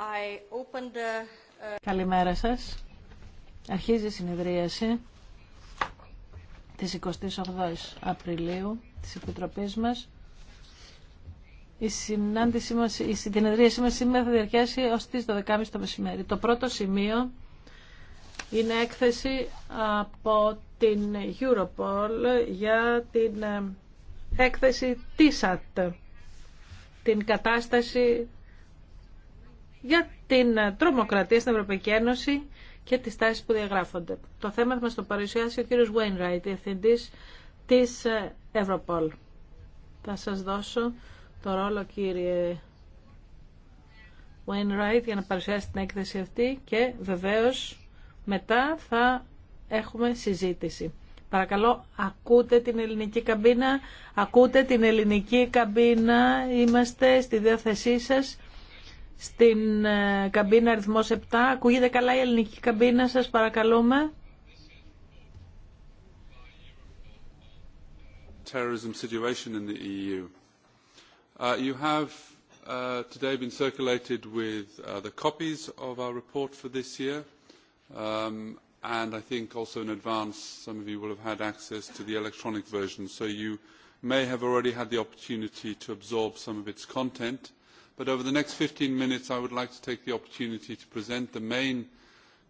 Uh, Καλημέρα σας. Αρχίζει η συνεδρίαση της 28ης Απριλίου της Επιτροπής μας. Η συνάντησή μας, η συνεδρίασή μας σήμερα θα διαρκέσει ως τις 12.30 το μεσημέρι. Το πρώτο σημείο είναι έκθεση από την Europol για την ε, έκθεση TISAT την κατάσταση για την τρομοκρατία στην Ευρωπαϊκή Ένωση και τις τάσεις που διαγράφονται. Το θέμα θα μας το παρουσιάσει ο κύριος Wainwright, διευθυντής της ε, Ευρωπόλ. Θα σας δώσω το ρόλο κύριε Wainwright για να παρουσιάσει την έκθεση αυτή και βεβαίως μετά θα έχουμε συζήτηση. Παρακαλώ, ακούτε την ελληνική καμπίνα, ακούτε την ελληνική καμπίνα, είμαστε στη διάθεσή σας. Στην ε, καμπίνα αριθμός 7, ακούγεται καλά η ελληνική καμπίνα, σας παρακαλούμε. terrorism situation in the EU. Uh, you have uh, today been circulated with uh, the copies of our report for this year. Um, and I think also in advance some of you will have had access to the electronic version, so you may have already had the opportunity to absorb some of its content. But over the next 15 minutes I would like to take the opportunity to present the main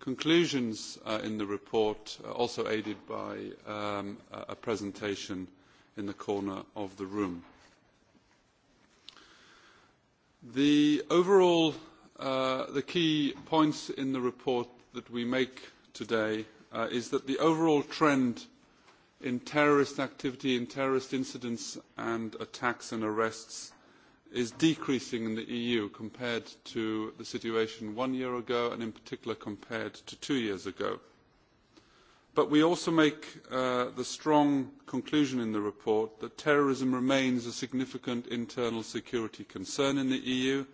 conclusions in the report, also aided by a presentation in the corner of the room. The overall, the key points in the report that we make today is that the overall trend in terrorist activity, in terrorist incidents and attacks and arrests is decreasing in the EU compared to the situation one year ago and in particular compared to two years ago. But we also make the strong conclusion in the report that terrorism remains a significant internal security concern in the EU,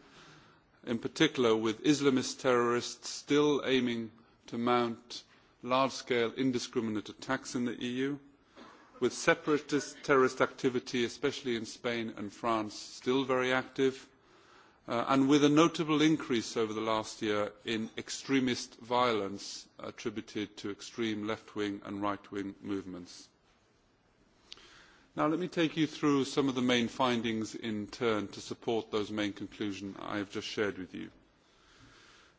in particular with Islamist terrorists still aiming to mount large-scale indiscriminate attacks in the EU, with separatist terrorist activity, especially in Spain and France, still very active, and with a notable increase over the last year in extremist violence attributed to extreme left-wing and right-wing movements. Now let me take you through some of the main findings in turn to support those main conclusions I have just shared with you.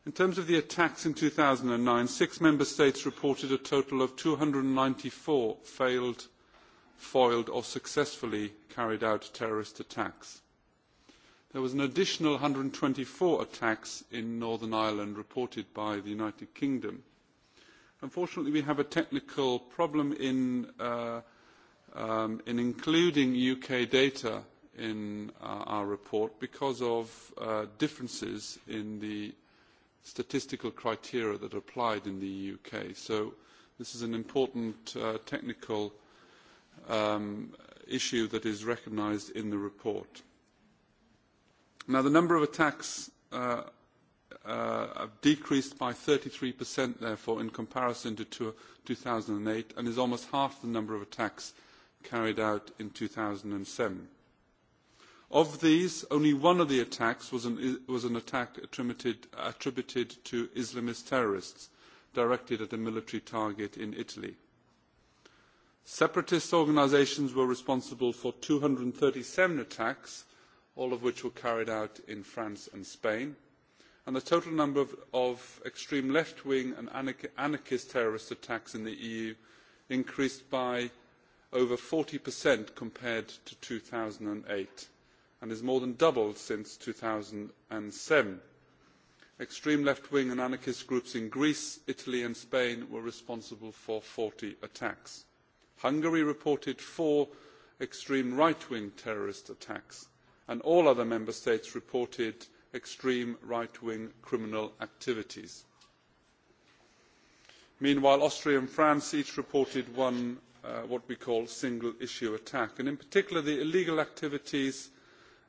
In terms of the attacks in 2009, six member states reported a total of 294 failed, foiled or successfully carried out terrorist attacks. There was an additional 124 attacks in Northern Ireland reported by the United Kingdom. Unfortunately, we have a technical problem in including UK data in our report because of differences in the statistical criteria that are applied in the UK. So this is an important technical issue that is recognised in the report. Now, the number of attacks have decreased by 33%, therefore, in comparison to two 2008, and is almost half the number of attacks carried out in two thousand seven. Of these, only one of the attacks was an attack attributed to Islamist terrorists directed at a military target in Italy. Separatist organisations were responsible for 237 attacks, all of which were carried out in France and Spain, and the total number of extreme left-wing and anarchist terrorist attacks in the EU increased by over 40% compared to 2008 and has more than doubled since 2007. Extreme left-wing and anarchist groups in Greece, Italy and Spain were responsible for 40 attacks. Hungary reported four extreme right-wing terrorist attacks, and all other member states reported extreme right-wing criminal activities. Meanwhile, Austria and France each reported one what we call single-issue attack, and in particular the illegal activities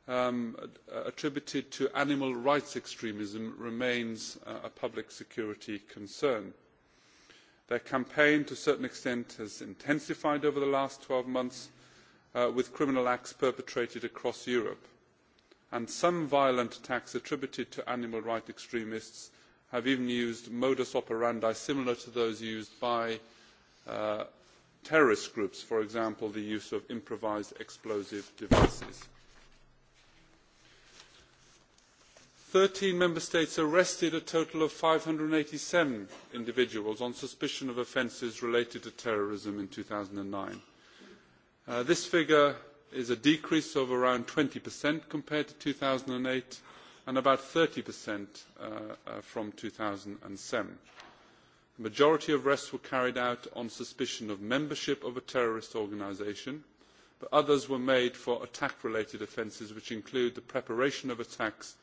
attributed to animal rights extremism remains a public security concern. Their campaign, to a certain extent, has intensified over the last 12 months with criminal acts perpetrated across Europe, and some violent attacks attributed to animal rights extremists have even used modus operandi similar to those used by terrorist groups, for example, the use of improvised explosive devices. thirteen member states arrested a total of five hundred and eighty seven individuals on suspicion of offences related to terrorism in. two thousand and nine this figure is a decrease of around twenty compared to two thousand and eight and about thirty from. two thousand seven the majority of arrests were carried out on suspicion of membership of a terrorist organisation but others were made for attack related offences which include the preparation of attacks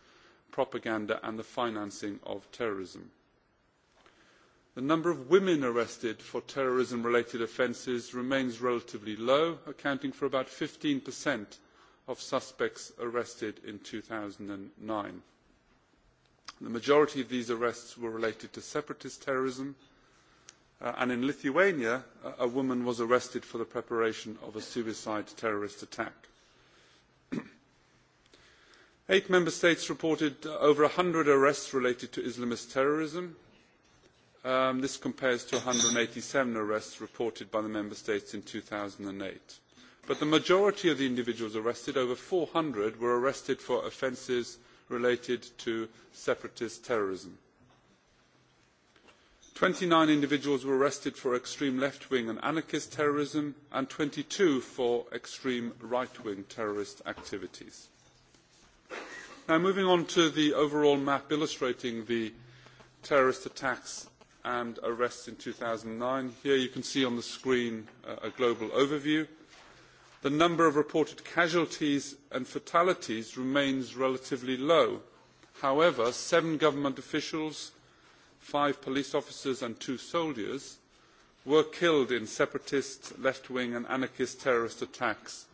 propaganda and the financing of terrorism. The number of women arrested for terrorism related offences remains relatively low, accounting for about 15 of suspects arrested in 2009. The majority of these arrests were related to separatist terrorism, and in Lithuania, a woman was arrested for the preparation of a suicide terrorist attack. Eight member states reported over hundred arrests related to Islamist terrorism. This compares to one hundred and eighty seven arrests reported by the member states in two thousand eight. But the majority of the individuals arrested, over four hundred were arrested for offences related to separatist terrorism. Twenty nine individuals were arrested for extreme left wing and anarchist terrorism and twenty two for extreme right wing terrorist activities. Now, moving on to the overall map illustrating the terrorist attacks and arrests in 2009. Here you can see on the screen a global overview. The number of reported casualties and fatalities remains relatively low. However, seven government officials, five police officers and two soldiers were killed in separatist, left-wing and anarchist terrorist attacks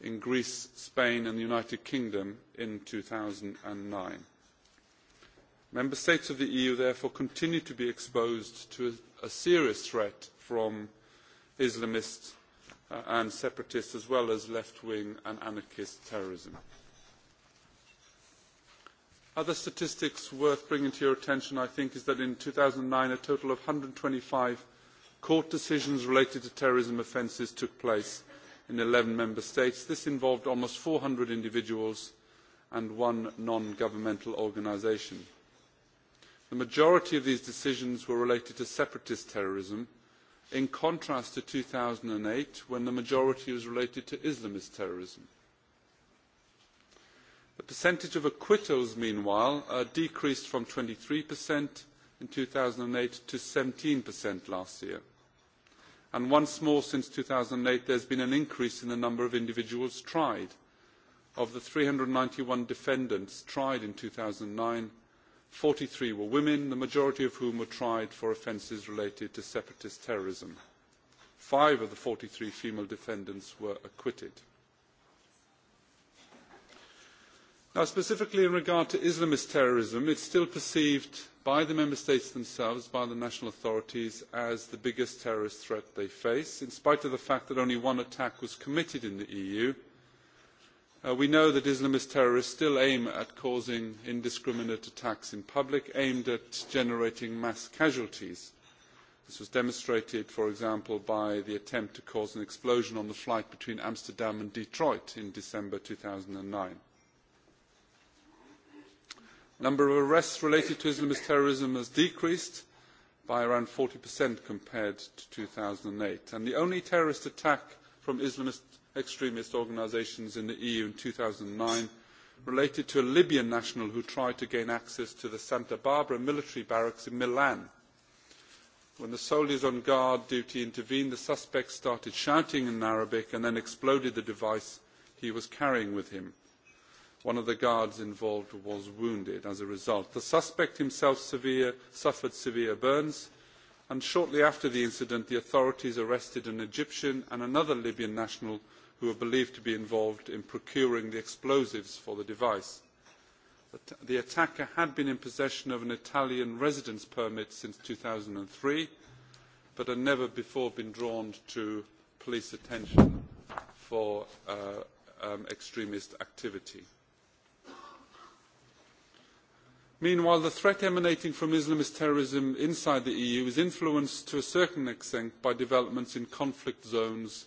in Greece, Spain and the United Kingdom in two thousand nine. Member States of the EU therefore continue to be exposed to a serious threat from Islamist and separatists, as well as left-wing and anarchist terrorism. Other statistics worth bringing to your attention, I think, is that in two thousand and nine a total of one hundred and twenty five court decisions related to terrorism offences took place in eleven member states. This involved almost four hundred individuals and one non-governmental organisation. The majority of these decisions were related to separatist terrorism, in contrast to two thousand eight, when the majority was related to Islamist terrorism. The percentage of acquittals, meanwhile, decreased from twenty three in two thousand eight to 17% last year and once more since two thousand eight there has been an increase in the number of individuals tried. Of the three hundred ninety one defendants tried in two thousand nine, forty three were women, the majority of whom were tried for offences related to separatist terrorism. Five of the forty three female defendants were acquitted. specifically in regard to Islamist terrorism, it is still perceived by the member states themselves, by the national authorities, as the biggest terrorist threat they face, in spite of the fact that only one attack was committed in the EU. We know that Islamist terrorists still aim at causing indiscriminate attacks in public, aimed at generating mass casualties. This was demonstrated, for example, by the attempt to cause an explosion on the flight between Amsterdam and Detroit in December 2009. The number of arrests related to islamist terrorism has decreased by around 40% compared to 2008 and the only terrorist attack from islamist extremist organisations in the eu in 2009 related to a libyan national who tried to gain access to the santa barbara military barracks in milan. when the soldiers on guard duty intervened the suspect started shouting in arabic and then exploded the device he was carrying with him. One of the guards involved was wounded as a result. The suspect himself suffered severe burns, and shortly after the incident, the authorities arrested an Egyptian and another Libyan national who were believed to be involved in procuring the explosives for the device. The attacker had been in possession of an Italian residence permit since 2003, but had never before been drawn to police attention for extremist activity. Meanwhile, the threat emanating from Islamist terrorism inside the EU is influenced to a certain extent by developments in conflict zones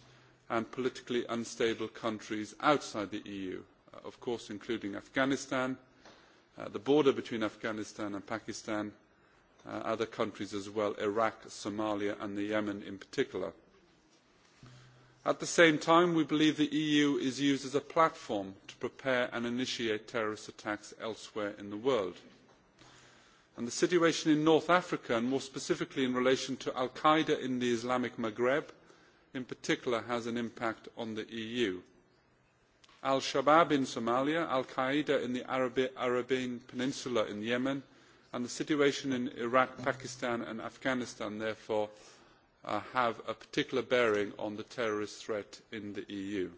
and politically unstable countries outside the EU, of course including Afghanistan, the border between Afghanistan and Pakistan, other countries as well, Iraq, Somalia and Yemen in particular. At the same time, we believe the EU is used as a platform to prepare and initiate terrorist attacks elsewhere in the world and the situation in north africa and more specifically in relation to al qaeda in the islamic maghreb in particular has an impact on the eu. al shabaab in somalia al qaeda in the arabian peninsula in yemen and the situation in iraq pakistan and afghanistan therefore have a particular bearing on the terrorist threat in the eu.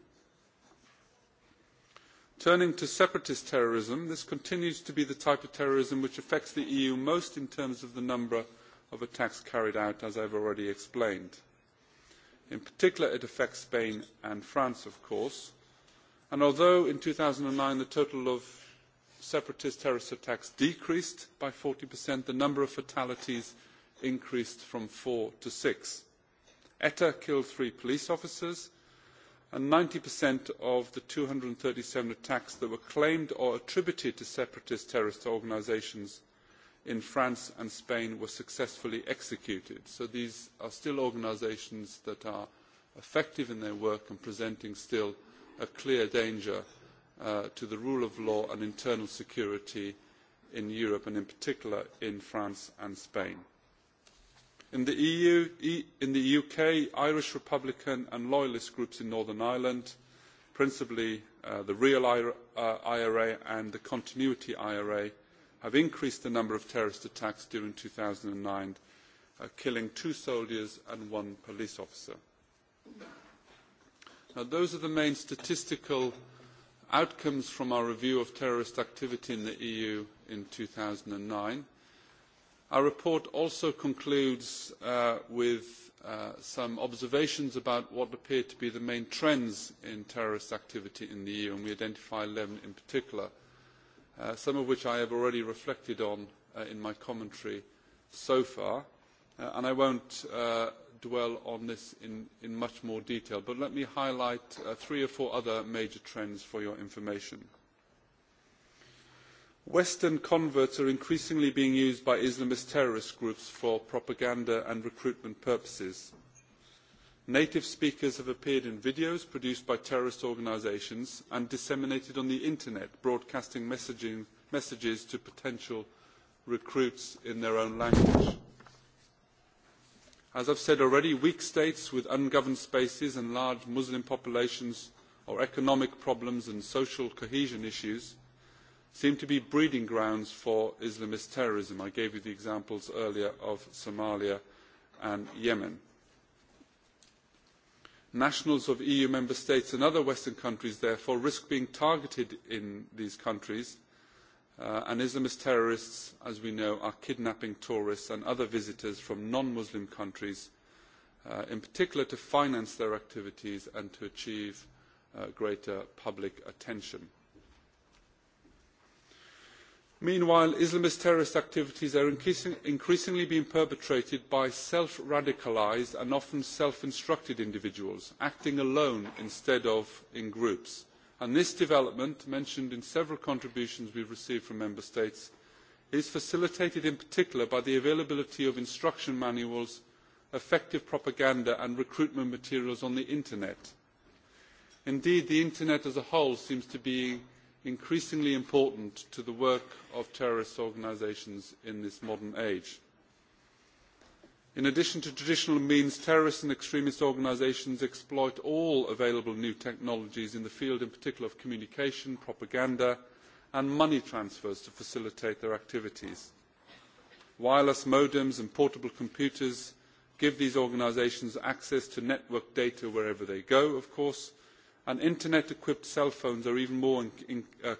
Turning to separatist terrorism, this continues to be the type of terrorism which affects the EU most in terms of the number of attacks carried out, as I have already explained. In particular, it affects Spain and France, of course, and although in 2009 the total of separatist terrorist attacks decreased by 40%, the number of fatalities increased from four to six. ETA killed three police officers and 90% of the two hundred and thirty seven attacks that were claimed or attributed to separatist terrorist organisations in France and Spain were successfully executed. So these are still organisations that are effective in their work and presenting still a clear danger to the rule of law and internal security in Europe and in particular in France and Spain. In the UK, Irish Republican and Loyalist groups in Northern Ireland, principally the Real IRA and the Continuity IRA, have increased the number of terrorist attacks during 2009, killing two soldiers and one police officer. Those are the main statistical outcomes from our review of terrorist activity in the EU in 2009. Our report also concludes with some observations about what appear to be the main trends in terrorist activity in the EU, and we identify 11 in particular, some of which I have already reflected on in my commentary so far, and I won't dwell on this in much more detail, but let me highlight three or four other major trends for your information. Western converts are increasingly being used by Islamist terrorist groups for propaganda and recruitment purposes. Native speakers have appeared in videos produced by terrorist organisations and disseminated on the Internet, broadcasting messages to potential recruits in their own language. As I have said already, weak states with ungoverned spaces and large Muslim populations or economic problems and social cohesion issues seem to be breeding grounds for Islamist terrorism. I gave you the examples earlier of Somalia and Yemen. Nationals of EU member states and other Western countries, therefore, risk being targeted in these countries, and Islamist terrorists, as we know, are kidnapping tourists and other visitors from non-Muslim countries, in particular to finance their activities and to achieve greater public attention. Meanwhile, Islamist terrorist activities are increasingly being perpetrated by self-radicalised and often self-instructed individuals, acting alone instead of in groups. And this development, mentioned in several contributions we have received from Member States, is facilitated in particular by the availability of instruction manuals, effective propaganda and recruitment materials on the Internet. Indeed, the Internet as a whole seems to be increasingly important to the work of terrorist organisations in this modern age. In addition to traditional means, terrorist and extremist organisations exploit all available new technologies in the field in particular of communication, propaganda and money transfers to facilitate their activities. Wireless modems and portable computers give these organisations access to network data wherever they go, of course, and internet-equipped cell phones are even more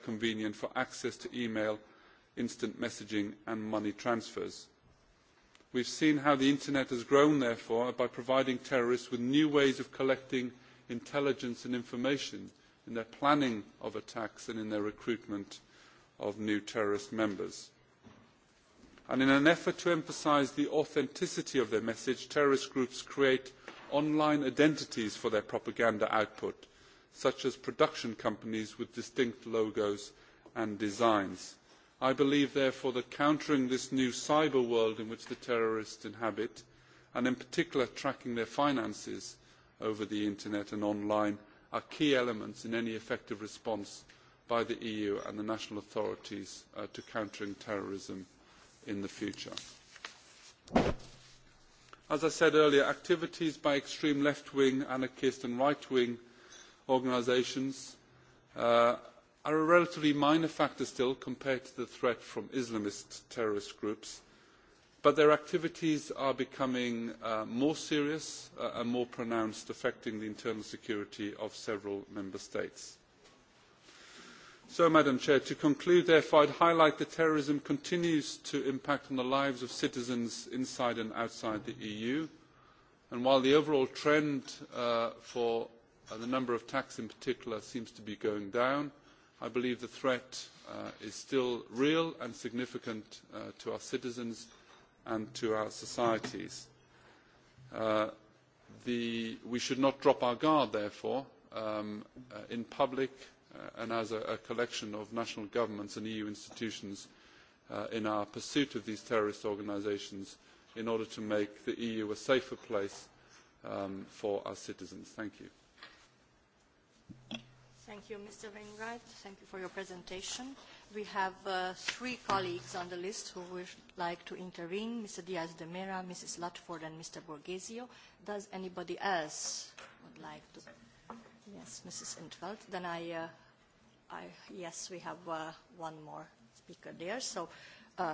convenient for access to email, instant messaging and money transfers. We have seen how the internet has grown, therefore, by providing terrorists with new ways of collecting intelligence and information in their planning of attacks and in their recruitment of new terrorist members. In an effort to emphasise the authenticity of their message, terrorist groups create online identities for their propaganda output such as production companies with distinct logos and designs. I believe, therefore, that countering this new cyber world in which the terrorists inhabit, and in particular tracking their finances over the Internet and online, are key elements in any effective response by the EU and the national authorities to countering terrorism in the future. As I said earlier, activities by extreme left-wing, anarchist and right-wing organisations are a relatively minor factor still compared to the threat from Islamist terrorist groups, but their activities are becoming more serious and more pronounced, affecting the internal security of several member states. So, Madam Chair, to conclude, therefore, I'd highlight that terrorism continues to impact on the lives of citizens inside and outside the EU, and while the overall trend for The number of attacks in particular seems to be going down. I believe the threat is still real and significant to our citizens and to our societies. We should not drop our guard, therefore, in public and as a collection of national governments and EU institutions in our pursuit of these terrorist organisations in order to make the EU a safer place for our citizens. Thank you. Thank you, Mr. Wainwright. Thank you for your presentation. We have three colleagues on the list who would like to intervene, Mr. Diaz de Mera, Mrs. Lutford, and Mr. Borgesio. Does anybody else would like to? Yes, Mrs. Intveld. Then I, I yes, we have one more speaker there, so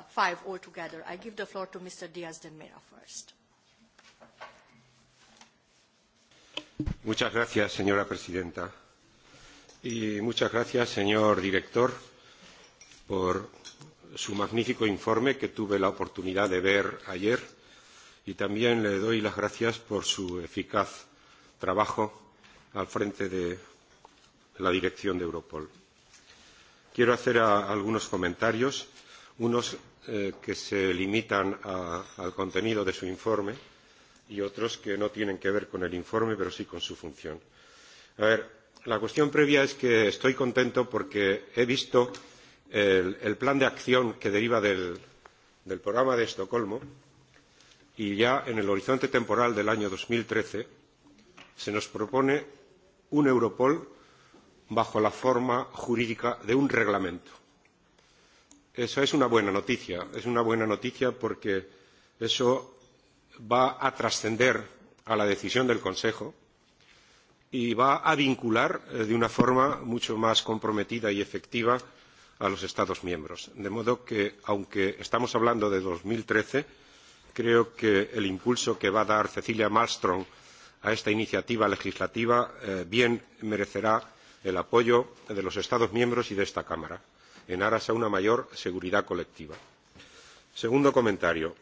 five altogether. I give the floor to Mr. Diaz de Mera first. Muchas gracias, señora presidenta y muchas gracias, señor director, por su magnífico informe que tuve la oportunidad de ver ayer y también le doy las gracias por su eficaz trabajo al frente de la dirección de Europol. Quiero hacer algunos comentarios, unos que se limitan al contenido de su informe y otros que no tienen que ver con el informe, pero sí con su función. A ver, la cuestión previa es que estoy contento porque he visto el plan de acción que deriva del programa de estocolmo y ya en el horizonte temporal del año 2013 se nos propone un europol bajo la forma jurídica de un reglamento. eso es una buena noticia es una buena noticia porque eso va a trascender a la decisión del consejo y va a vincular de una forma mucho más comprometida y efectiva a los Estados miembros. De modo que, aunque estamos hablando de 2013, creo que el impulso que va a dar Cecilia Malmström a esta iniciativa legislativa bien merecerá el apoyo de los Estados miembros y de esta Cámara, en aras a una mayor seguridad colectiva. Segundo comentario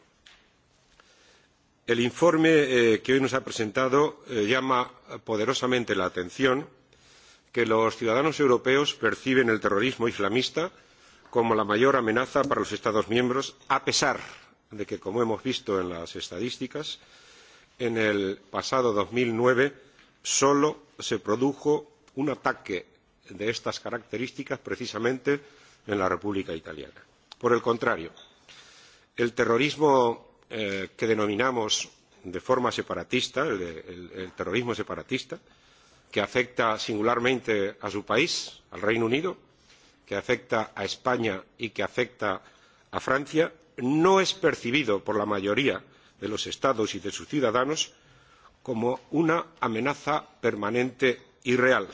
el informe que hoy nos ha presentado llama poderosamente la atención que los ciudadanos europeos perciben el terrorismo islamista como la mayor amenaza para los estados miembros a pesar de que como hemos visto en las estadísticas en el pasado dos mil nueve solo se produjo un ataque de estas características precisamente en la república italiana. por el contrario el terrorismo que denominamos de forma separatista el terrorismo separatista que afecta singularmente a su país al reino unido que afecta a españa y que afecta a francia no es percibido por la mayoría de los estados y de sus ciudadanos como una amenaza permanente y real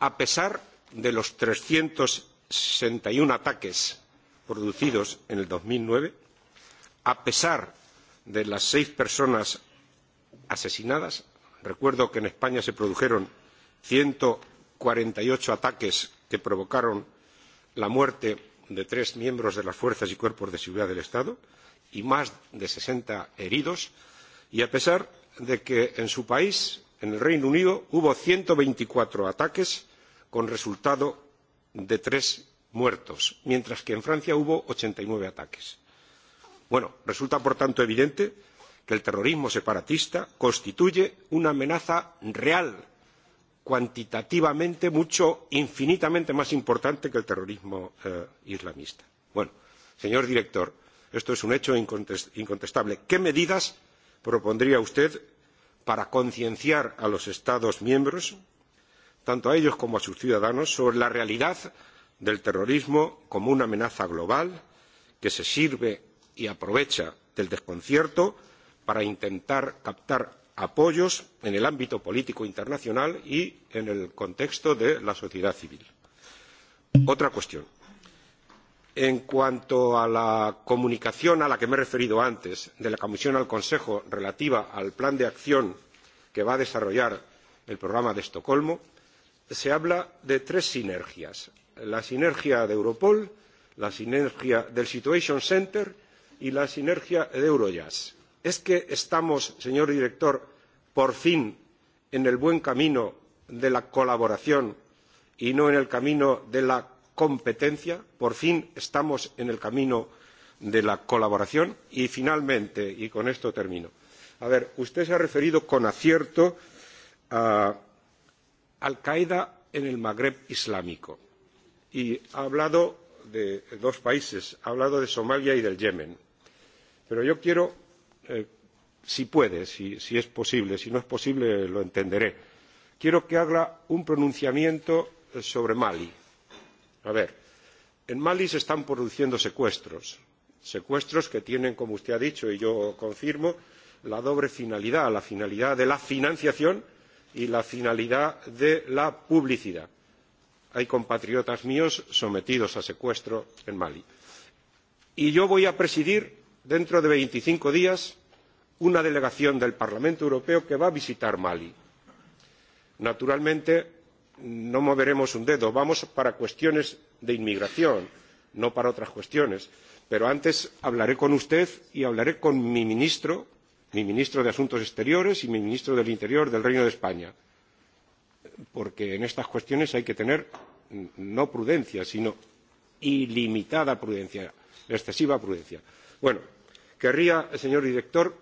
a pesar de los trescientos sesenta ataques producidos en dos mil a pesar de las seis personas asesinadas recuerdo que en españa se produjeron ciento cuarenta y ocho ataques que provocaron la muerte de tres miembros de las fuerzas y cuerpos de seguridad del estado y más de sesenta heridos y a pesar de que en su país en el reino unido hubo ciento veinticuatro ataques con resultado de tres muertos mientras que en francia hubo ochenta y nueve ataques bueno resulta por tanto evidente que el terrorismo separatista constituye una amenaza real cuantitativamente mucho infinitamente más importante que el terrorismo islamista. bueno señor director esto es un hecho incontestable qué medidas propondría usted para concienciar a los estados miembros tanto a ellos como a sus ciudadanos sobre la realidad del terrorismo como una amenaza global que se sirve y aprovecha del desconcierto para intentar captar apoyos en el ámbito político internacional y en el contexto de la sociedad civil. Otra cuestión. En cuanto a la comunicación a la que me he referido antes de la Comisión al Consejo relativa al plan de acción que va a desarrollar el programa de Estocolmo, se habla de tres sinergias. La sinergia de Europol, la sinergia del Situation Center y la sinergia de eurojust. es que estamos señor director por fin en el buen camino de la colaboración y no en el camino de la competencia? por fin estamos en el camino de la colaboración? y finalmente y con esto termino a ver usted se ha referido con acierto a al qaeda en el magreb islámico y ha hablado de dos países ha hablado de somalia y del yemen pero yo quiero si puede si es posible si no es posible lo entenderé quiero que haga un pronunciamiento sobre mali. a ver en mali se están produciendo secuestros secuestros que tienen como usted ha dicho y yo confirmo la doble finalidad la finalidad de la financiación y la finalidad de la publicidad. hay compatriotas míos sometidos a secuestro en mali y yo voy a presidir dentro de veinticinco días una delegación del parlamento europeo que va a visitar mali. naturalmente no moveremos un dedo vamos para cuestiones de inmigración no para otras cuestiones pero antes hablaré con usted y hablaré con mi ministro mi ministro de asuntos exteriores y mi ministro del interior del reino de españa porque en estas cuestiones hay que tener no prudencia sino ilimitada prudencia excesiva prudencia. Bueno, querría, señor director,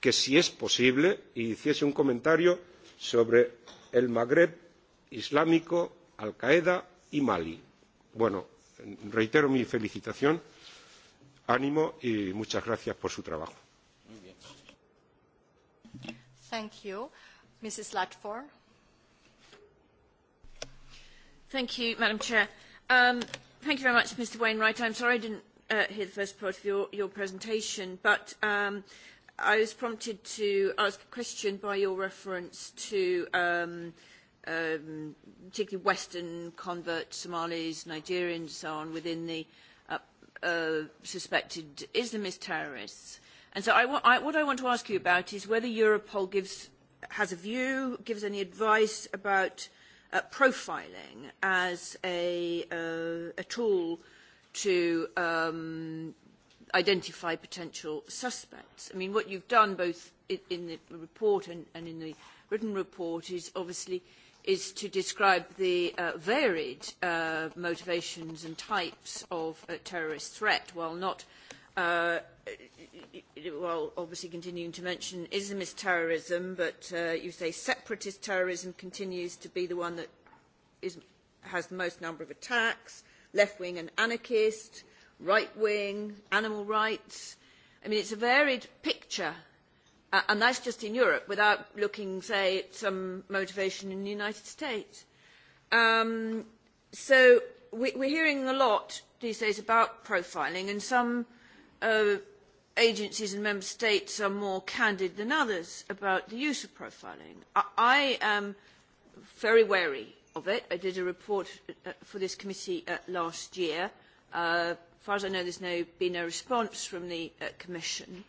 que si es posible, hiciese un comentario sobre el Magreb islámico, Al Qaeda y Mali. Bueno, reitero mi felicitación, ánimo y muchas gracias por su trabajo. Thank Madam Chair. Mr. Wainwright. I'm sorry I didn't Hear the first part of your, your presentation, but um, I was prompted to ask a question by your reference to um, um, particularly Western converts, Somalis, Nigerians, and so on, within the uh, uh, suspected Islamist terrorists. And so I, I, what I want to ask you about is whether Europol gives, has a view, gives any advice about uh, profiling as a, uh, a tool – to identify potential suspects. I mean, what you've done both in the report and in the written report is obviously is to describe the varied motivations and types of terrorist threat, while not, while obviously continuing to mention Islamist terrorism, but you say separatist terrorism continues to be the one that is has the most number of attacks left wing and anarchist, right wing, animal rights. I mean, it's a varied picture, and that's just in Europe, without looking, say, at some motivation in the United States. So we're hearing a lot these days about profiling, and some agencies and member states are more candid than others about the use of profiling. I am very wary I did a report for this committee last year. As far as I know, there's no been no response from the Commission.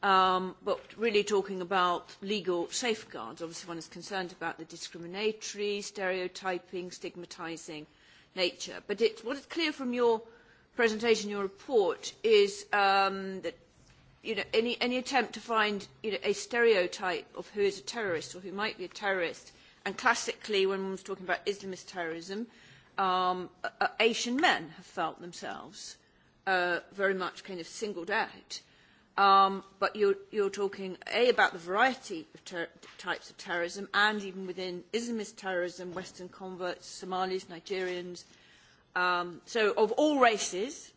But really talking about legal safeguards, obviously one is concerned about the discriminatory, stereotyping, stigmatising nature. But what is clear from your presentation, your report, is that any attempt to find a stereotype of who is a terrorist or who might be a terrorist and classically when one was talking about Islamist terrorism, Asian men have felt themselves very much kind of singled out. But you're talking, A, about the variety of types of terrorism and even within Islamist terrorism, Western converts, Somalis, Nigerians, so of all races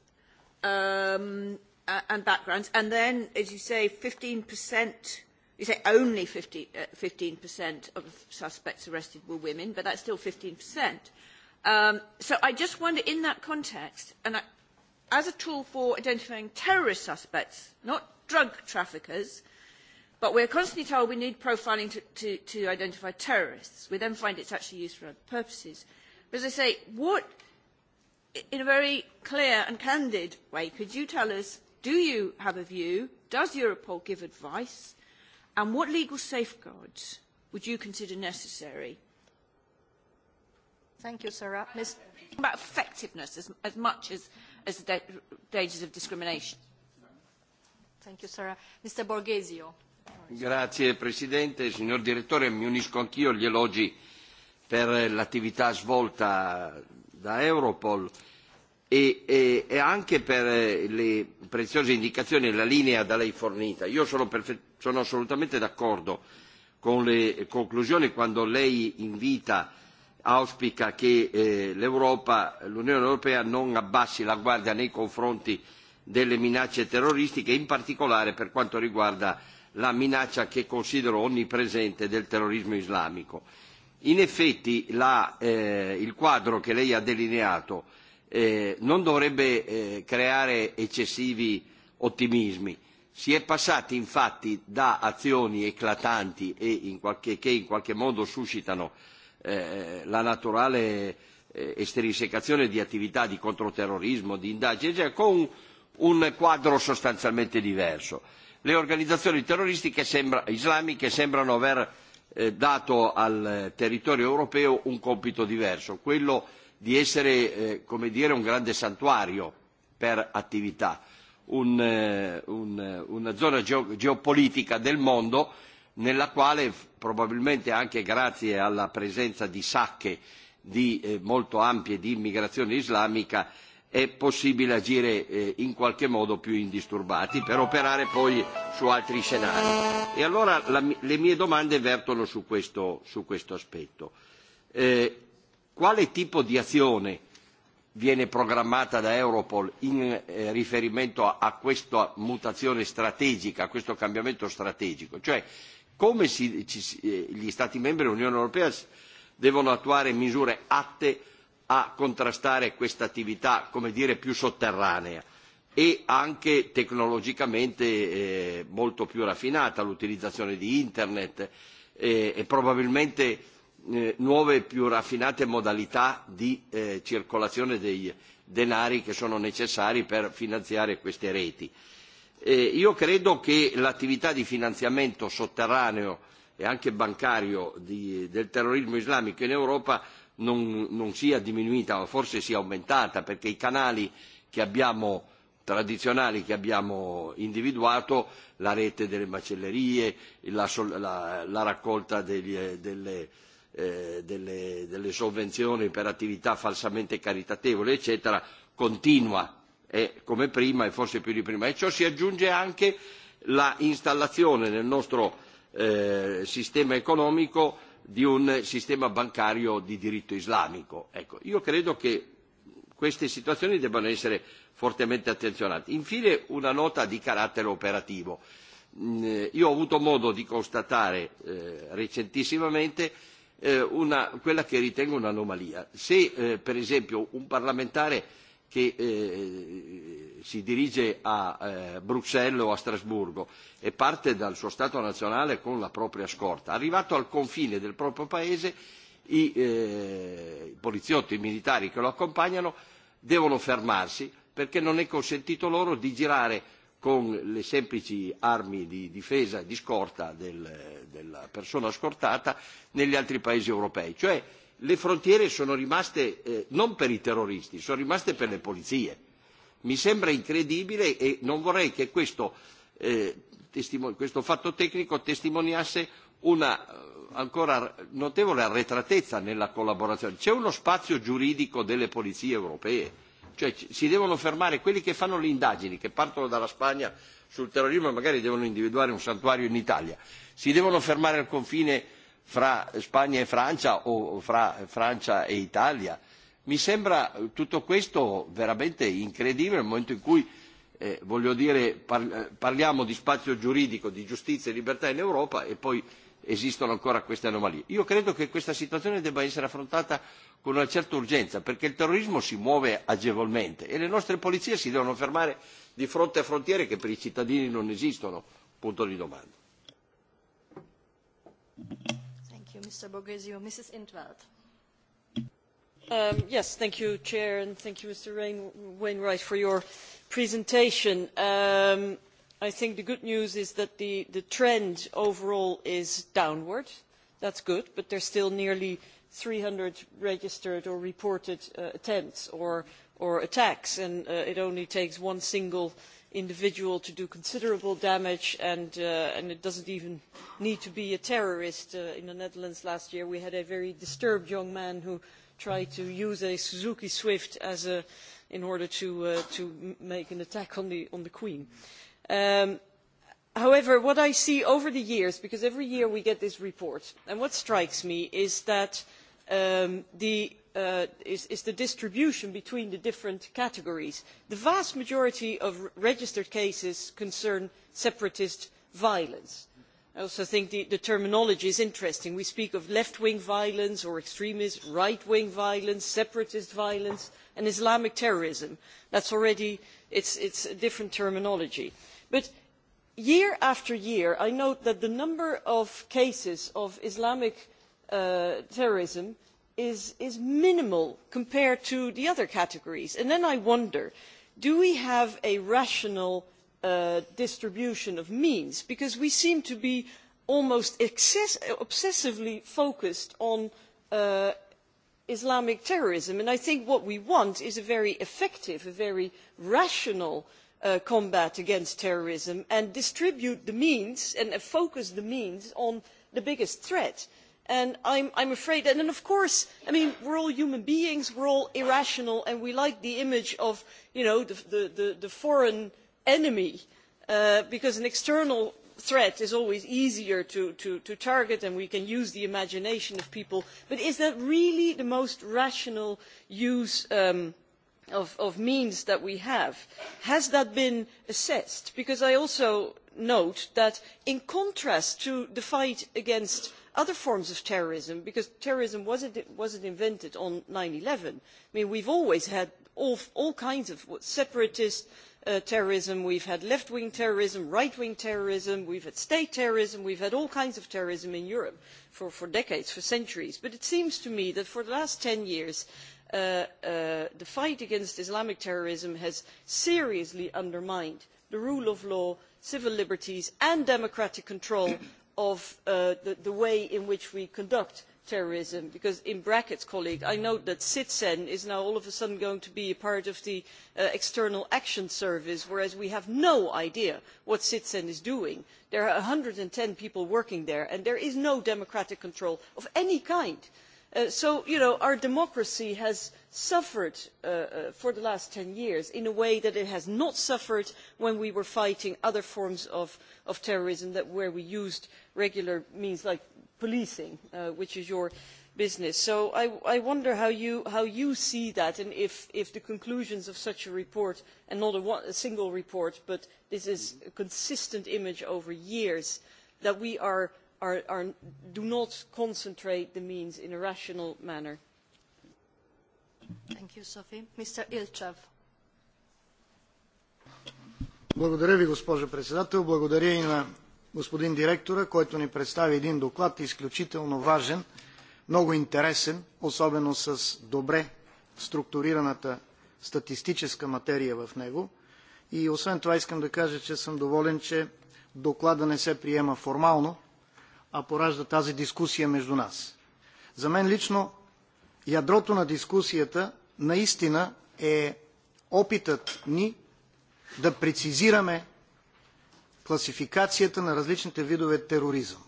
and backgrounds. And then, as you say, 15% You say only 15% of suspects arrested were women, but that's still 15%. So I just wonder, in that context, and as a tool for identifying terrorist suspects, not drug traffickers, but we're constantly told we need profiling to identify terrorists. We then find it's actually used for other purposes. But as I say, what, in a very clear and candid way, could you tell us, do you have a view? Does Europol give advice? And what legal safeguards would you consider necessary? Thank you, Sarah. Ms. About effectiveness as, as much as, as the dangers of discrimination. Thank you, Sarah. Mr. Borghesio. Grazie Presidente, signor Direttore, mi unisco anch'io agli elogi per l'attività svolta da Europol e anche per le preziose indicazioni e la linea da lei fornita. Io sono assolutamente d'accordo con le conclusioni quando lei invita, auspica che l'Europa, l'Unione Europea non abbassi la guardia nei confronti delle minacce terroristiche, in particolare per quanto riguarda la minaccia che considero onnipresente del terrorismo islamico. In effetti il quadro che lei ha delineato non dovrebbe creare eccessivi ottimismi. Si è passati infatti da azioni eclatanti e che in qualche modo suscitano la naturale esterisecazione di attività di controterrorismo, di indagine, con un quadro sostanzialmente diverso. Le organizzazioni terroristiche islamiche sembrano aver dato al territorio europeo un compito diverso, quello di essere come dire un grande santuario per attività, una zona geopolitica del mondo nella quale probabilmente anche grazie alla presenza di sacche molto ampie di immigrazione islamica è possibile agire in qualche modo più indisturbati per operare poi su altri scenari. E allora le mie domande vertono su questo aspetto quale tipo di azione viene programmata da Europol in riferimento a questa mutazione strategica, a questo cambiamento strategico, cioè come gli Stati membri dell'Unione Europea devono attuare misure atte a contrastare questa attività, come dire, più sotterranea e anche tecnologicamente molto più raffinata, l'utilizzazione di Internet e probabilmente nuove e più raffinate modalità di circolazione dei denari che sono necessari per finanziare queste reti. Io credo che l'attività di finanziamento sotterraneo e anche bancario del terrorismo islamico in Europa non sia diminuita, ma forse sia aumentata, perché i canali tradizionali che abbiamo individuato, la rete delle macellerie, la raccolta delle delle sovvenzioni per attività falsamente caritatevoli eccetera continua come prima e forse più di prima e ciò si aggiunge anche l'installazione nel nostro sistema economico di un sistema bancario di diritto islamico. Ecco, io credo che queste situazioni debbano essere fortemente attenzionate. Infine una nota di carattere operativo. Io ho avuto modo di constatare recentissimamente quella che ritengo un'anomalia. Se per esempio un parlamentare che si dirige a Bruxelles o a Strasburgo e parte dal suo Stato nazionale con la propria scorta, arrivato al confine del proprio paese i poliziotti, i militari che lo accompagnano devono fermarsi perché non è consentito loro di girare con le semplici armi di difesa e di scorta della persona scortata negli altri paesi europei. Cioè le frontiere sono rimaste non per i terroristi, sono rimaste per le polizie. Mi sembra incredibile e non vorrei che questo fatto tecnico testimoniasse una ancora notevole arretratezza nella collaborazione. C'è uno spazio giuridico delle polizie europee Cioè si devono fermare quelli che fanno le indagini, che partono dalla Spagna sul terrorismo e magari devono individuare un santuario in Italia. Si devono fermare al confine fra Spagna e Francia o fra Francia e Italia. Mi sembra tutto questo veramente incredibile nel momento in cui voglio dire parliamo di spazio giuridico, di giustizia e libertà in Europa e poi esistono ancora queste anomalie. Io credo che questa situazione debba essere affrontata con una certa urgenza, perché il terrorismo si muove agevolmente e le nostre polizie si devono fermare di fronte a frontiere che per i cittadini non esistono. Punto di domanda i think the good news is that the trend overall is downward that is good but there are still nearly three hundred registered or reported attempts or attacks and it only takes one single individual to do considerable damage and it does not even need to be a terrorist. in the netherlands last year we had a very disturbed young man who tried to use a suzuki swift in order to make an attack on the queen however what i see over the years because every year we get this report and what strikes me is the distribution between the different categories. the vast majority of registered cases concern separatist violence. i also think the terminology is interesting we speak of left wing violence or extremist right wing violence separatist violence and islamic terrorism. that is already different terminology but year after year i note that the number of cases of islamic terrorism is minimal compared to the other categories and then i wonder do we have a rational distribution of means because we seem to be almost obsessively focused on islamic terrorism and i think what we want is a very effective a very rational combat against terrorism and distribute the means and focus the means on the biggest threat. i am afraid and of course I we are all human beings we are all irrational and we like the image of the foreign enemy because an external threat is always easier to target and we can use the imagination of people but is that really the most rational use of means that we have has that been assessed? because i also note that in contrast to the fight against other forms of terrorism because terrorism was not invented on nine eleven we have always had all kinds of separatist terrorism we have had left wing terrorism right wing terrorism we have had state terrorism we have had all kinds of terrorism in europe for decades for centuries but it seems to me that for the last ten years the fight against islamic terrorism has seriously undermined the rule of law civil liberties and democratic control of the way in which we conduct terrorism because in brackets colleague i note that Sitcen is now all of a sudden going to be a part of the external action service whereas we have no idea what Sitcen is doing. there are one hundred and ten people working there and there is no democratic control of any kind so you know our democracy has suffered for the last ten years in a way that it has not suffered when we were fighting other forms of terrorism where we used regular means like policing which is your business. so i wonder how you see that and if the conclusions of such a report and not a single report but this is a consistent image over years that we are do not concentrate the means in a rational manner. Thank you, Sophie. Mr. Ilchev. Благодаря госпожо председател. Благодаря и на господин директора, който ни представи един доклад изключително важен, много интересен, особено с добре структурираната статистическа материя в него. И освен това искам да кажа, че съм доволен, че доклада не се приема формално, а поражда тази дискусия между нас. За мен лично ядрото на дискусията наистина е опитът ни да прецизираме класификацията на различните видове тероризъм.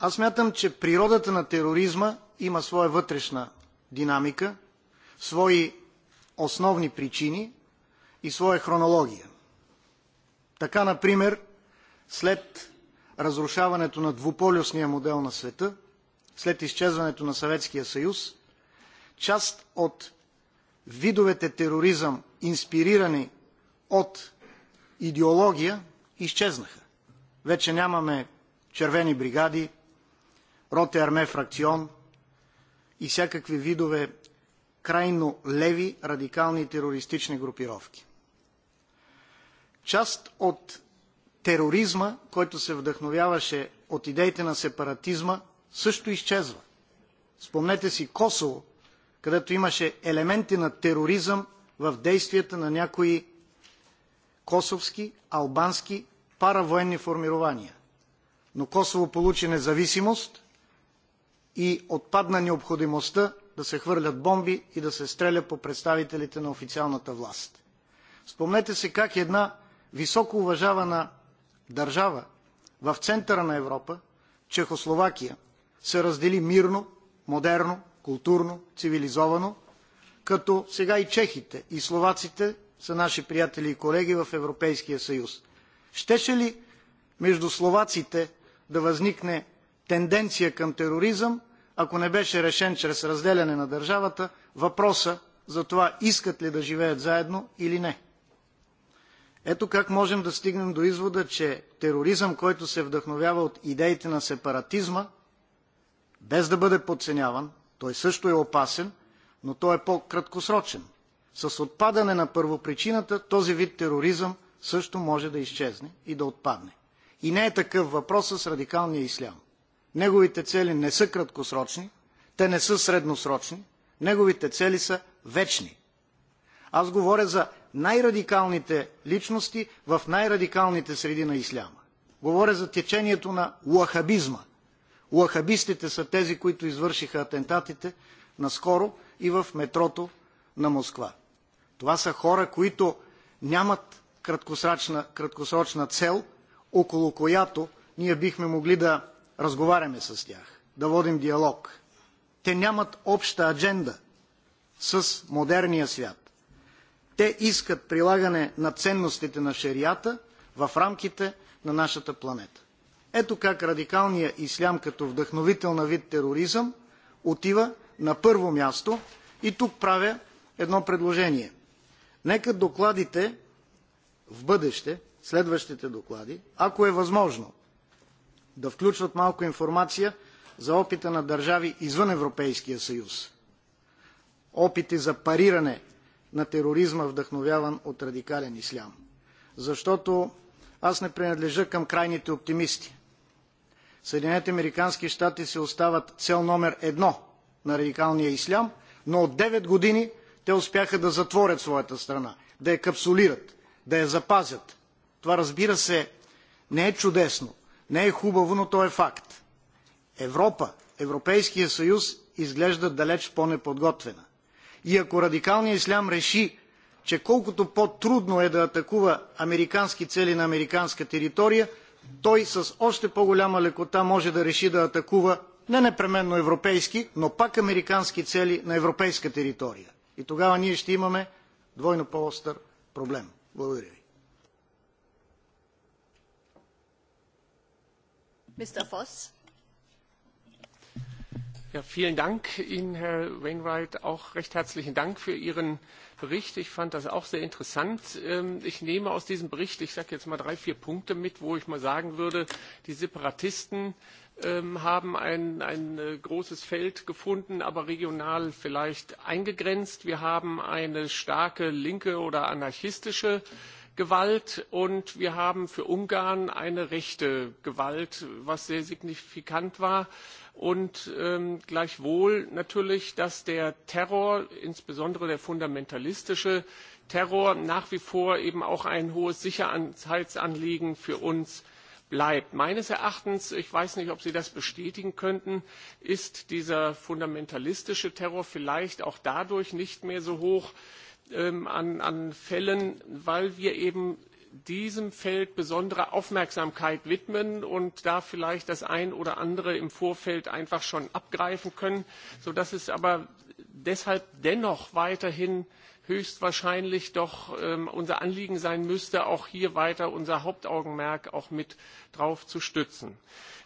Аз мятам, че природата на тероризма има своя вътрешна динамика, свои основни причини и своя хронология. Така, например, след разрушаването на двуполюсния модел на света след изчезването на Съветския съюз, част от видовете тероризъм, инспирирани от идеология, изчезнаха. Вече нямаме червени бригади, роте арме фракцион и всякакви видове крайно леви радикални терористични групировки. Част от тероризма, който се вдъхновяваше от идеите на сепаратизма, също изчезва. Спомнете си Косово, където имаше елементи на тероризъм в действията на някои косовски, албански паравоенни формирования. Но Косово получи независимост и отпадна необходимостта да се хвърлят бомби и да се стреля по представителите на официалната власт. Спомнете се как една високо уважавана държава в центъра на Европа, Чехословакия, се раздели мирно, модерно, културно, цивилизовано, като сега и чехите, и словаците са наши приятели и колеги в Европейския съюз. Щеше ли между словаците да възникне тенденция към тероризъм, ако не беше решен чрез разделяне на държавата въпроса за това искат ли да живеят заедно или не? Ето как можем да стигнем до извода, че тероризъм, който се вдъхновява от идеите на сепаратизма, без да бъде подценяван, той също е опасен, но той е по-краткосрочен. С отпадане на първопричината този вид тероризъм също може да изчезне и да отпадне. И не е такъв въпрос с радикалния ислям. Неговите цели не са краткосрочни, те не са средносрочни, неговите цели са вечни. Аз говоря за най-радикалните личности в най-радикалните среди на исляма. Говоря за течението на уахабизма. Уахабистите са тези, които извършиха атентатите наскоро и в метрото на Москва. Това са хора, които нямат краткосрочна, краткосрочна цел, около която ние бихме могли да разговаряме с тях, да водим диалог. Те нямат обща адженда с модерния свят. Те искат прилагане на ценностите на шерията в рамките на нашата планета. Ето как радикалният ислям като вдъхновител на вид тероризъм отива на първо място и тук правя едно предложение. Нека докладите в бъдеще, следващите доклади, ако е възможно, да включват малко информация за опита на държави извън Европейския съюз. Опити за париране на тероризма, вдъхновяван от радикален ислям. Защото аз не принадлежа към крайните оптимисти. Съединените Американски щати се остават цел номер едно на радикалния ислям, но от 9 години те успяха да затворят своята страна, да я капсулират, да я запазят. Това разбира се не е чудесно, не е хубаво, но то е факт. Европа, Европейския съюз изглежда далеч по-неподготвена. И ако радикалният ислям реши, че колкото по-трудно е да атакува американски цели на американска територия, той с още по-голяма лекота може да реши да атакува не непременно европейски, но пак американски цели на европейска територия. И тогава ние ще имаме двойно по-остър проблем. Благодаря ви. Vielen Dank Ihnen, Herr Wainwright. Auch recht herzlichen Dank für Ihren Bericht. Ich fand das auch sehr interessant. Ich nehme aus diesem Bericht, ich sage jetzt mal drei, vier Punkte mit, wo ich mal sagen würde, die Separatisten haben ein großes Feld gefunden, aber regional vielleicht eingegrenzt. Wir haben eine starke linke oder anarchistische Gewalt und wir haben für Ungarn eine rechte Gewalt, was sehr signifikant war und gleichwohl natürlich, dass der Terror, insbesondere der fundamentalistische Terror, nach wie vor eben auch ein hohes Sicherheitsanliegen für uns bleibt. Meines Erachtens, ich weiß nicht, ob Sie das bestätigen könnten, ist dieser fundamentalistische Terror vielleicht auch dadurch nicht mehr so hoch, an Fällen, weil wir eben diesem Feld besondere Aufmerksamkeit widmen und da vielleicht das eine oder andere im Vorfeld einfach schon abgreifen können, sodass es aber deshalb dennoch weiterhin höchstwahrscheinlich doch unser Anliegen sein müsste, auch hier weiter unser Hauptaugenmerk auch mit drauf zu stützen.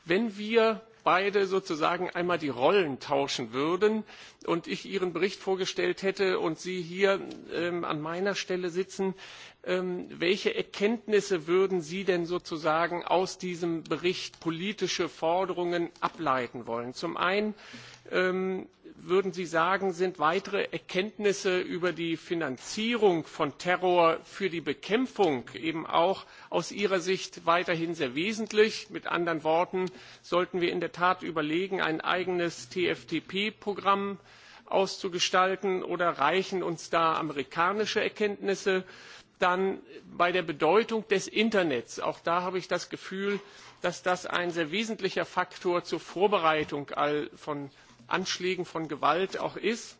Wenn wir beide sozusagen einmal die Rollen tauschen würden und ich Ihren Bericht vorgestellt hätte und Sie hier an meiner Stelle sitzen, welche Erkenntnisse würden Sie denn sozusagen aus diesem Bericht politische Forderungen ableiten wollen? Zum einen würden Sie sagen, sind weitere Erkenntnisse über die Finanzierung von Terror für die Bekämpfung eben auch aus Ihrer Sicht weiterhin sehr wesentlich? Mit anderen Worten, sollten wir in der Tat überlegen, ein eigenes TFTP-Programm auszugestalten oder reichen uns da amerikanische Erkenntnisse? Dann bei der Bedeutung des Internets. Auch da habe ich das Gefühl, dass das ein sehr wesentlicher Faktor zur Vorbereitung von Anschlägen von Gewalt auch ist.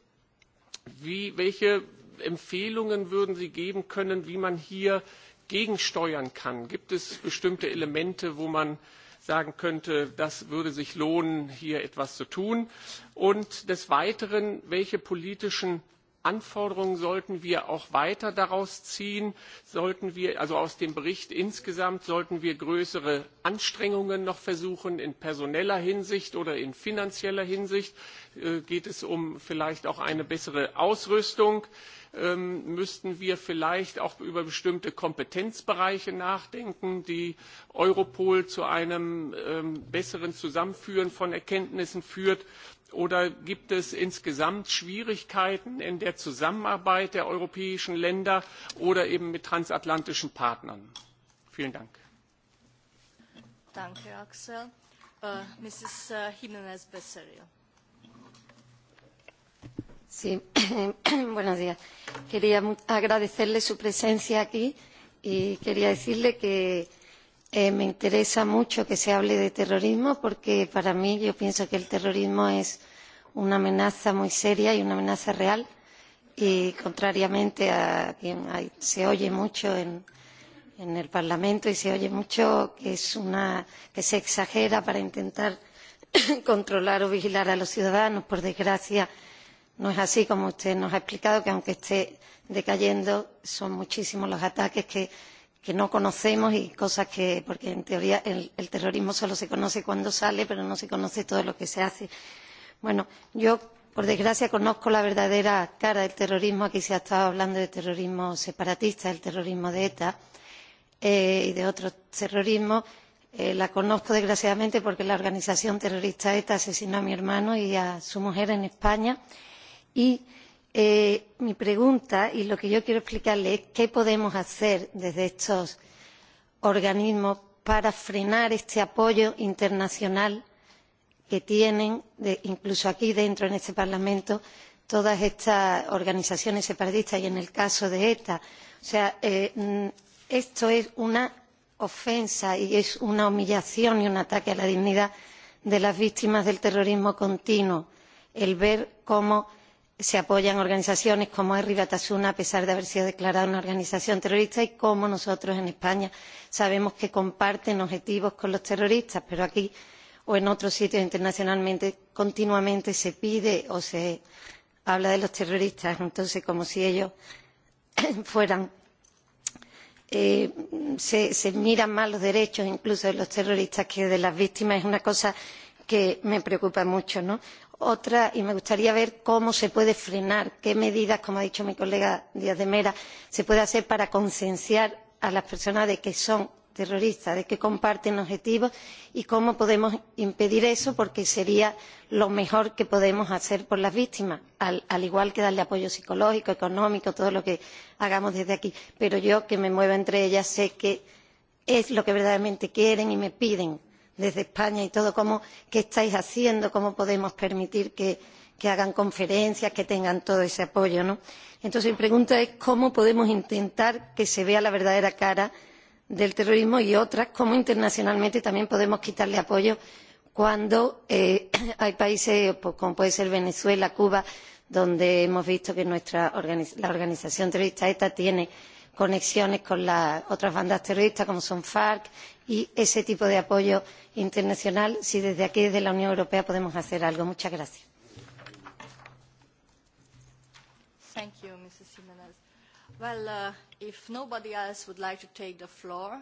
Welche Empfehlungen würden Sie geben können, wie man hier gegensteuern kann? Gibt es bestimmte Elemente, wo man sagen könnte, das würde sich lohnen, hier etwas zu tun? Und des Weiteren, welche politischen Anforderungen sollten wir auch weiter daraus ziehen, sollten wir also aus dem Bericht insgesamt sollten wir größere Anstrengungen noch versuchen in personeller Hinsicht oder in finanzieller Hinsicht geht es um vielleicht auch eine bessere Ausrüstung müssten wir vielleicht auch über bestimmte Kompetenzbereiche nachdenken, die Europol zu einem besseren Zusammenführen von Erkenntnissen führt. Oder gibt es insgesamt Schwierigkeiten in der Zusammenarbeit der europäischen Länder oder eben mit transatlantischen Partnern? Vielen Dank. Danke, Axel. Sí, buenos días. Quería agradecerle su presencia aquí y quería decirle que me interesa mucho que se hable de terrorismo porque para mí yo pienso que el terrorismo es una amenaza muy seria y una amenaza real y contrariamente a quien se oye mucho en el Parlamento y se oye mucho que se exagera para intentar controlar o vigilar a los ciudadanos, por desgracia no es así como usted nos ha explicado que aunque esté decayendo son muchísimos los ataques que no conocemos y cosas que porque en teoría el terrorismo solo se conoce cuando sale pero no se conoce todo lo que se hace. bueno yo por desgracia conozco la verdadera cara del terrorismo aquí se ha estado hablando de terrorismo separatista el terrorismo de eta y de otros terrorismos la conozco desgraciadamente porque la organización terrorista eta asesinó a mi hermano y a su mujer en españa Y mi pregunta y lo que yo quiero explicarle es qué podemos hacer desde estos organismos para frenar este apoyo internacional que tienen, incluso aquí dentro en este Parlamento, todas estas organizaciones separatistas y en el caso de ETA. O sea, esto es una ofensa y es una humillación y un ataque a la dignidad de las víctimas del terrorismo continuo, el ver cómo se apoyan organizaciones como herri batasuna a pesar de haber sido declarada una organización terrorista y cómo nosotros en españa sabemos que comparten objetivos con los terroristas pero aquí o en otros sitios internacionalmente continuamente se pide o se habla de los terroristas entonces como si ellos fueran se miran más los derechos incluso de los terroristas que de las víctimas es una cosa que me preocupa mucho. no? otra y me gustaría ver cómo se puede frenar qué medidas como ha dicho mi colega díaz de mera se puede hacer para concienciar a las personas de que son terroristas de que comparten objetivos y cómo podemos impedir eso porque sería lo mejor que podemos hacer por las víctimas al igual que darles apoyo psicológico económico todo lo que hagamos desde aquí. pero yo que me muevo entre ellas sé que es lo que verdaderamente quieren y me piden desde España y todo, qué estáis haciendo, cómo podemos permitir que, hagan conferencias, que tengan todo ese apoyo. Entonces, mi pregunta es cómo podemos intentar que se vea la verdadera cara del terrorismo y otras, cómo internacionalmente también podemos quitarle apoyo cuando hay países como puede ser Venezuela, Cuba, donde hemos visto que nuestra la organización terrorista ETA tiene conexiones con otras bandas terroristas como son FARC y ese tipo de apoyo internacional si desde aquí desde la unión europea podemos hacer algo. muchas gracias. Thank you, Mrs. Well, if nobody else would like to take the floor,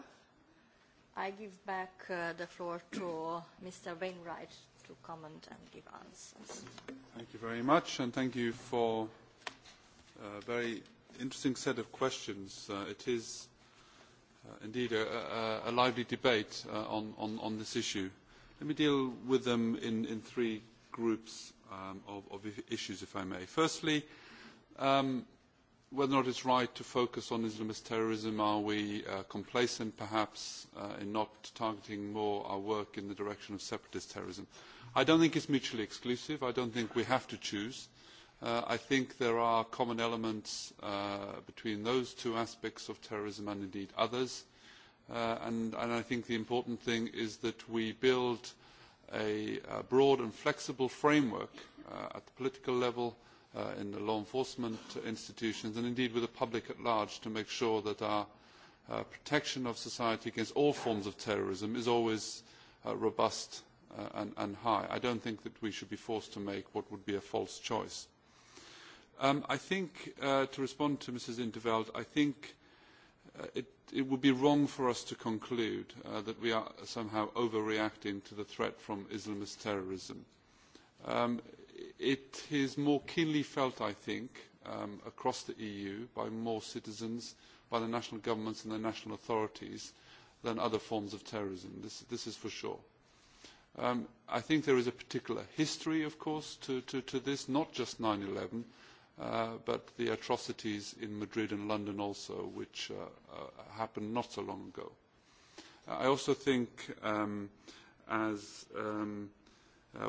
I give back the floor to Mr. Wainwright to comment and give answers. Thank you very much, and thank you for a very interesting set of questions. It is indeed a lively debate on this issue. Let me deal with them in three groups of issues, if I may. Firstly, whether or not it's right to focus on Islamist terrorism, are we complacent perhaps in not targeting more our work in the direction of separatist terrorism? I don't think it is mutually exclusive. I don't think we have to choose. I think there are common elements between those two aspects of terrorism and indeed others, and I think the important thing is that we build a broad and flexible framework at the political level, in the law enforcement institutions and indeed with the public at large to make sure that our protection of society against all forms of terrorism is always robust and high. I don't think that we should be forced to make what would be a false choice. I think, to respond to Mrs. Interveld, I think it would be wrong for us to conclude that we are somehow overreacting to the threat from Islamist terrorism. It is more keenly felt, I think, across the EU by more citizens, by the national governments and the national authorities than other forms of terrorism. This is for sure. I think there is a particular history, of course, to this, not just 9-11, but the atrocities in Madrid and London also, which happened not so long ago. I also think, as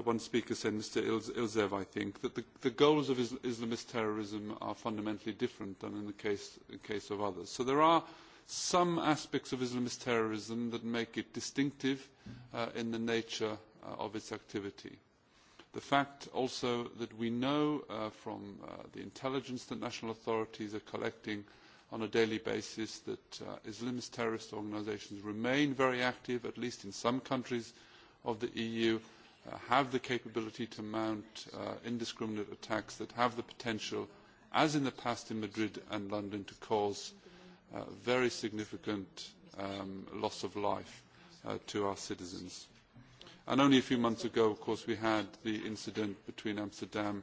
one speaker said, Mr. Ilzev, I think, that the goals of Islamist terrorism are fundamentally different than in the case of others. So there are some aspects of Islamist terrorism that make it distinctive in the nature of its activity the fact also that we know from the intelligence that national authorities are collecting on a daily basis that Islamist terrorist organisations remain very active, at least in some countries of the EU, have the capability to mount indiscriminate attacks that have the potential, as in the past in Madrid and London, to cause very significant loss of life to our citizens. And only a few months ago, of course, we had the incident between Amsterdam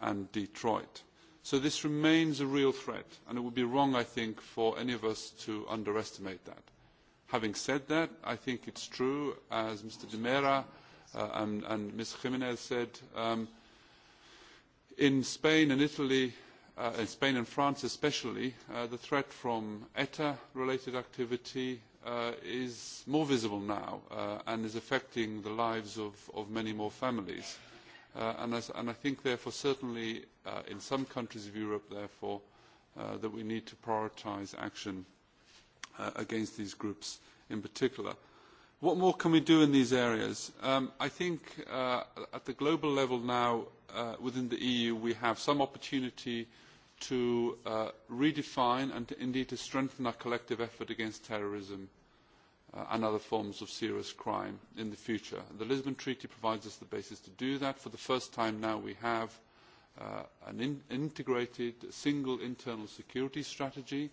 and Detroit. So this remains a real threat, and it would be wrong, I think, for any of us to underestimate that. Having said that, I think it's true, as Mr. De Mera and Ms. Jimenez said, in Spain and Italy, in Spain and France especially, the threat from ETA-related activity is more visible now and is affecting the lives of many more families. And I think, therefore, certainly in some countries of Europe, therefore, that we need to prioritise action against these groups in particular. What more can we do in these areas? I think at the global level now, within the EU, we have some opportunity to redefine and indeed to strengthen our collective effort against terrorism and other forms of serious crime in the future. The Lisbon Treaty provides us the basis to do that. For the first time now we have an integrated single internal security strategy.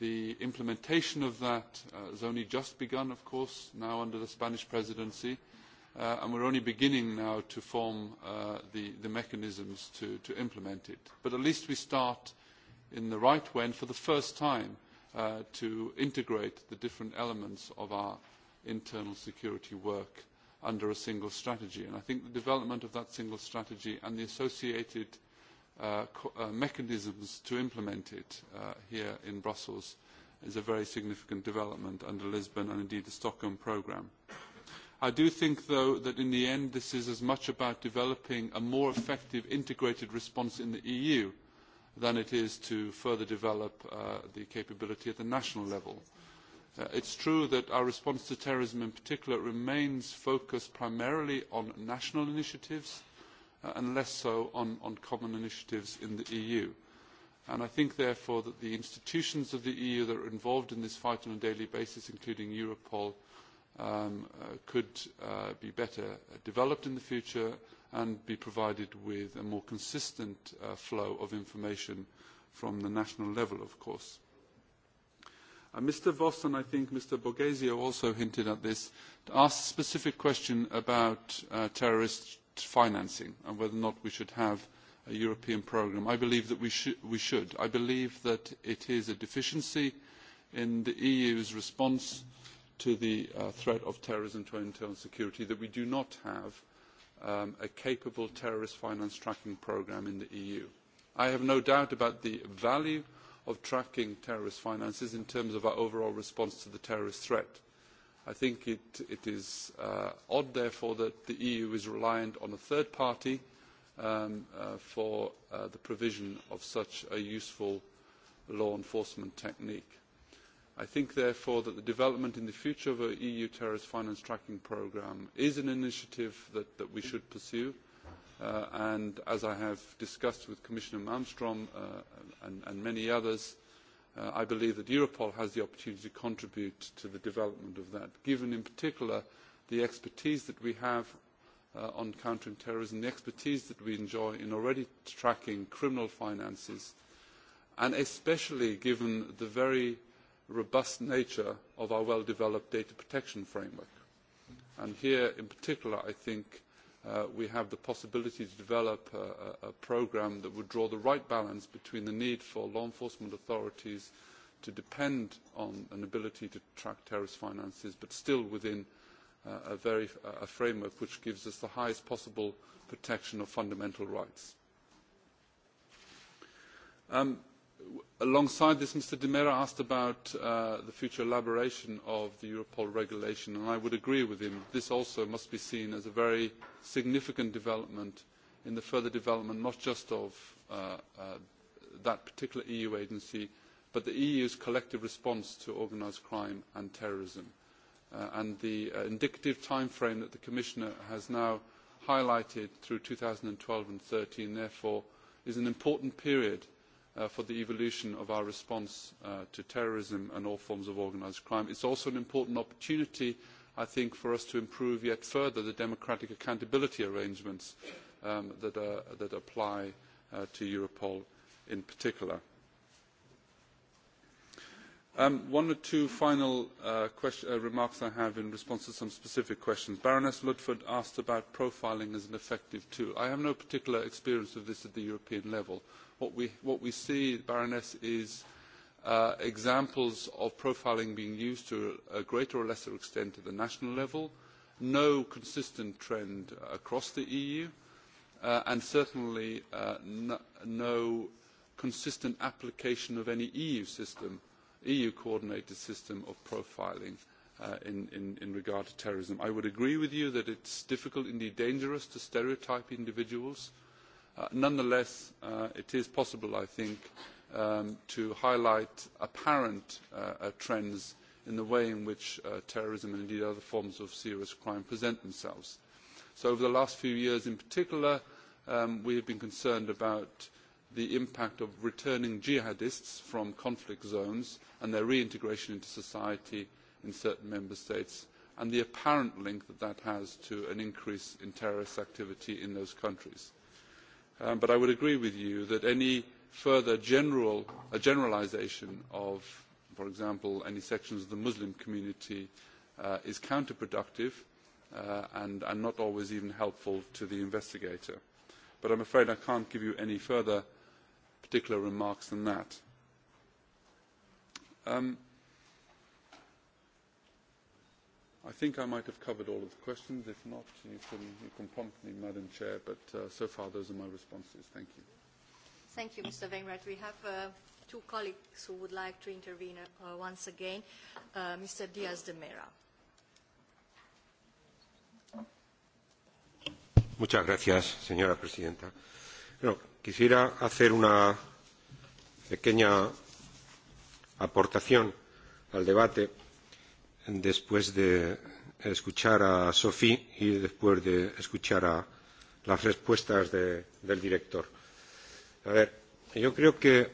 The implementation of that has only just begun, of course, now under the Spanish presidency and we're only beginning now to form the mechanisms to implement it. But at least we start in the right way and for the first time to integrate the different elements of our internal security work under a single strategy. And I think the development of that single strategy and the associated mechanisms to implement it here in Brussels is a very significant development under Lisbon and indeed the Stockholm programme. I do think, though, that in the end this is as much about developing a more effective integrated response in the EU than it is to further develop the capability at the national level. It is true that our response to terrorism in particular remains focused primarily on national initiatives and less so on common initiatives in the EU. And I think, therefore, that the institutions of the EU that are involved in this fight on a daily basis, including Europol, could be better developed in the future and be provided with a more consistent flow of information from the national level, of course. Mr. Voss and I think Mr. Borghezio also hinted at this, to ask a specific question about terrorist financing and whether or not we should have a European programme. I believe that we should. I believe that it is a deficiency in the EU's response to the threat of terrorism to internal security that we do not have a capable terrorist finance tracking programme in the EU. I have no doubt about the value of tracking terrorist finances in terms of our overall response to the terrorist threat. I think it is odd, therefore, that the EU is reliant on a third party for the provision of such a useful law enforcement technique. I think, therefore, that the development in the future of an EU terrorist finance tracking programme is an initiative that we should pursue. And as I have discussed with Commissioner Malmström and many others, I believe that Europol has the opportunity to contribute to the development of that, given in particular the expertise that we have on countering terrorism, the expertise that we enjoy in already tracking criminal finances, and especially given the very robust nature of our well developed data protection framework. And here in particular I think we have the possibility to develop a programme that would draw the right balance between the need for law enforcement authorities to depend on an ability to track terrorist finances but still within a framework which gives us the highest possible protection of fundamental rights. Alongside this, Mr. De Mera asked about the future elaboration of the Europol regulation, and I would agree with him. This also must be seen as a very significant development in the further development not just of that particular EU agency, but the EU's collective response to organised crime and terrorism. And the indicative time frame that the Commissioner has now highlighted through 2012 and 2013, therefore, is an important period for the evolution of our response to terrorism and all forms of organised crime. It is also an important opportunity, I think, for us to improve yet further the democratic accountability arrangements that apply to Europol in particular. One or two final remarks I have in response to some specific questions. Baroness Ludford asked about profiling as an effective tool. I have no particular experience of this at the European level. What we see, Baroness, is examples of profiling being used to a greater or lesser extent at the national level, no consistent trend across the EU, and certainly no consistent application of any EU system, EU coordinated system of profiling in regard to terrorism. I would agree with you that it's difficult, indeed dangerous, to stereotype individuals Nonetheless, it is possible, I think, to highlight apparent trends in the way in which terrorism and indeed other forms of serious crime present themselves. So over the last few years in particular, we have been concerned about the impact of returning jihadists from conflict zones and their reintegration into society in certain member states and the apparent link that that has to an increase in terrorist activity in those countries but i would agree with you that any further generalisation of for example any sections of the muslim community is counterproductive and not always even helpful to the investigator but i'm afraid i can't give you any further particular remarks than that. I think I might have covered all of the questions. If not, you can, you can prompt me, Madam Chair, but so far those are my responses. Thank you. Thank you, Mr. Wainwright. We have uh two colleagues who would like to intervene once again. uh Mr. Diaz de Mera. Muchas gracias, señora presidenta. Quisiera hacer una pequeña aportación al debate después de escuchar a Sophie y después de escuchar las respuestas del director. A ver, yo creo que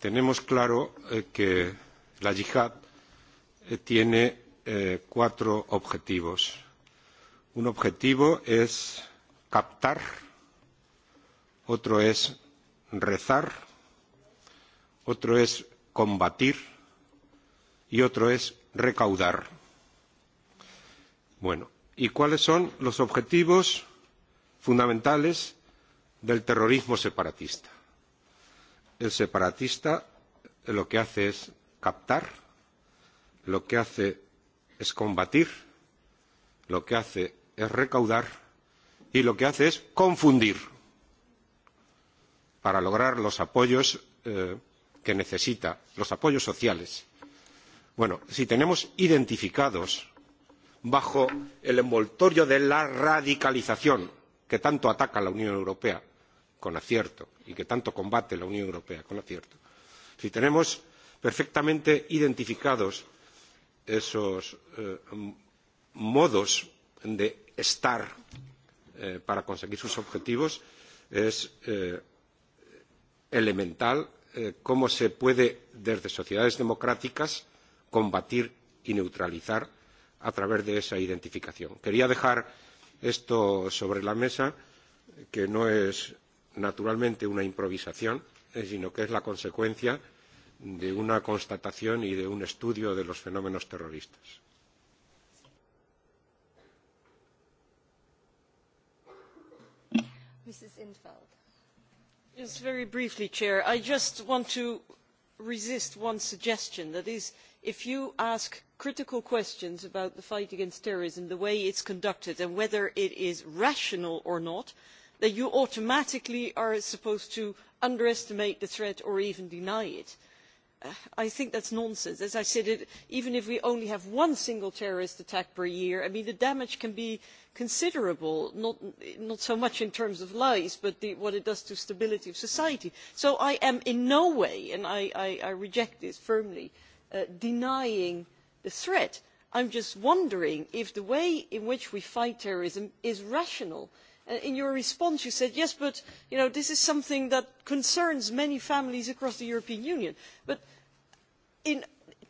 tenemos claro que la yihad tiene cuatro objetivos. Un objetivo es captar, otro es rezar, otro es combatir y otro es recaudar. Bueno, ¿y cuáles son los objetivos fundamentales del terrorismo separatista? El separatista lo que hace es captar, lo que hace es combatir, lo que hace es recaudar y lo que hace es confundir para lograr los apoyos que necesita, los apoyos sociales Bueno, si tenemos identificados bajo el envoltorio de la radicalización que tanto ataca la Unión Europea con acierto y que tanto combate la Unión Europea con acierto, si tenemos perfectamente identificados esos modos de estar para conseguir sus objetivos, es elemental cómo se puede, desde sociedades democráticas, combatir y neutralizar a través de esa identificación. Quería dejar esto sobre la mesa, que no es naturalmente una improvisación, sino que es la consecuencia de una constatación y de un estudio de los fenómenos terroristas resist one suggestion that is if you ask critical questions about the fight against terrorism the way it is conducted and whether it is rational or not then you automatically are supposed to underestimate the threat or even deny it. I think that's nonsense. As I said, even if we only have one single terrorist attack per year, I mean, the damage can be considerable, not so much in terms of lives, but what it does to stability of society. So I am in no way, and I reject this firmly, denying the threat. I am just wondering if the way in which we fight terrorism is rational in your response you said yes but this is something that concerns many families across the european union but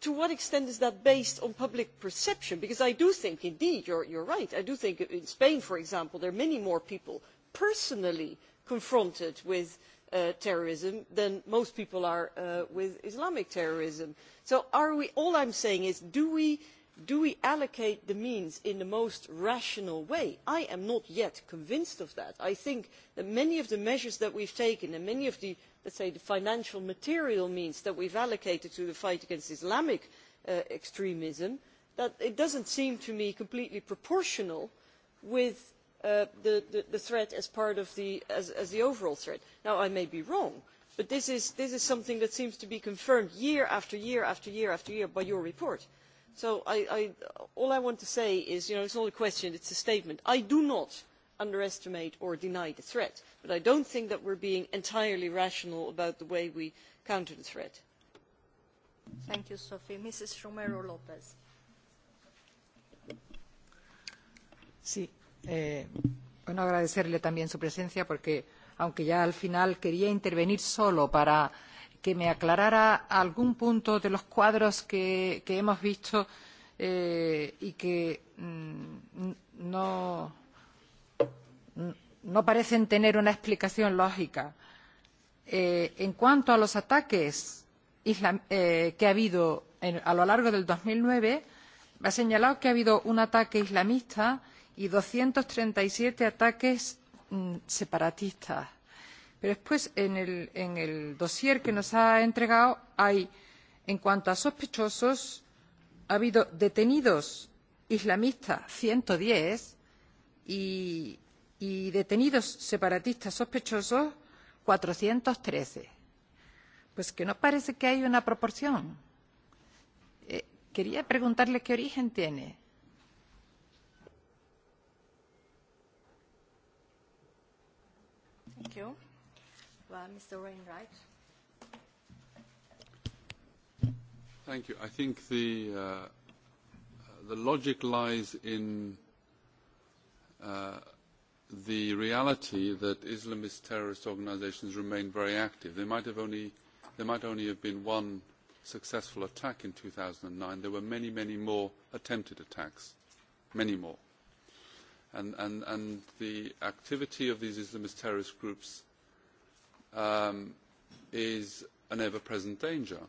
to what extent is that based on public perception because i do think indeed you are right i do think in spain for example there are many more people personally confronted with terrorism than most people are with islamic terrorism. so all i am saying is do we do we allocate the means in the most rational way? i am not yet convinced of that. i think that many of the measures that we have taken and many of the financial material means that we have allocated to the fight against islamic extremism does not seem to me completely proportional with the threat as part of the overall threat. now i may be wrong but this is something that seems to be confirmed year after year after year after year by your report all I want to say is, you know, it's not a question, it's a statement. I do not underestimate or deny the threat, but I don't think that we're being entirely rational about the way we counter the threat. Thank you, Sophie. Mrs. Romero Lopez. Sí, bueno, agradecerle también su presencia porque, aunque ya al final quería intervenir solo para que me aclarara algún punto de los cuadros que hemos visto y que no parecen tener una explicación lógica. En cuanto a los ataques que ha habido a lo largo del 2009, ha señalado que ha habido un ataque islamista y 237 ataques separatistas. Pero después, en el dossier que nos ha entregado, hay, en cuanto a sospechosos, ha habido detenidos islamistas 110 y detenidos separatistas sospechosos 413. Pues que no parece que hay una proporción. Quería preguntarle qué origen tiene. Mr. Wainwright. Thank you. I think the the logic lies in the reality that Islamist terrorist organisations remain very active. There might have only there might only have been one successful attack in 2009. There were many, many more attempted attacks, many more. And the activity of these Islamist terrorist groups is an ever-present danger.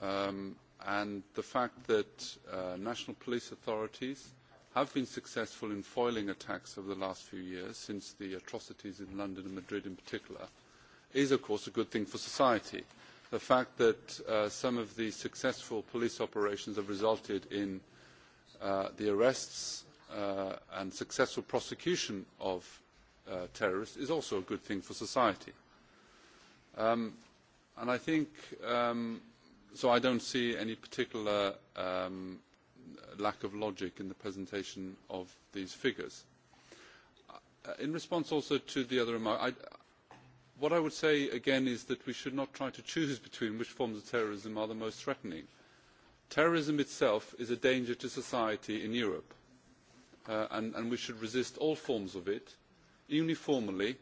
And the fact that national police authorities have been successful in foiling attacks over the last few years, since the atrocities in London and Madrid in particular, is, of course, a good thing for society. The fact that some of the successful police operations have resulted in the arrests and successful prosecution of terrorists is also a good thing for society. And I think, so I don't see any particular lack of logic in the presentation of these figures. In response also to the other remark, what I would say again is that we should not try to choose between which forms of terrorism are the most threatening. Terrorism itself is a danger to society in Europe, and we should resist all forms of it, uniformly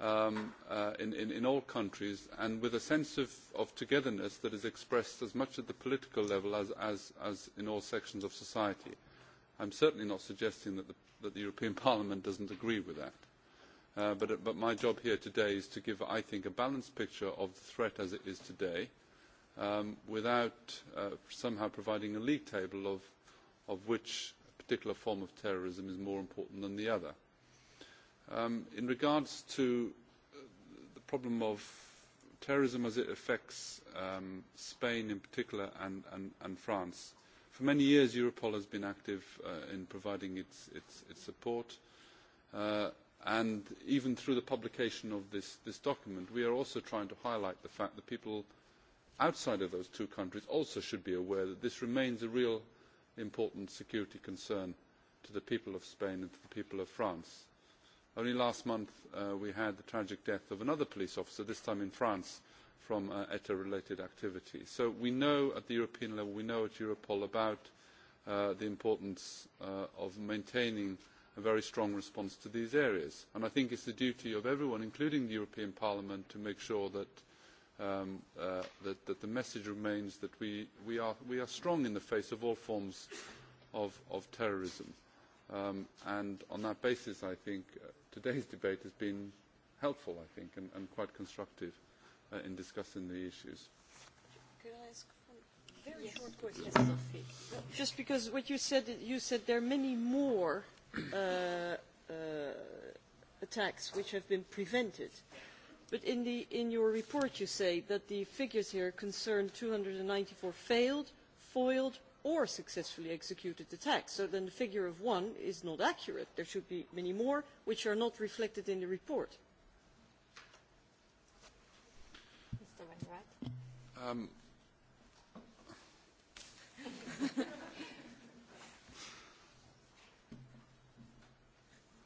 in all countries and with a sense of togetherness that is expressed as much at the political level as in all sections of society. i am certainly not suggesting that the european parliament does not agree with that but my job here today is to give i think a balanced picture of the threat as it is today without somehow providing a league table of which particular form of terrorism is more important than the other. In regards to the problem of terrorism as it affects Spain in particular and France, for many years Europol has been active in providing its support, and even through the publication of this document, we are also trying to highlight the fact that people outside of those two countries also should be aware that this remains a real important security concern to the people of Spain and to the people of France Only last month we had the tragic death of another police officer, this time in France, from ETA-related activity. So we know at the European level, we know at Europol about the importance of maintaining a very strong response to these areas. And I think it's the duty of everyone, including the European Parliament, to make sure that the message remains that we are strong in the face of all forms of terrorism. And on that basis, I think today's debate has been helpful, I think, and, and quite constructive in discussing the issues. very short Just because what you said, you said there are many more attacks which have been prevented. But in, the, in your report you say that the figures here concern 294 failed, foiled, or successfully executed the attacks. So then the figure of one is not accurate. There should be many more which are not reflected in the report.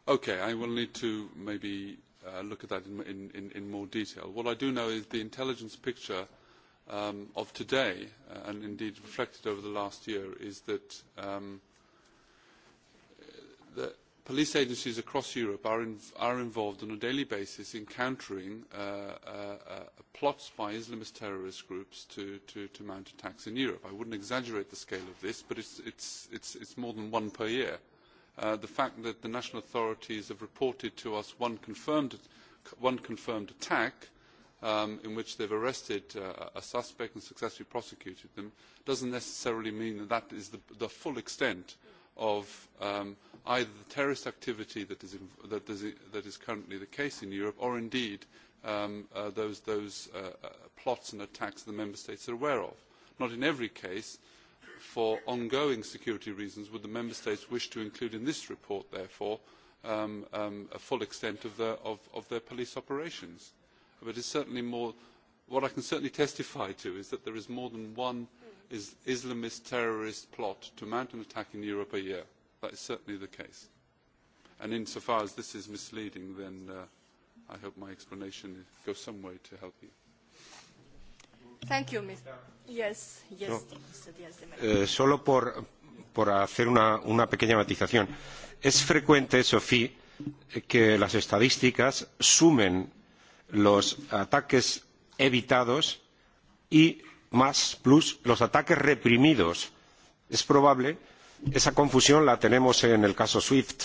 Okay, I will need to maybe look at that in more detail. What I do know is the intelligence picture of today and indeed reflected over the last year is that police agencies across Europe are involved on a daily basis in countering plots by Islamist terrorist groups to mount attacks in Europe. I wouldn't exaggerate the scale of this, but it's more than one per year. The fact that the national authorities have reported to us one confirmed attack in which they've arrested a suspect and successfully prosecuted them doesn't necessarily mean that that is the full extent of either the terrorist activity that is currently the case in Europe or indeed those plots and attacks the member states are aware of. Not in every case, for ongoing security reasons, would the member states wish to include in this report, therefore, a full extent of their police operations but is certainly more what i can certainly testify to is that there is more than one islamist terrorist plot to mount an attack in europe a year. that is certainly the case and insofar as this is misleading then i hope my explanation goes some way to help you. Thank you, Mr. Yes, yes, Mr. Solo por, hacer una, pequeña matización. Es frecuente, Sofía, que las estadísticas sumen los ataques evitados y más plus los ataques reprimidos. Es probable, esa confusión la tenemos en el caso SWIFT.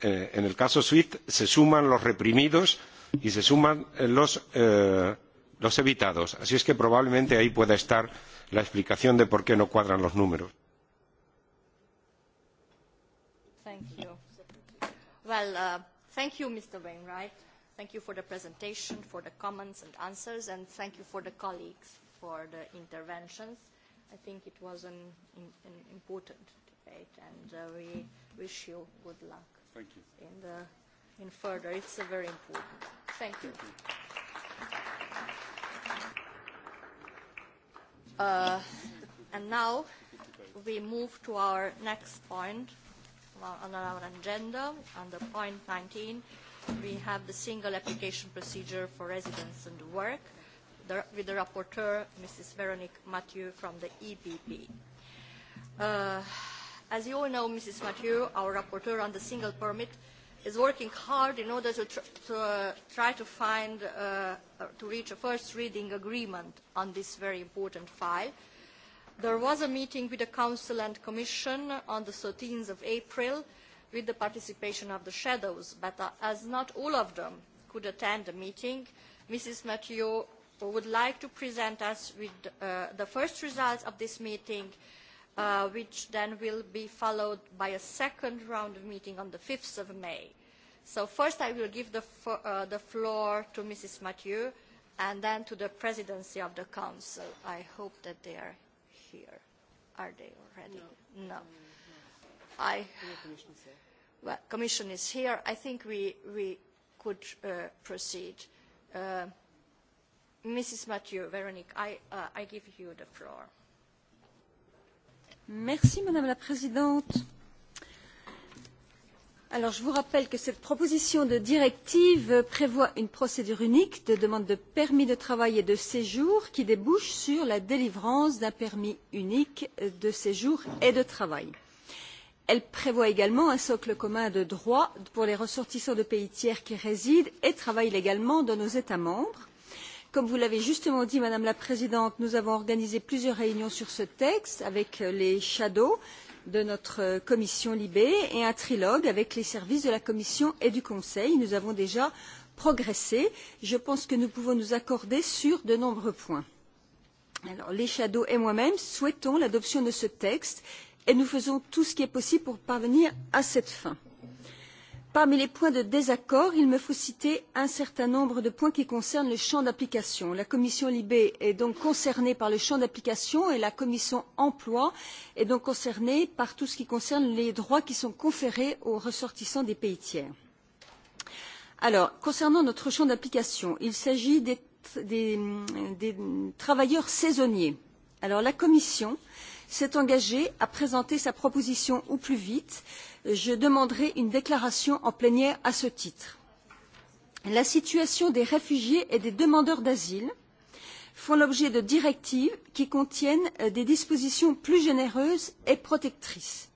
En el caso SWIFT se suman los reprimidos y se suman los evitados. Así es que probablemente ahí pueda estar la explicación de por qué no cuadran los números. Thank you, Thank you for the presentation, for the comments and answers, and thank you for the colleagues for the interventions. I think it was an important debate, and we wish you good luck Thank you. in the in further. It's very important. Thank you. And now we move to our next point on our agenda, on the point 19 we have the single application procedure for residence and work with the rapporteur, Mrs. Veronique Mathieu from the EPP. As you all know, Mrs. Mathieu, our rapporteur on the single permit, is working hard in order to try to find, to reach a first reading agreement on this very important file. There was a meeting with the Council and Commission on the 13th of April, with the participation of the shadows, but as not all of them could attend the meeting, Mrs. Mathieu would like to present us with the first results of this meeting, which then will be followed by a second round of meeting on the 5th of May. So first I will give the floor to Mrs. Mathieu and then to the presidency of the council. I hope that they are here. Are they already? No. I, Commission is here. I think we we could proceed. Mrs. Mathieu, Véronique, I I give you the floor. Merci, Madame la Présidente. Alors, je vous rappelle que cette proposition de directive prévoit une procédure unique de demande de permis de travail et de séjour qui débouche sur la délivrance d'un permis unique de séjour et de travail Elle prévoit également un socle commun de droits pour les ressortissants de pays tiers qui résident et travaillent légalement dans nos États membres. Comme vous l'avez justement dit, Madame la Présidente, nous avons organisé plusieurs réunions sur ce texte avec les shadows de notre commission Libé et un trilogue avec les services de la Commission et du Conseil. Nous avons déjà progressé. Je pense que nous pouvons nous accorder sur de nombreux points. Les shadows et moi-même souhaitons l'adoption de ce texte et nous faisons tout ce qui est possible pour parvenir à cette fin. Parmi les points de désaccord, il me faut citer un certain nombre de points qui concernent le champ d'application. La commission LIBE est donc concernée par le champ d'application et la commission emploi est donc concernée par tout ce qui concerne les droits qui sont conférés aux ressortissants des pays tiers. Alors, concernant notre champ d'application, il s'agit des travailleurs saisonniers. Alors, la commission s'est engagé à présenter sa proposition au plus vite. Je demanderai une déclaration en plénière à ce titre. La situation des réfugiés et des demandeurs d'asile font l'objet de directives qui contiennent des dispositions plus généreuses et protectrices.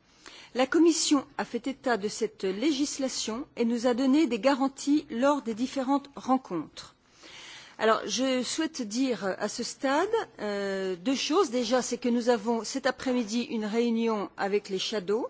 La Commission a fait état de cette législation et nous a donné des garanties lors des différentes rencontres. Alors, je souhaite dire à ce stade deux choses. Déjà, c'est que nous avons cet après-midi une réunion avec les shadows.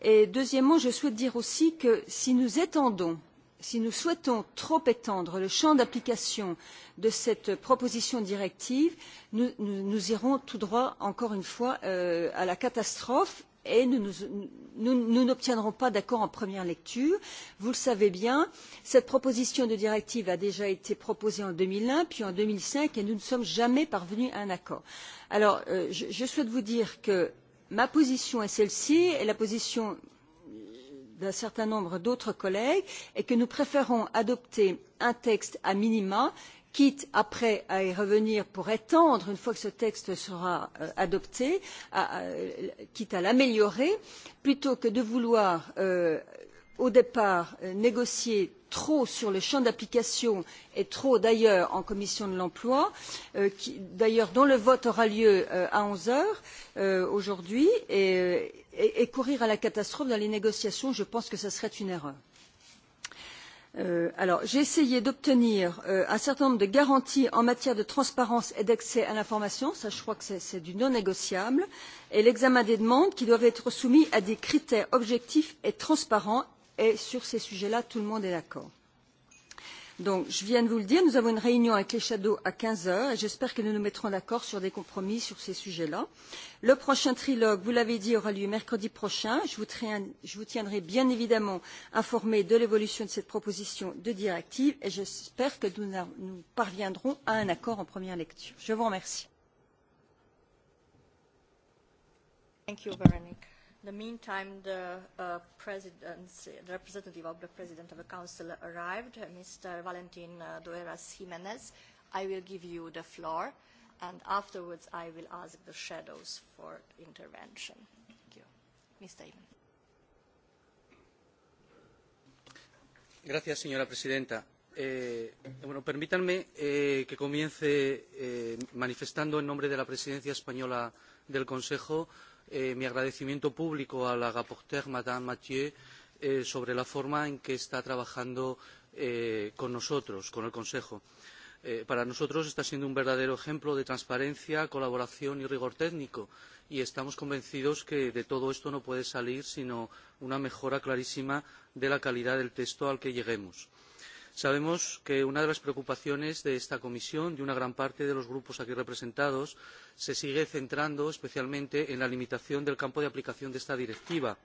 Et deuxièmement, je souhaite dire aussi que si nous étendons, si nous souhaitons trop étendre le champ d'application de cette proposition directive, nous irons tout droit, encore une fois, à la catastrophe et nous n'obtiendrons pas d'accord en première lecture. vous le savez bien cette proposition de directive a déjà été proposée en 2001 puis en 2005 et nous ne sommes jamais parvenus à un accord. alors je souhaite vous dire que ma position est celle ci et la position d'un certain nombre d'autres collègues et que nous préférons adopter un texte a minima quitte après à y revenir pour étendre une fois que ce texte sera adopté quitte à l'améliorer plutôt que de vouloir au départ négocier trop sur le champ d'application et trop d'ailleurs en commission de l'emploi d'ailleurs dont le vote aura lieu à onze heures aujourd'hui et courir à la catastrophe dans les négociations je pense que ce serait une erreur. J'ai essayé d'obtenir un certain nombre de garanties en matière de transparence et d'accès à l'information, je crois que c'est du non négociable, et l'examen des demandes qui doivent être soumis à des critères objectifs et transparents, et sur ces sujets-là, tout le monde est d'accord. Donc, je viens de vous le dire, nous avons une réunion avec les shadows à heures et j'espère que nous nous mettrons d'accord sur des compromis sur ces sujets-là. Le prochain trilogue, vous l'avez dit, aura lieu mercredi prochain. Je vous tiendrai bien évidemment informé de l'évolution de cette proposition de directive et j'espère que nous parviendrons à un accord en première lecture. Je vous remercie. Thank you, Véronique. In the meantime, the representative of the President of the Council arrived, Mr. Valentin Dueras Jimenez. I will give you the floor, and afterwards I will ask the shadows for intervention. Thank you. Mr. Gracias, señora presidenta. Eh, Bueno, permítanme eh, que comience eh, manifestando en nombre de la presidencia española del Consejo mi agradecimiento público a la rapporteure, Madame Mathieu, sobre la forma en que está trabajando con nosotros, con el Consejo. Para nosotros está siendo un verdadero ejemplo de transparencia, colaboración y rigor técnico, y estamos convencidos que de todo esto no puede salir sino una mejora clarísima de la calidad del texto al que lleguemos. Sabemos que una de las preocupaciones de esta comisión, de una gran parte de los grupos aquí representados, se sigue centrando especialmente en la limitación del campo de aplicación de esta directiva,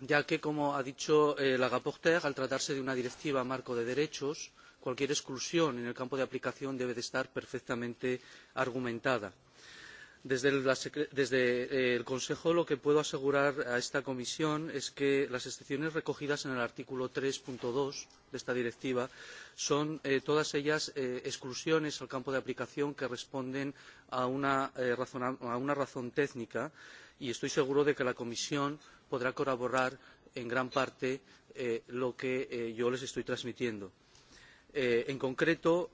ya que, como ha dicho la ponente al tratarse de una directiva marco de derechos, cualquier exclusión en el campo de aplicación debe estar perfectamente argumentada Desde el Consejo lo que puedo asegurar a esta Comisión es que las excepciones recogidas en el artículo 3.2 de esta directiva son todas ellas exclusiones al campo de aplicación que responden a una razón técnica y estoy seguro de que la Comisión podrá corroborar en gran parte lo que yo les estoy transmitiendo. En concreto,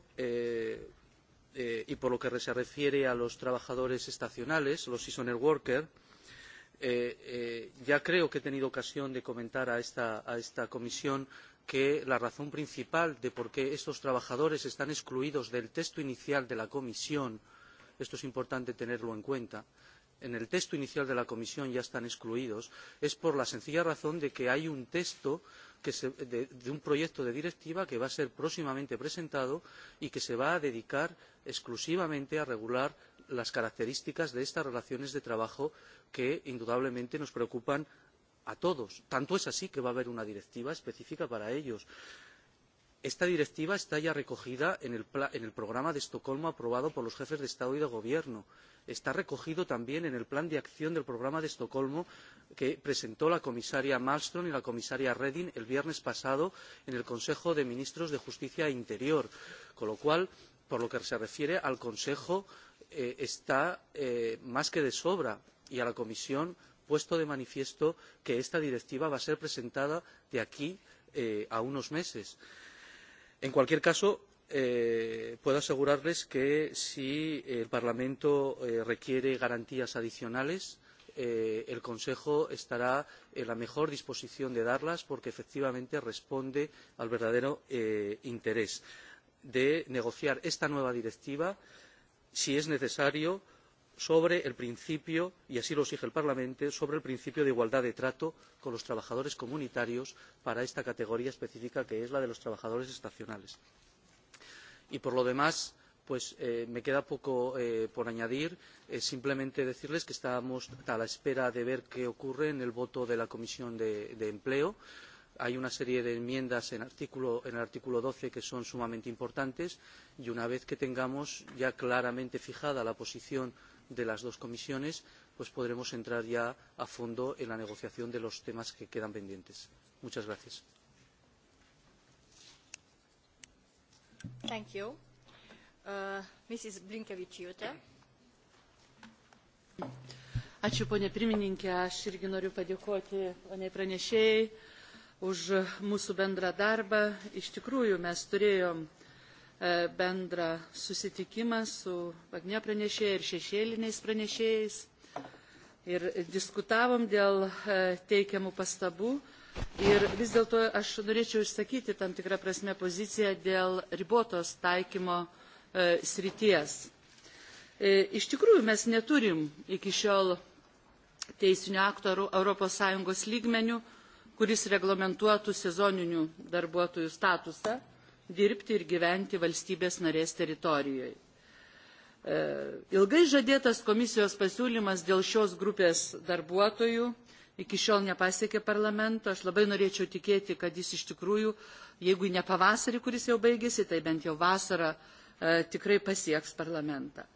y por lo que se refiere a los trabajadores estacionales, los seasonal workers, ya creo que he tenido ocasión de comentar a esta comisión que la razón principal de por qué estos trabajadores están excluidos del texto inicial de la comisión esto es importante tenerlo en cuenta en el texto inicial de la comisión ya están excluidos es por la sencilla razón de que hay un texto de un proyecto de directiva que va a ser próximamente presentado y que se va a dedicar exclusivamente a regular las características de estas relaciones de trabajo que indudablemente nos preocupan a todos. tanto es así que va a haber una directiva específica para ellos. Esta directiva está ya recogida en el programa de Estocolmo aprobado por los jefes de Estado y de Gobierno. Está recogido también en el plan de acción del programa de Estocolmo que presentó la comisaria Malmström y la comisaria Reding el viernes pasado en el Consejo de Ministros de Justicia e Interior. Con lo cual, por lo que se refiere al Consejo, está más que de sobra y a la Comisión puesto de manifiesto que esta directiva va a ser presentada de aquí a unos meses en cualquier caso puedo asegurarles que si el parlamento requiere garantías adicionales el consejo estará en la mejor disposición de darlas porque efectivamente responde al verdadero interés de negociar esta nueva directiva si es necesario sobre el principio y así lo exige el parlamento sobre el principio de igualdad de trato con los trabajadores comunitarios para esta categoría específica que es la de los trabajadores estacionales. y por lo demás pues me queda poco por añadir simplemente decirles que estamos a la espera de ver qué ocurre en el voto de la comisión de empleo. hay una serie de enmiendas en el artículo doce que son sumamente importantes y una vez que tengamos ya claramente fijada la posición de las dos comisiones, pues podremos entrar ya a fondo en la negociación de los temas que quedan pendientes. Muchas gracias. Thank you. Mrs. Ačiū, ponė pirmininkė. Aš irgi noriu padėkoti ponė pranešėjai už mūsų bendrą darbą. Iš tikrųjų, mes turėjom bendrą susitikimą su Vagnė pranešėja ir šešėliniais pranešėjais ir diskutavom dėl teikiamų pastabų ir vis dėlto aš norėčiau išsakyti tam tikrą prasme poziciją dėl ribotos taikymo srities. Iš tikrųjų mes neturim iki šiol teisinio akto Europos Sąjungos lygmenių, kuris reglamentuotų sezoninių darbuotojų statusą dirbti ir gyventi valstybės narės teritorijoje. Ilgai žadėtas komisijos pasiūlymas dėl šios grupės darbuotojų iki šiol nepasiekė parlamento. Aš labai norėčiau tikėti, kad jis iš tikrųjų, jeigu ne pavasarį, kuris jau baigėsi, tai bent jau vasarą tikrai pasieks parlamentą.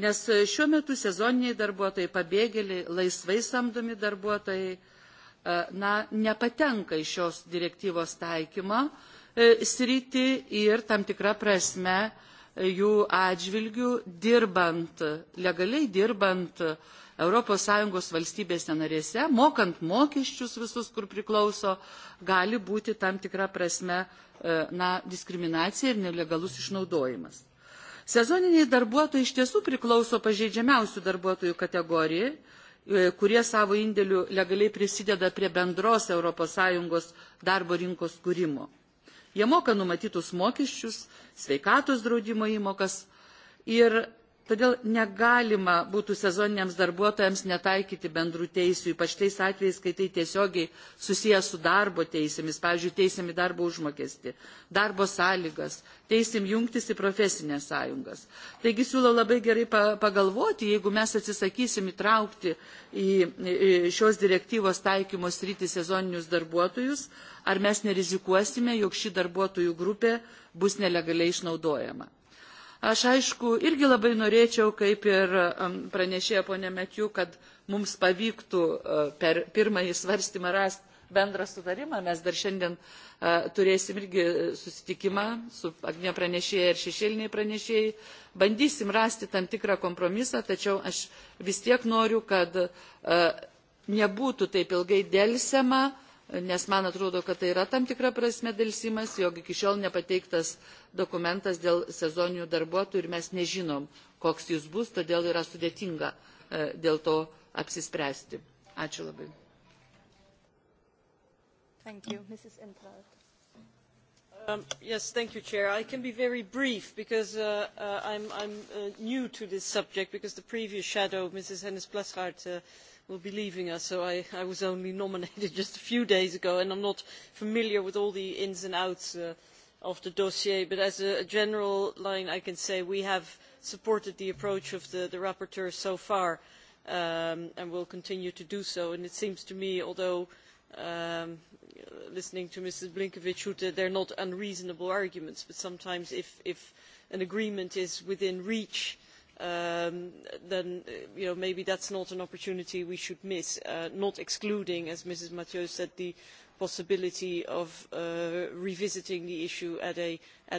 Nes šiuo metu sezoniniai darbuotojai, pabėgėliai, laisvai samdomi darbuotojai, na, nepatenka į šios direktyvos taikymą sritį ir tam tikrą prasme jų atžvilgių dirbant, legaliai dirbant Europos Sąjungos valstybėse narėse, mokant mokesčius visus, kur priklauso, gali būti tam tikra prasme na diskriminacija ir nelegalus išnaudojimas. Sezoniniai darbuotojai iš tiesų priklauso pažeidžiamiausių darbuotojų kategorijai, kurie savo indėlių legaliai prisideda prie bendros Europos Sąjungos darbo rinkos kūrimo. Jie moka numatytus mokesčius, sveikatos draudimo įmokas ir todėl negalima būtų sezoniniams darbuotojams netaikyti bendrų teisų, ypač tais atvejais kai tai tiesiogiai susiję su darbo teisėmis pavyzdžiui teisėm darbo užmokestį darbo sąlygas teisėm jungtis į profesines sąjungas. taigi siūlo labai gerai pagalvoti jeigu mes atsisakysim įtraukti į šios direktyvos taikymo sritį sezoninius darbuotojus ar mes nerizikuosime jog ši darbuotojų grupė bus nelegaliai išnaudojama. Aš aišku irgi labai norėčiau, kaip ir pranešėjo ponė Metiu, kad mums pavyktų per pirmąjį svarstymą rasti bendrą sutarimą. Mes dar šiandien turėsim irgi susitikimą su Agne pranešėjai ir šešėliniai pranešėjai. Bandysim rasti tam tikrą kompromisą, tačiau aš vis tiek noriu, kad nebūtų taip ilgai dėlsiama nes man atrodo, kad tai yra tam tikra prasme dėlsimas, jog iki šiol nepateiktas dokumentas dėl sezoninių darbuotojų ir mes nežinom, koks jis bus, todėl yra sudėtinga dėl to apsispręsti. Ačiū labai. Thank you. Mrs. Yes, thank you, Chair. I can be very brief because I'm I'm new to this subject because the previous shadow, Mrs. Hennis-Plasschaert, will be leaving us, so I was only nominated just a few days ago, and I'm not familiar with all the ins and outs of the dossier, but as a general line I can say we have supported the approach of the rapporteur so far and will continue to do so, and it seems to me, although listening to Mrs. they are not unreasonable arguments, but sometimes if an agreement is within reach, then maybe that's not an opportunity we should miss, not excluding, as Mrs. Mathieu said, the possibility of revisiting the issue at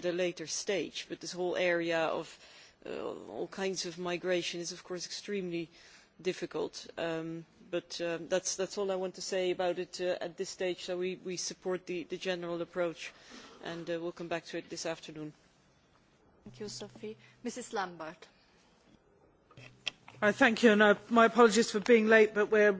a later stage. But this whole area of all kinds of migration is, of course, extremely difficult. But that's all I want to say about it at this stage. So we support the general approach, and we'll come back to it this afternoon. Thank you, Sophie. Mrs. Lambert. Thank you. and My apologies for being late, but we are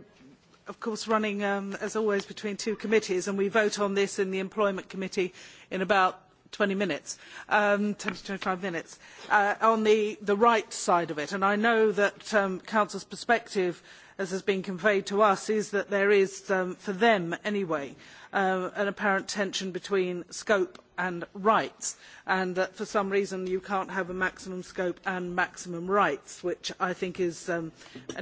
of course, running, as always, between two committees, and we vote on this in the Employment Committee in about twenty minutes, twenty twenty minutes, on the right side of it. And I know that the Council's perspective, as has been conveyed to us, is that there is, for them anyway, an apparent tension between scope and rights and that for some reason you cannot have a maximum scope and maximum rights which I think is an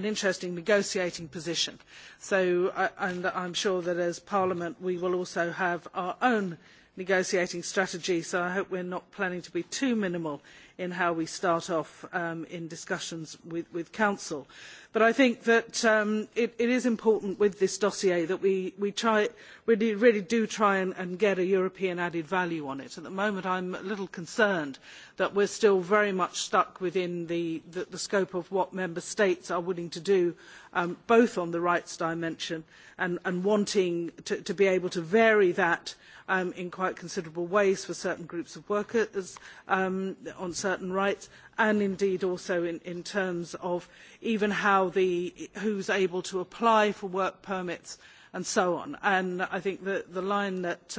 interesting negotiating position so and I'm sure that as Parliament we will also have our own negotiating strategy so I hope we are not planning to be too minimal in how we start off in discussions with Council. But I think that it is important with this dossier that we really do try and get a European added value on it. At the moment I a little concerned that we are still very much stuck within the scope of what Member States are willing to do, both on the rights dimension and wanting to be able to vary that in quite considerable ways for certain groups of workers on certain rights and indeed also in terms of even how the who's able to apply for work permits and so on. And I think that the line that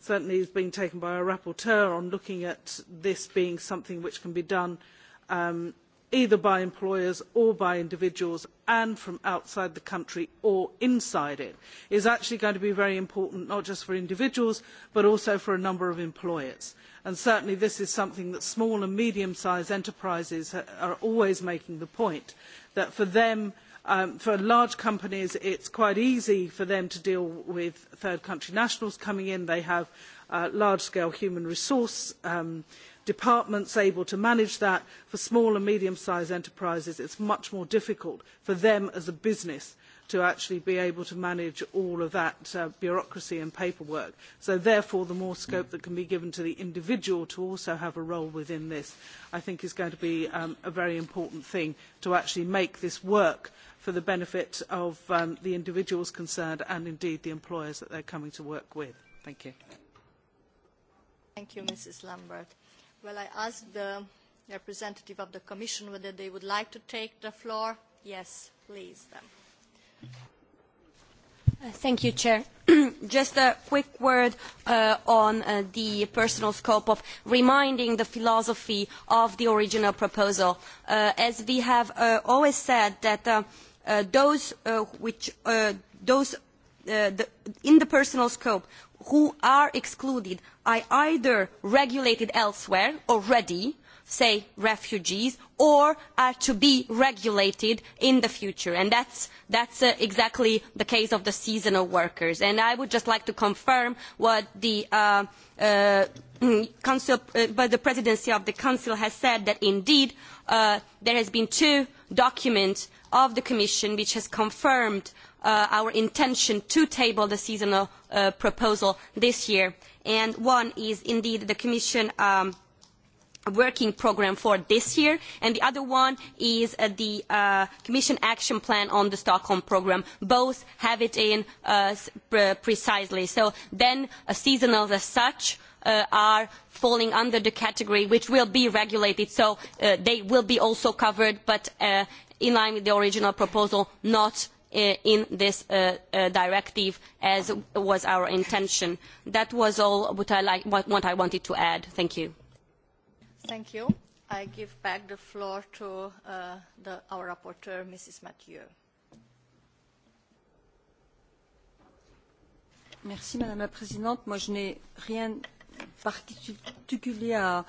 certainly is being taken by our rapporteur on looking at this being something which can be done either by employers or by individuals and from outside the country or inside it is actually going to be very important not just for individuals but also for a number of employers and certainly this is something that small and medium sized enterprises are always making the point that for them for large companies it is quite easy for them to deal with third country nationals coming in they have large scale human resource departments able to manage that. For small and medium-sized enterprises, it's much more difficult for them as a business to actually be able to manage all of that bureaucracy and paperwork. So therefore, the more scope that can be given to the individual to also have a role within this, I think is going to be a very important thing to actually make this work for the benefit of the individuals concerned and indeed the employers that they're coming to work with. Thank you. Thank you, Mrs. Lambert. Well, I asked the representative of the Commission whether they would like to take the floor. Yes, please. Thank you, Chair. Just a quick word on the personal scope of reminding the philosophy of the original proposal. As we have always said, that those in the personal scope who are excluded are either regulated elsewhere already say refugees or are to be regulated in the future and that's exactly the case of the seasonal workers and i would just like to confirm what the presidency of the council has said that indeed there has been two documents of the commission which has confirmed our intention to table the seasonal proposal this year. And one is indeed the Commission working programme for this year and the other one is the Commission action plan on the Stockholm programme. Both have it in precisely. So then seasonals as such are falling under the category which will be regulated, so they will be also covered, but in line with the original proposal, not in this directive as was our intention. That was all what I wanted to add. Thank you. Thank you. I give back the floor to our rapporteur, Mrs. Mathieu. Merci Madame la Présidente. Moi, je n'ai rien particulier à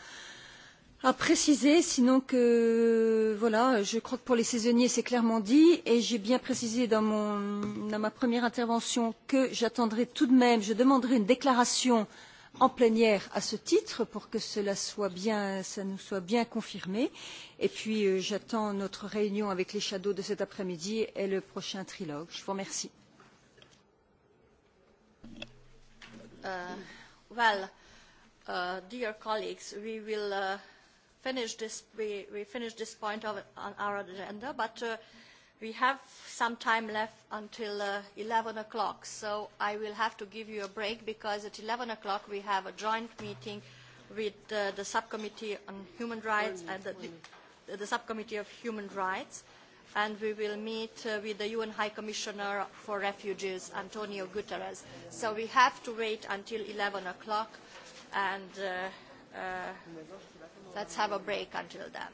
à préciser, sinon que voilà, je crois que pour les saisonniers c'est clairement dit et j'ai bien précisé dans, mon, dans ma première intervention que j'attendrai tout de même, je demanderai une déclaration en plénière à ce titre pour que cela soit bien, ça nous soit bien confirmé et puis j'attends notre réunion avec les shadows de cet après-midi et le prochain trilogue. Je vous remercie. Well, finish this we finish this point on our agenda, but we have some time left until 11 o'clock, so I will have to give you a break because at 11 o'clock we have a joint meeting with the subcommittee on human rights and the subcommittee of human rights and we will meet with the UN High Commissioner for Refugees, Antonio Guterres. So we have to wait until 11 o'clock, and Let's have a break until then.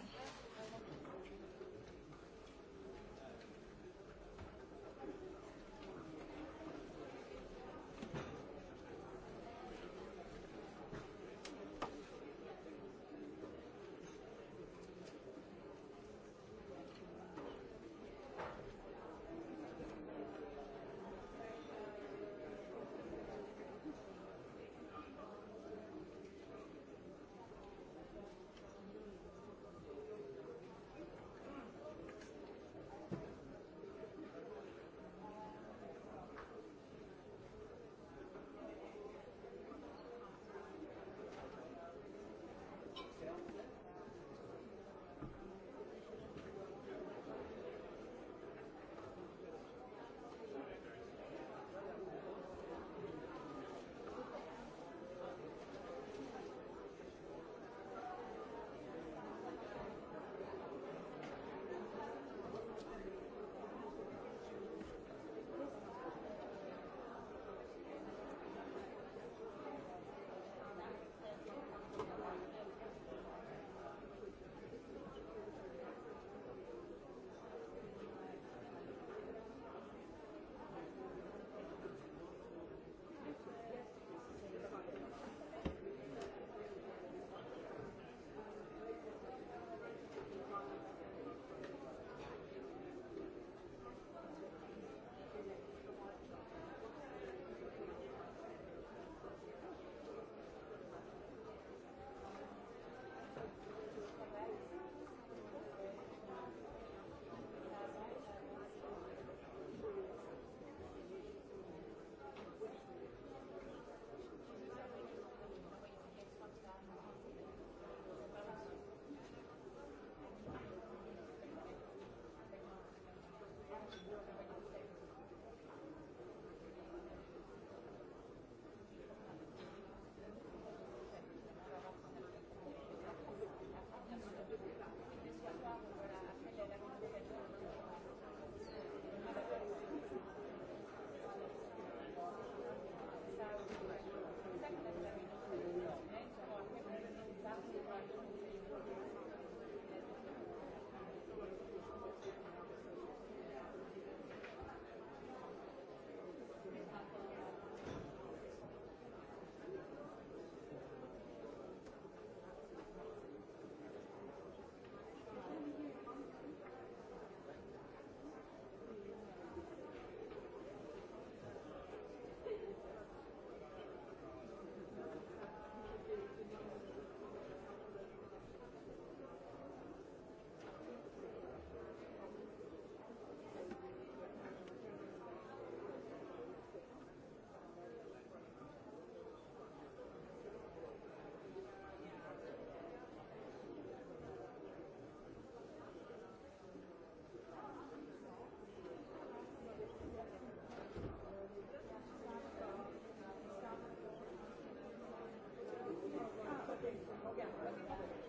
Ευχαριστώ.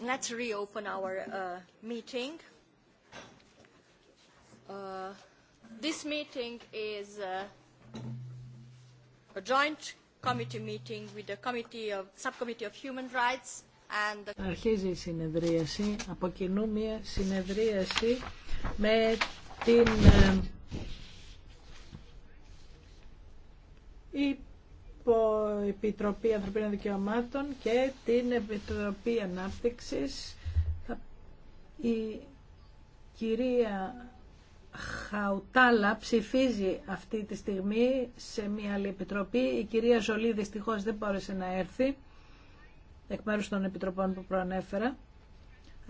Let's reopen our meeting. Uh, This meeting is a joint committee meeting with the Committee of Subcommittee of Human Rights and Αρχίζει η συνεδρίαση, από συνεδρίαση με την Επιτροπή Ανθρωπίνων Δικαιωμάτων και την Επιτροπή Ανάπτυξης. Η κυρία Χαουτάλα ψηφίζει αυτή τη στιγμή σε μια άλλη επιτροπή. Η κυρία Ζολή δυστυχώς δεν μπόρεσε να έρθει εκ μέρους των επιτροπών που προανέφερα.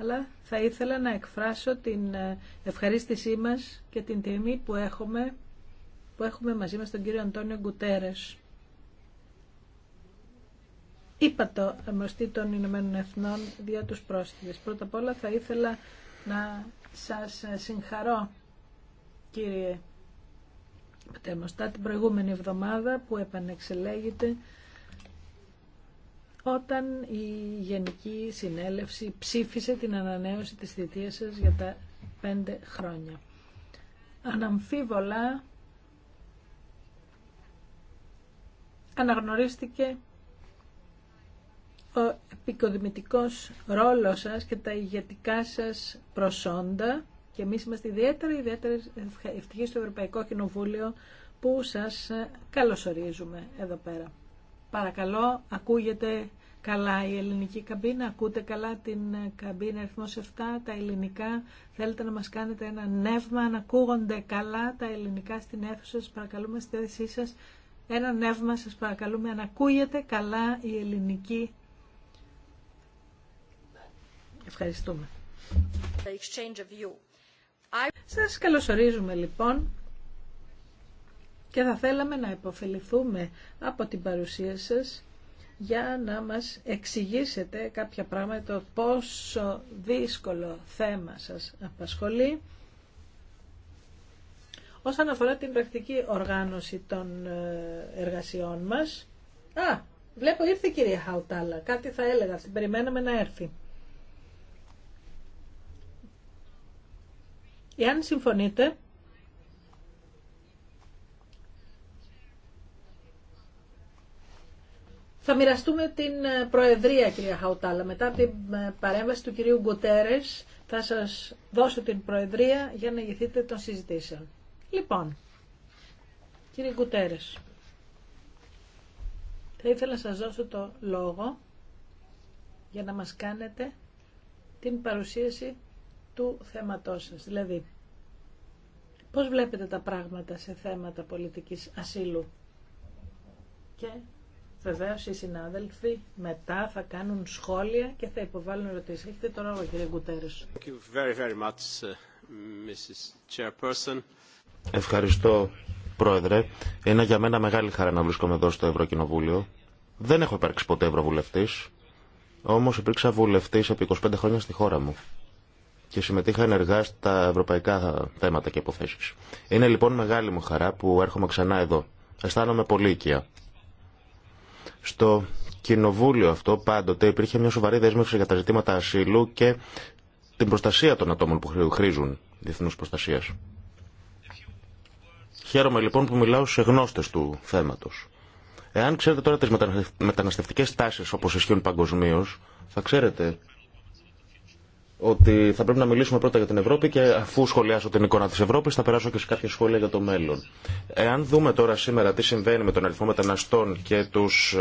Αλλά θα ήθελα να εκφράσω την ε, ευχαρίστησή μας και την τιμή που έχουμε, που έχουμε μαζί μας τον κύριο Αντώνιο Γκουτέρες ύπατο αρμοστή των Ηνωμένων Εθνών δια τους πρόσφυγες. Πρώτα απ' όλα θα ήθελα να σας συγχαρώ κύριε Πατερμοστά την προηγούμενη εβδομάδα που επανεξελέγεται όταν η Γενική Συνέλευση ψήφισε την ανανέωση της θητείας σας για τα πέντε χρόνια. Αναμφίβολα αναγνωρίστηκε ο επικοδημητικός ρόλος σας και τα ηγετικά σας προσόντα και εμείς είμαστε ιδιαίτερα, ιδιαίτερα ευτυχείς στο Ευρωπαϊκό Κοινοβούλιο που σας καλωσορίζουμε εδώ πέρα. Παρακαλώ, ακούγεται καλά η ελληνική καμπίνα, ακούτε καλά την καμπίνα αριθμό 7, τα ελληνικά. Θέλετε να μας κάνετε ένα νεύμα, να ακούγονται καλά τα ελληνικά στην αίθουσα σας, παρακαλούμε στη θέσή σας. Ένα νεύμα σας παρακαλούμε, να ακούγεται καλά η ελληνική Ευχαριστούμε. Σας καλωσορίζουμε λοιπόν και θα θέλαμε να υποφεληθούμε από την παρουσία σας για να μας εξηγήσετε κάποια πράγματα το πόσο δύσκολο θέμα σας απασχολεί όσον αφορά την πρακτική οργάνωση των ε, εργασιών μας. Α, βλέπω ήρθε η κυρία Χαουτάλα, κάτι θα έλεγα, την περιμέναμε να έρθει. Εάν συμφωνείτε, θα μοιραστούμε την ε, Προεδρία, κυρία Χαουτάλα. Μετά την ε, παρέμβαση του κυρίου Γκουτέρες, θα σας δώσω την Προεδρία για να ηγηθείτε των συζητήσεων. Λοιπόν, κύριε Γκουτέρες, θα ήθελα να σας δώσω το λόγο για να μας κάνετε την παρουσίαση του θέματός σας. Δηλαδή, πώς βλέπετε τα πράγματα σε θέματα πολιτικής ασύλου. Και βεβαίω οι συνάδελφοι μετά θα κάνουν σχόλια και θα υποβάλουν ερωτήσεις. Έχετε το λόγο κύριε Γκουτέρες. Uh, Ευχαριστώ Πρόεδρε. Είναι για μένα μεγάλη χαρά να βρίσκομαι εδώ στο Ευρωκοινοβούλιο. Δεν έχω υπάρξει ποτέ Ευρωβουλευτής, όμως υπήρξα βουλευτής επί 25 χρόνια στη χώρα μου και συμμετείχα ενεργά στα ευρωπαϊκά θέματα και υποθέσει. Είναι λοιπόν μεγάλη μου χαρά που έρχομαι ξανά εδώ. Αισθάνομαι πολύ οικία. Στο κοινοβούλιο αυτό πάντοτε υπήρχε μια σοβαρή δέσμευση για τα ζητήματα ασύλου και την προστασία των ατόμων που χρήζουν διεθνού προστασία. Χαίρομαι λοιπόν που μιλάω σε γνώστε του θέματο. Εάν ξέρετε τώρα τι μεταναστευτικέ τάσει όπω ισχύουν παγκοσμίω, θα ξέρετε ότι θα πρέπει να μιλήσουμε πρώτα για την Ευρώπη και αφού σχολιάσω την εικόνα της Ευρώπης θα περάσω και σε κάποια σχόλια για το μέλλον. Εάν δούμε τώρα σήμερα τι συμβαίνει με τον αριθμό μεταναστών και τους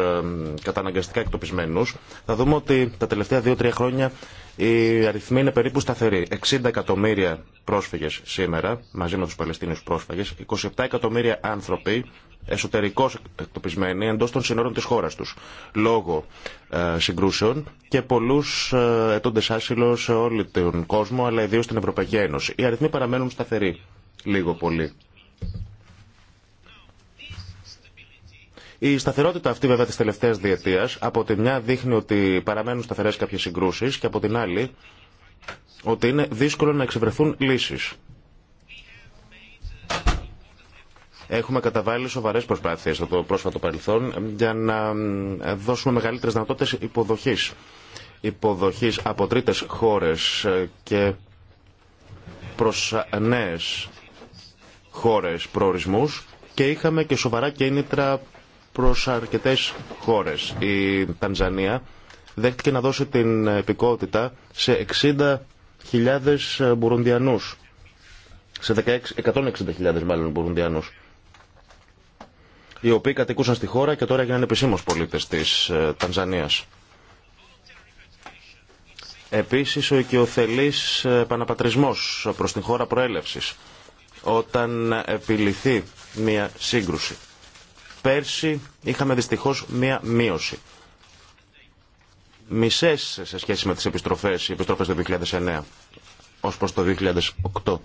καταναγκαστικά εκτοπισμένους θα δούμε ότι τα τελευταία δύο-τρία χρόνια οι αριθμοί είναι περίπου σταθεροί. 60 εκατομμύρια πρόσφυγε σήμερα, μαζί με του Παλαιστίνιου πρόσφυγε, 27 εκατομμύρια άνθρωποι εσωτερικώ εκτοπισμένοι εντό των συνόρων τη χώρα του, λόγω ε, συγκρούσεων και πολλού ε, άσυλο σε όλη τον κόσμο, αλλά ιδίω στην Ευρωπαϊκή Ένωση. Οι αριθμοί παραμένουν σταθεροί, λίγο πολύ. Η σταθερότητα αυτή βέβαια τη τελευταία διετία από τη μια δείχνει ότι παραμένουν σταθερέ κάποιε συγκρούσει και από την άλλη ότι είναι δύσκολο να εξευρεθούν λύσει. Έχουμε καταβάλει σοβαρέ προσπάθειε από το πρόσφατο παρελθόν για να δώσουμε μεγαλύτερε δυνατότητε υποδοχή. Υποδοχής από τρίτε χώρε ε, και προ ε, νέε χώρε προορισμού και είχαμε και σοβαρά κίνητρα προς αρκετές χώρες. Η Τανζανία δέχτηκε να δώσει την επικότητα σε 60.000 Μπουρουντιανούς. Σε 160.000 μάλλον Μπουρουντιανούς. Οι οποίοι κατοικούσαν στη χώρα και τώρα έγιναν επισήμως πολίτες της ε, Τανζανίας. Επίσης ο οικειοθελής ε, παναπατρισμός προς την χώρα προέλευσης όταν επιληθεί μια σύγκρουση. Πέρσι είχαμε δυστυχώς μία μείωση. Μισές σε σχέση με τις επιστροφές, οι επιστροφές του 2009 ως προς το 2008.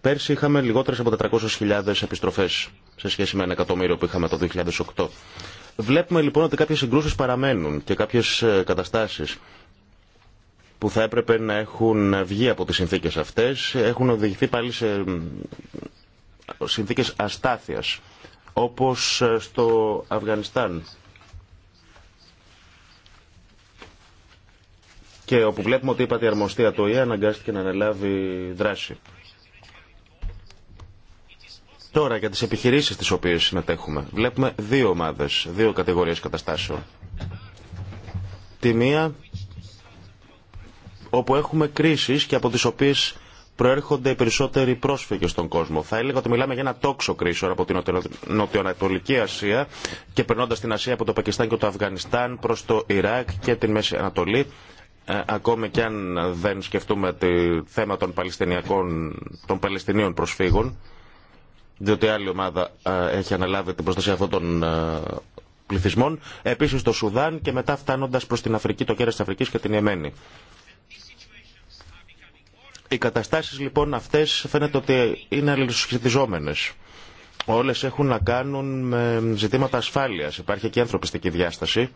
Πέρσι είχαμε λιγότερες από 400.000 επιστροφές σε σχέση με ένα εκατομμύριο που είχαμε το 2008. Βλέπουμε λοιπόν ότι κάποιες συγκρούσεις παραμένουν και κάποιες ε, καταστάσεις που θα έπρεπε να έχουν βγει από τις συνθήκες αυτές έχουν οδηγηθεί πάλι σε συνθήκες αστάθειας, όπως ε, στο Αφγανιστάν. Και όπου βλέπουμε ότι είπατε η αρμοστία του αναγκάστηκε να αναλάβει δράση. Τώρα για τις επιχειρήσεις τις οποίες συμμετέχουμε. Βλέπουμε δύο ομάδες, δύο κατηγορίες καταστάσεων. Τη μία όπου έχουμε κρίσεις και από τις οποίες προέρχονται οι περισσότεροι πρόσφυγε στον κόσμο. Θα έλεγα ότι μιλάμε για ένα τόξο κρίσο από την Νοτιοανατολική Ασία και περνώντα την Ασία από το Πακιστάν και το Αφγανιστάν προ το Ιράκ και την Μέση Ανατολή. Ε, ακόμη και αν δεν σκεφτούμε το θέμα των, Παλαιστινιακών, των Παλαιστινίων προσφύγων, διότι άλλη ομάδα ε, έχει αναλάβει την προστασία αυτών των ε, πληθυσμών, επίσης το Σουδάν και μετά φτάνοντας προς την Αφρική, το κέρας τη Αφρικής και την Ιεμένη. Οι καταστάσεις λοιπόν αυτές φαίνεται ότι είναι αλληλοσχετιζόμενες. Όλες έχουν να κάνουν με ζητήματα ασφάλειας. Υπάρχει και ανθρωπιστική διάσταση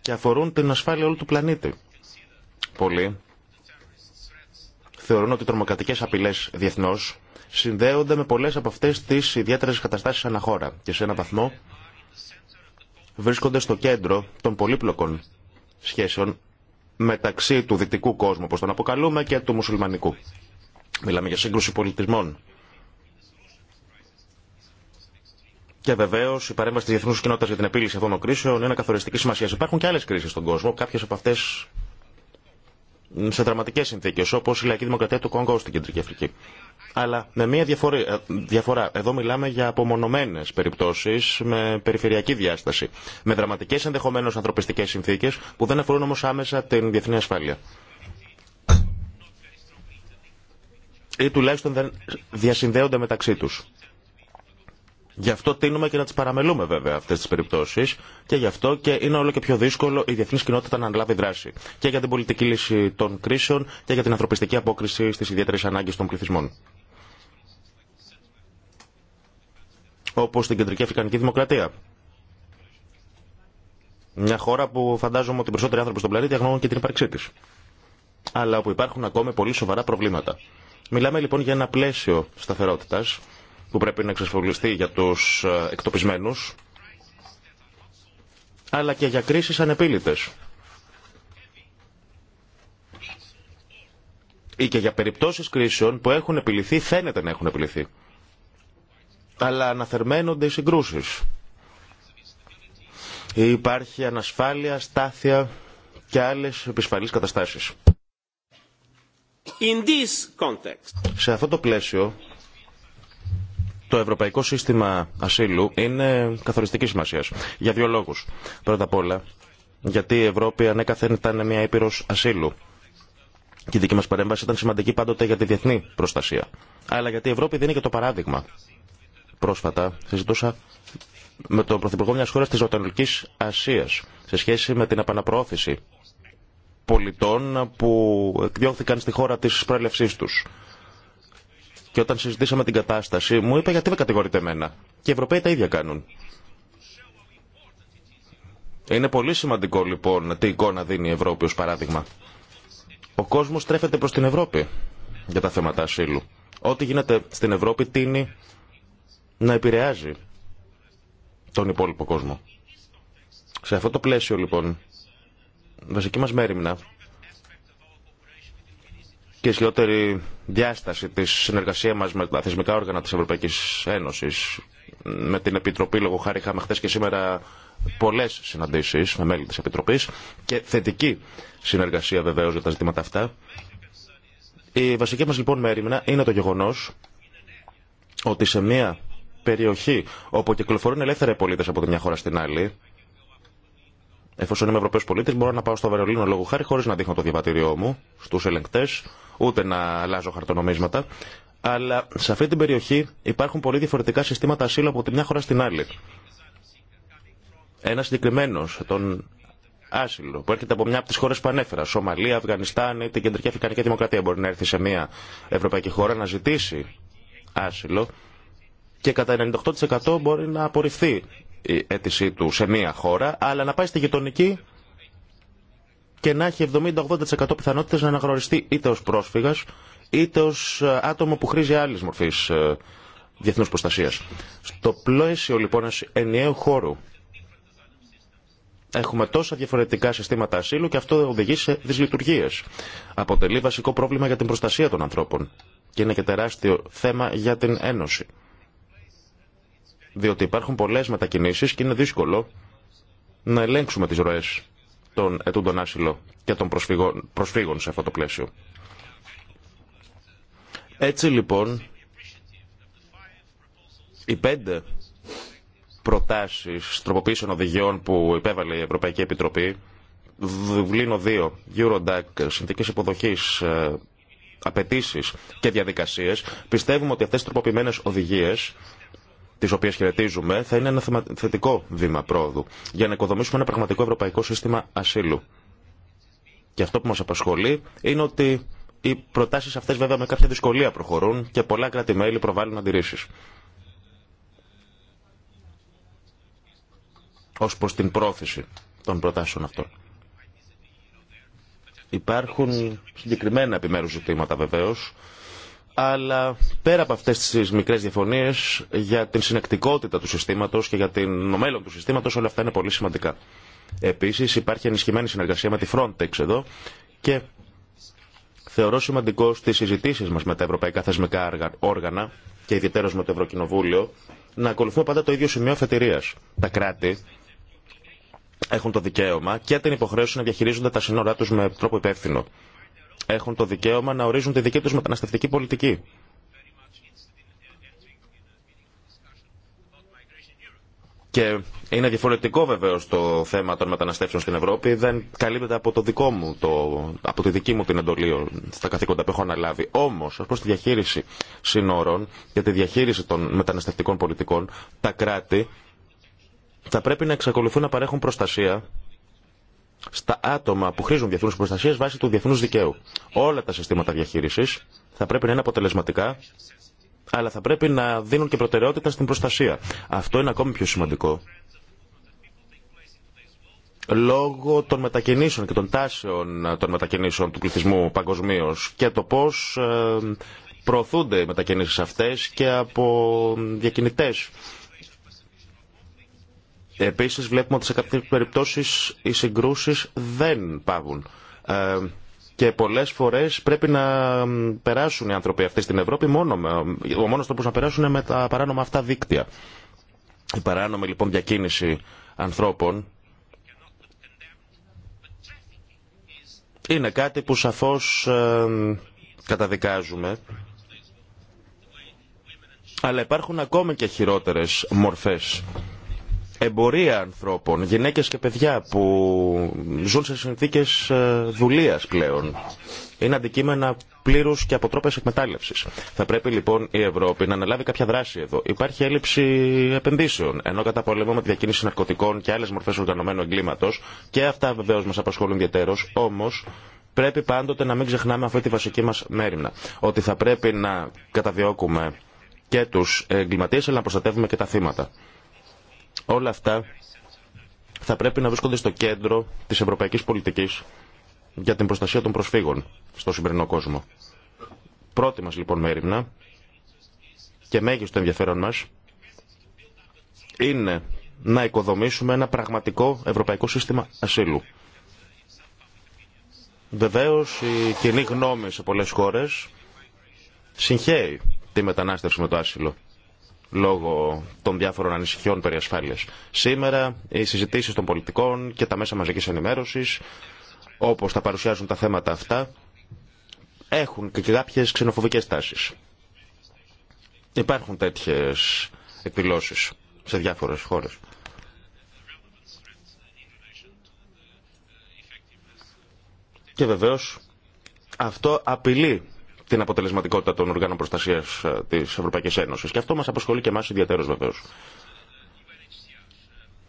και αφορούν την ασφάλεια όλου του πλανήτη. Πολλοί θεωρούν ότι οι τρομοκρατικές απειλές διεθνώς συνδέονται με πολλές από αυτές τις ιδιαίτερες καταστάσεις αναχώρα και σε ένα βαθμό βρίσκονται στο κέντρο των πολύπλοκων σχέσεων μεταξύ του δυτικού κόσμου, όπως τον αποκαλούμε, και του μουσουλμανικού. Μιλάμε για σύγκρουση πολιτισμών. Και βεβαίω η παρέμβαση τη διεθνού κοινότητα για την επίλυση αυτών των κρίσεων είναι καθοριστική σημασία. Υπάρχουν και άλλε κρίσει στον κόσμο, κάποιε από αυτέ σε δραματικέ συνθήκε, όπω η λαϊκή δημοκρατία του Κόγκο στην Κεντρική Αφρική. Αλλά με μία ε, διαφορά. Εδώ μιλάμε για απομονωμένε περιπτώσει με περιφερειακή διάσταση. Με δραματικέ ενδεχομένω ανθρωπιστικέ συνθήκε που δεν αφορούν όμω άμεσα την διεθνή ασφάλεια. Ή τουλάχιστον δεν διασυνδέονται μεταξύ του. Γι' αυτό τίνουμε και να τι παραμελούμε βέβαια αυτέ τι περιπτώσει και γι' αυτό και είναι όλο και πιο δύσκολο η διεθνή κοινότητα να αναλάβει δράση. Και για την πολιτική λύση των κρίσεων και για την ανθρωπιστική απόκριση στι ιδιαίτερε ανάγκε των πληθυσμών. όπως στην Κεντρική Αφρικανική Δημοκρατία. Μια χώρα που φαντάζομαι ότι οι περισσότεροι άνθρωποι στον πλανήτη αγνοούν και την ύπαρξή τη. Αλλά όπου υπάρχουν ακόμη πολύ σοβαρά προβλήματα. Μιλάμε λοιπόν για ένα πλαίσιο σταθερότητα που πρέπει να εξασφαλιστεί για του ε, εκτοπισμένου, αλλά και για κρίσει ανεπίλητε. ή και για περιπτώσει κρίσεων που έχουν επιληθεί, φαίνεται να έχουν επιληθεί αλλά αναθερμαίνονται οι συγκρούσεις. Υπάρχει ανασφάλεια, στάθεια και άλλες επισφαλείς καταστάσεις. In this context. Σε αυτό το πλαίσιο, το Ευρωπαϊκό Σύστημα Ασύλου είναι καθοριστική σημασίας. Για δύο λόγους. Πρώτα απ' όλα, γιατί η Ευρώπη ανέκαθεν ήταν μια ήπειρο ασύλου. Και η δική μα παρέμβαση ήταν σημαντική πάντοτε για τη διεθνή προστασία. Αλλά γιατί η Ευρώπη δίνει και το παράδειγμα. Πρόσφατα συζητούσα με τον Πρωθυπουργό μια χώρα τη Ζωτανολικής Ασίας σε σχέση με την επαναπροώθηση πολιτών που εκδιώχθηκαν στη χώρα της προέλευσής του. Και όταν συζητήσαμε την κατάσταση, μου είπε γιατί με κατηγορείτε εμένα. Και οι Ευρωπαίοι τα ίδια κάνουν. Είναι πολύ σημαντικό λοιπόν τι εικόνα δίνει η Ευρώπη ω παράδειγμα. Ο κόσμος στρέφεται προς την Ευρώπη για τα θέματα ασύλου. Ό,τι γίνεται στην Ευρώπη τίνει να επηρεάζει τον υπόλοιπο κόσμο. Σε αυτό το πλαίσιο λοιπόν, βασική μας μέρημνα και ισχυρότερη διάσταση της συνεργασίας μας με τα θεσμικά όργανα της Ευρωπαϊκής Ένωσης, με την Επιτροπή, λόγω χάρη είχαμε χθε και σήμερα πολλές συναντήσεις με μέλη της Επιτροπής και θετική συνεργασία βεβαίως για τα ζητήματα αυτά. Η βασική μας λοιπόν μέρημνα είναι το γεγονός ότι σε μια περιοχή όπου κυκλοφορούν ελεύθεροι πολίτε από τη μια χώρα στην άλλη, εφόσον είμαι Ευρωπαίο πολίτη, μπορώ να πάω στο Βερολίνο λόγω χάρη χωρί να δείχνω το διαβατήριό μου στου ελεγκτέ, ούτε να αλλάζω χαρτονομίσματα. Αλλά σε αυτή την περιοχή υπάρχουν πολύ διαφορετικά συστήματα ασύλου από τη μια χώρα στην άλλη. Ένα συγκεκριμένο, τον άσυλο, που έρχεται από μια από τι χώρε που ανέφερα, Σομαλία, Αφγανιστάν ή την Κεντρική Αφρικανική Δημοκρατία, μπορεί να έρθει σε μια ευρωπαϊκή χώρα να ζητήσει άσυλο και κατά 98% μπορεί να απορριφθεί η αίτησή του σε μία χώρα, αλλά να πάει στη γειτονική και να έχει 70-80% πιθανότητες να αναγνωριστεί είτε ω πρόσφυγα είτε ω ε, άτομο που χρήζει άλλη μορφή ε, διεθνού προστασία. Στο πλαίσιο λοιπόν ενιαίου χώρου Έχουμε τόσα διαφορετικά συστήματα ασύλου και αυτό οδηγεί σε δυσλειτουργίε. Αποτελεί βασικό πρόβλημα για την προστασία των ανθρώπων και είναι και τεράστιο θέμα για την Ένωση. Διότι υπάρχουν πολλές μετακινήσεις και είναι δύσκολο να ελέγξουμε τις ροές των ετούντων άσυλο και των προσφύγων, προσφύγων σε αυτό το πλαίσιο. Έτσι λοιπόν, οι πέντε προτάσεις τροποποίησεων οδηγιών που υπέβαλε η Ευρωπαϊκή Επιτροπή, Δουβλίνο 2, Eurodac, συνθήκες υποδοχής, ε, απαιτήσει και διαδικασίες, πιστεύουμε ότι αυτές οι τροποποιημένες οδηγίες τι οποίε χαιρετίζουμε, θα είναι ένα θετικό βήμα πρόοδου για να οικοδομήσουμε ένα πραγματικό ευρωπαϊκό σύστημα ασύλου. Και αυτό που μα απασχολεί είναι ότι οι προτάσει αυτέ βέβαια με κάποια δυσκολία προχωρούν και πολλά κράτη-μέλη προβάλλουν αντιρρήσει. Ω προ την πρόθεση των προτάσεων αυτών. Υπάρχουν συγκεκριμένα επιμέρου ζητήματα βεβαίω αλλά πέρα από αυτές τις μικρές διαφωνίες για την συνεκτικότητα του συστήματος και για την, το μέλλον του συστήματος όλα αυτά είναι πολύ σημαντικά. Επίσης υπάρχει ενισχυμένη συνεργασία με τη Frontex εδώ και θεωρώ σημαντικό στις συζητήσεις μας με τα ευρωπαϊκά θεσμικά όργανα και ιδιαίτερα με το Ευρωκοινοβούλιο να ακολουθούμε πάντα το ίδιο σημείο αφετηρίας. Τα κράτη έχουν το δικαίωμα και την υποχρέωση να διαχειρίζονται τα σύνορά τους με τρόπο υπεύθυνο έχουν το δικαίωμα να ορίζουν τη δική τους μεταναστευτική πολιτική. Και είναι διαφορετικό βεβαίω το θέμα των μεταναστεύσεων στην Ευρώπη. Δεν καλύπτεται από, το δικό μου, το, από τη δική μου την εντολή στα καθήκοντα που έχω αναλάβει. Όμω, ω προ τη διαχείριση συνόρων και τη διαχείριση των μεταναστευτικών πολιτικών, τα κράτη θα πρέπει να εξακολουθούν να παρέχουν προστασία στα άτομα που χρήζουν διεθνού προστασία βάσει του διεθνού δικαίου. Όλα τα συστήματα διαχείριση θα πρέπει να είναι αποτελεσματικά, αλλά θα πρέπει να δίνουν και προτεραιότητα στην προστασία. Αυτό είναι ακόμη πιο σημαντικό λόγω των μετακινήσεων και των τάσεων των μετακινήσεων του πληθυσμού παγκοσμίω και το πώ ε, προωθούνται οι μετακινήσει αυτέ και από διακινητέ Επίσης βλέπουμε ότι σε κάποιες περιπτώσεις οι συγκρούσεις δεν πάβουν. Ε, και πολλές φορές πρέπει να περάσουν οι άνθρωποι αυτοί στην Ευρώπη μόνο με, ο μόνος τρόπος να περάσουν με τα παράνομα αυτά δίκτυα. Η παράνομη λοιπόν διακίνηση ανθρώπων είναι κάτι που σαφώς ε, καταδικάζουμε. Αλλά υπάρχουν ακόμη και χειρότερες μορφές εμπορία ανθρώπων, γυναίκες και παιδιά που ζουν σε συνθήκες ε, δουλείας πλέον. Είναι αντικείμενα πλήρου και αποτρόπε εκμετάλλευση. Θα πρέπει λοιπόν η Ευρώπη να αναλάβει κάποια δράση εδώ. Υπάρχει έλλειψη επενδύσεων. Ενώ με τη διακίνηση ναρκωτικών και άλλε μορφέ οργανωμένου εγκλήματο, και αυτά βεβαίω μα απασχολούν ιδιαίτερω, όμω πρέπει πάντοτε να μην ξεχνάμε αυτή τη βασική μα μέρημνα. Ότι θα πρέπει να καταδιώκουμε και του εγκληματίε, αλλά να προστατεύουμε και τα θύματα. Όλα αυτά θα πρέπει να βρίσκονται στο κέντρο της ευρωπαϊκής πολιτικής για την προστασία των προσφύγων στο σημερινό κόσμο. Πρώτη μας λοιπόν μέρημνα και μέγιστο ενδιαφέρον μας είναι να οικοδομήσουμε ένα πραγματικό ευρωπαϊκό σύστημα ασύλου. Βεβαίως η κοινή γνώμη σε πολλές χώρες συγχαίει τη μετανάστευση με το άσυλο λόγω των διάφορων ανησυχιών περί ασφάλειας. Σήμερα οι συζητήσεις των πολιτικών και τα μέσα μαζικής ενημέρωσης, όπως τα παρουσιάζουν τα θέματα αυτά, έχουν και κάποιες ξενοφοβικές τάσεις. Υπάρχουν τέτοιες εκδηλώσει σε διάφορες χώρες. Και βεβαίως αυτό απειλεί την αποτελεσματικότητα των οργάνων προστασία ε, τη Ευρωπαϊκή Ένωση. Και αυτό μα απασχολεί και εμά ιδιαίτερω βεβαίω.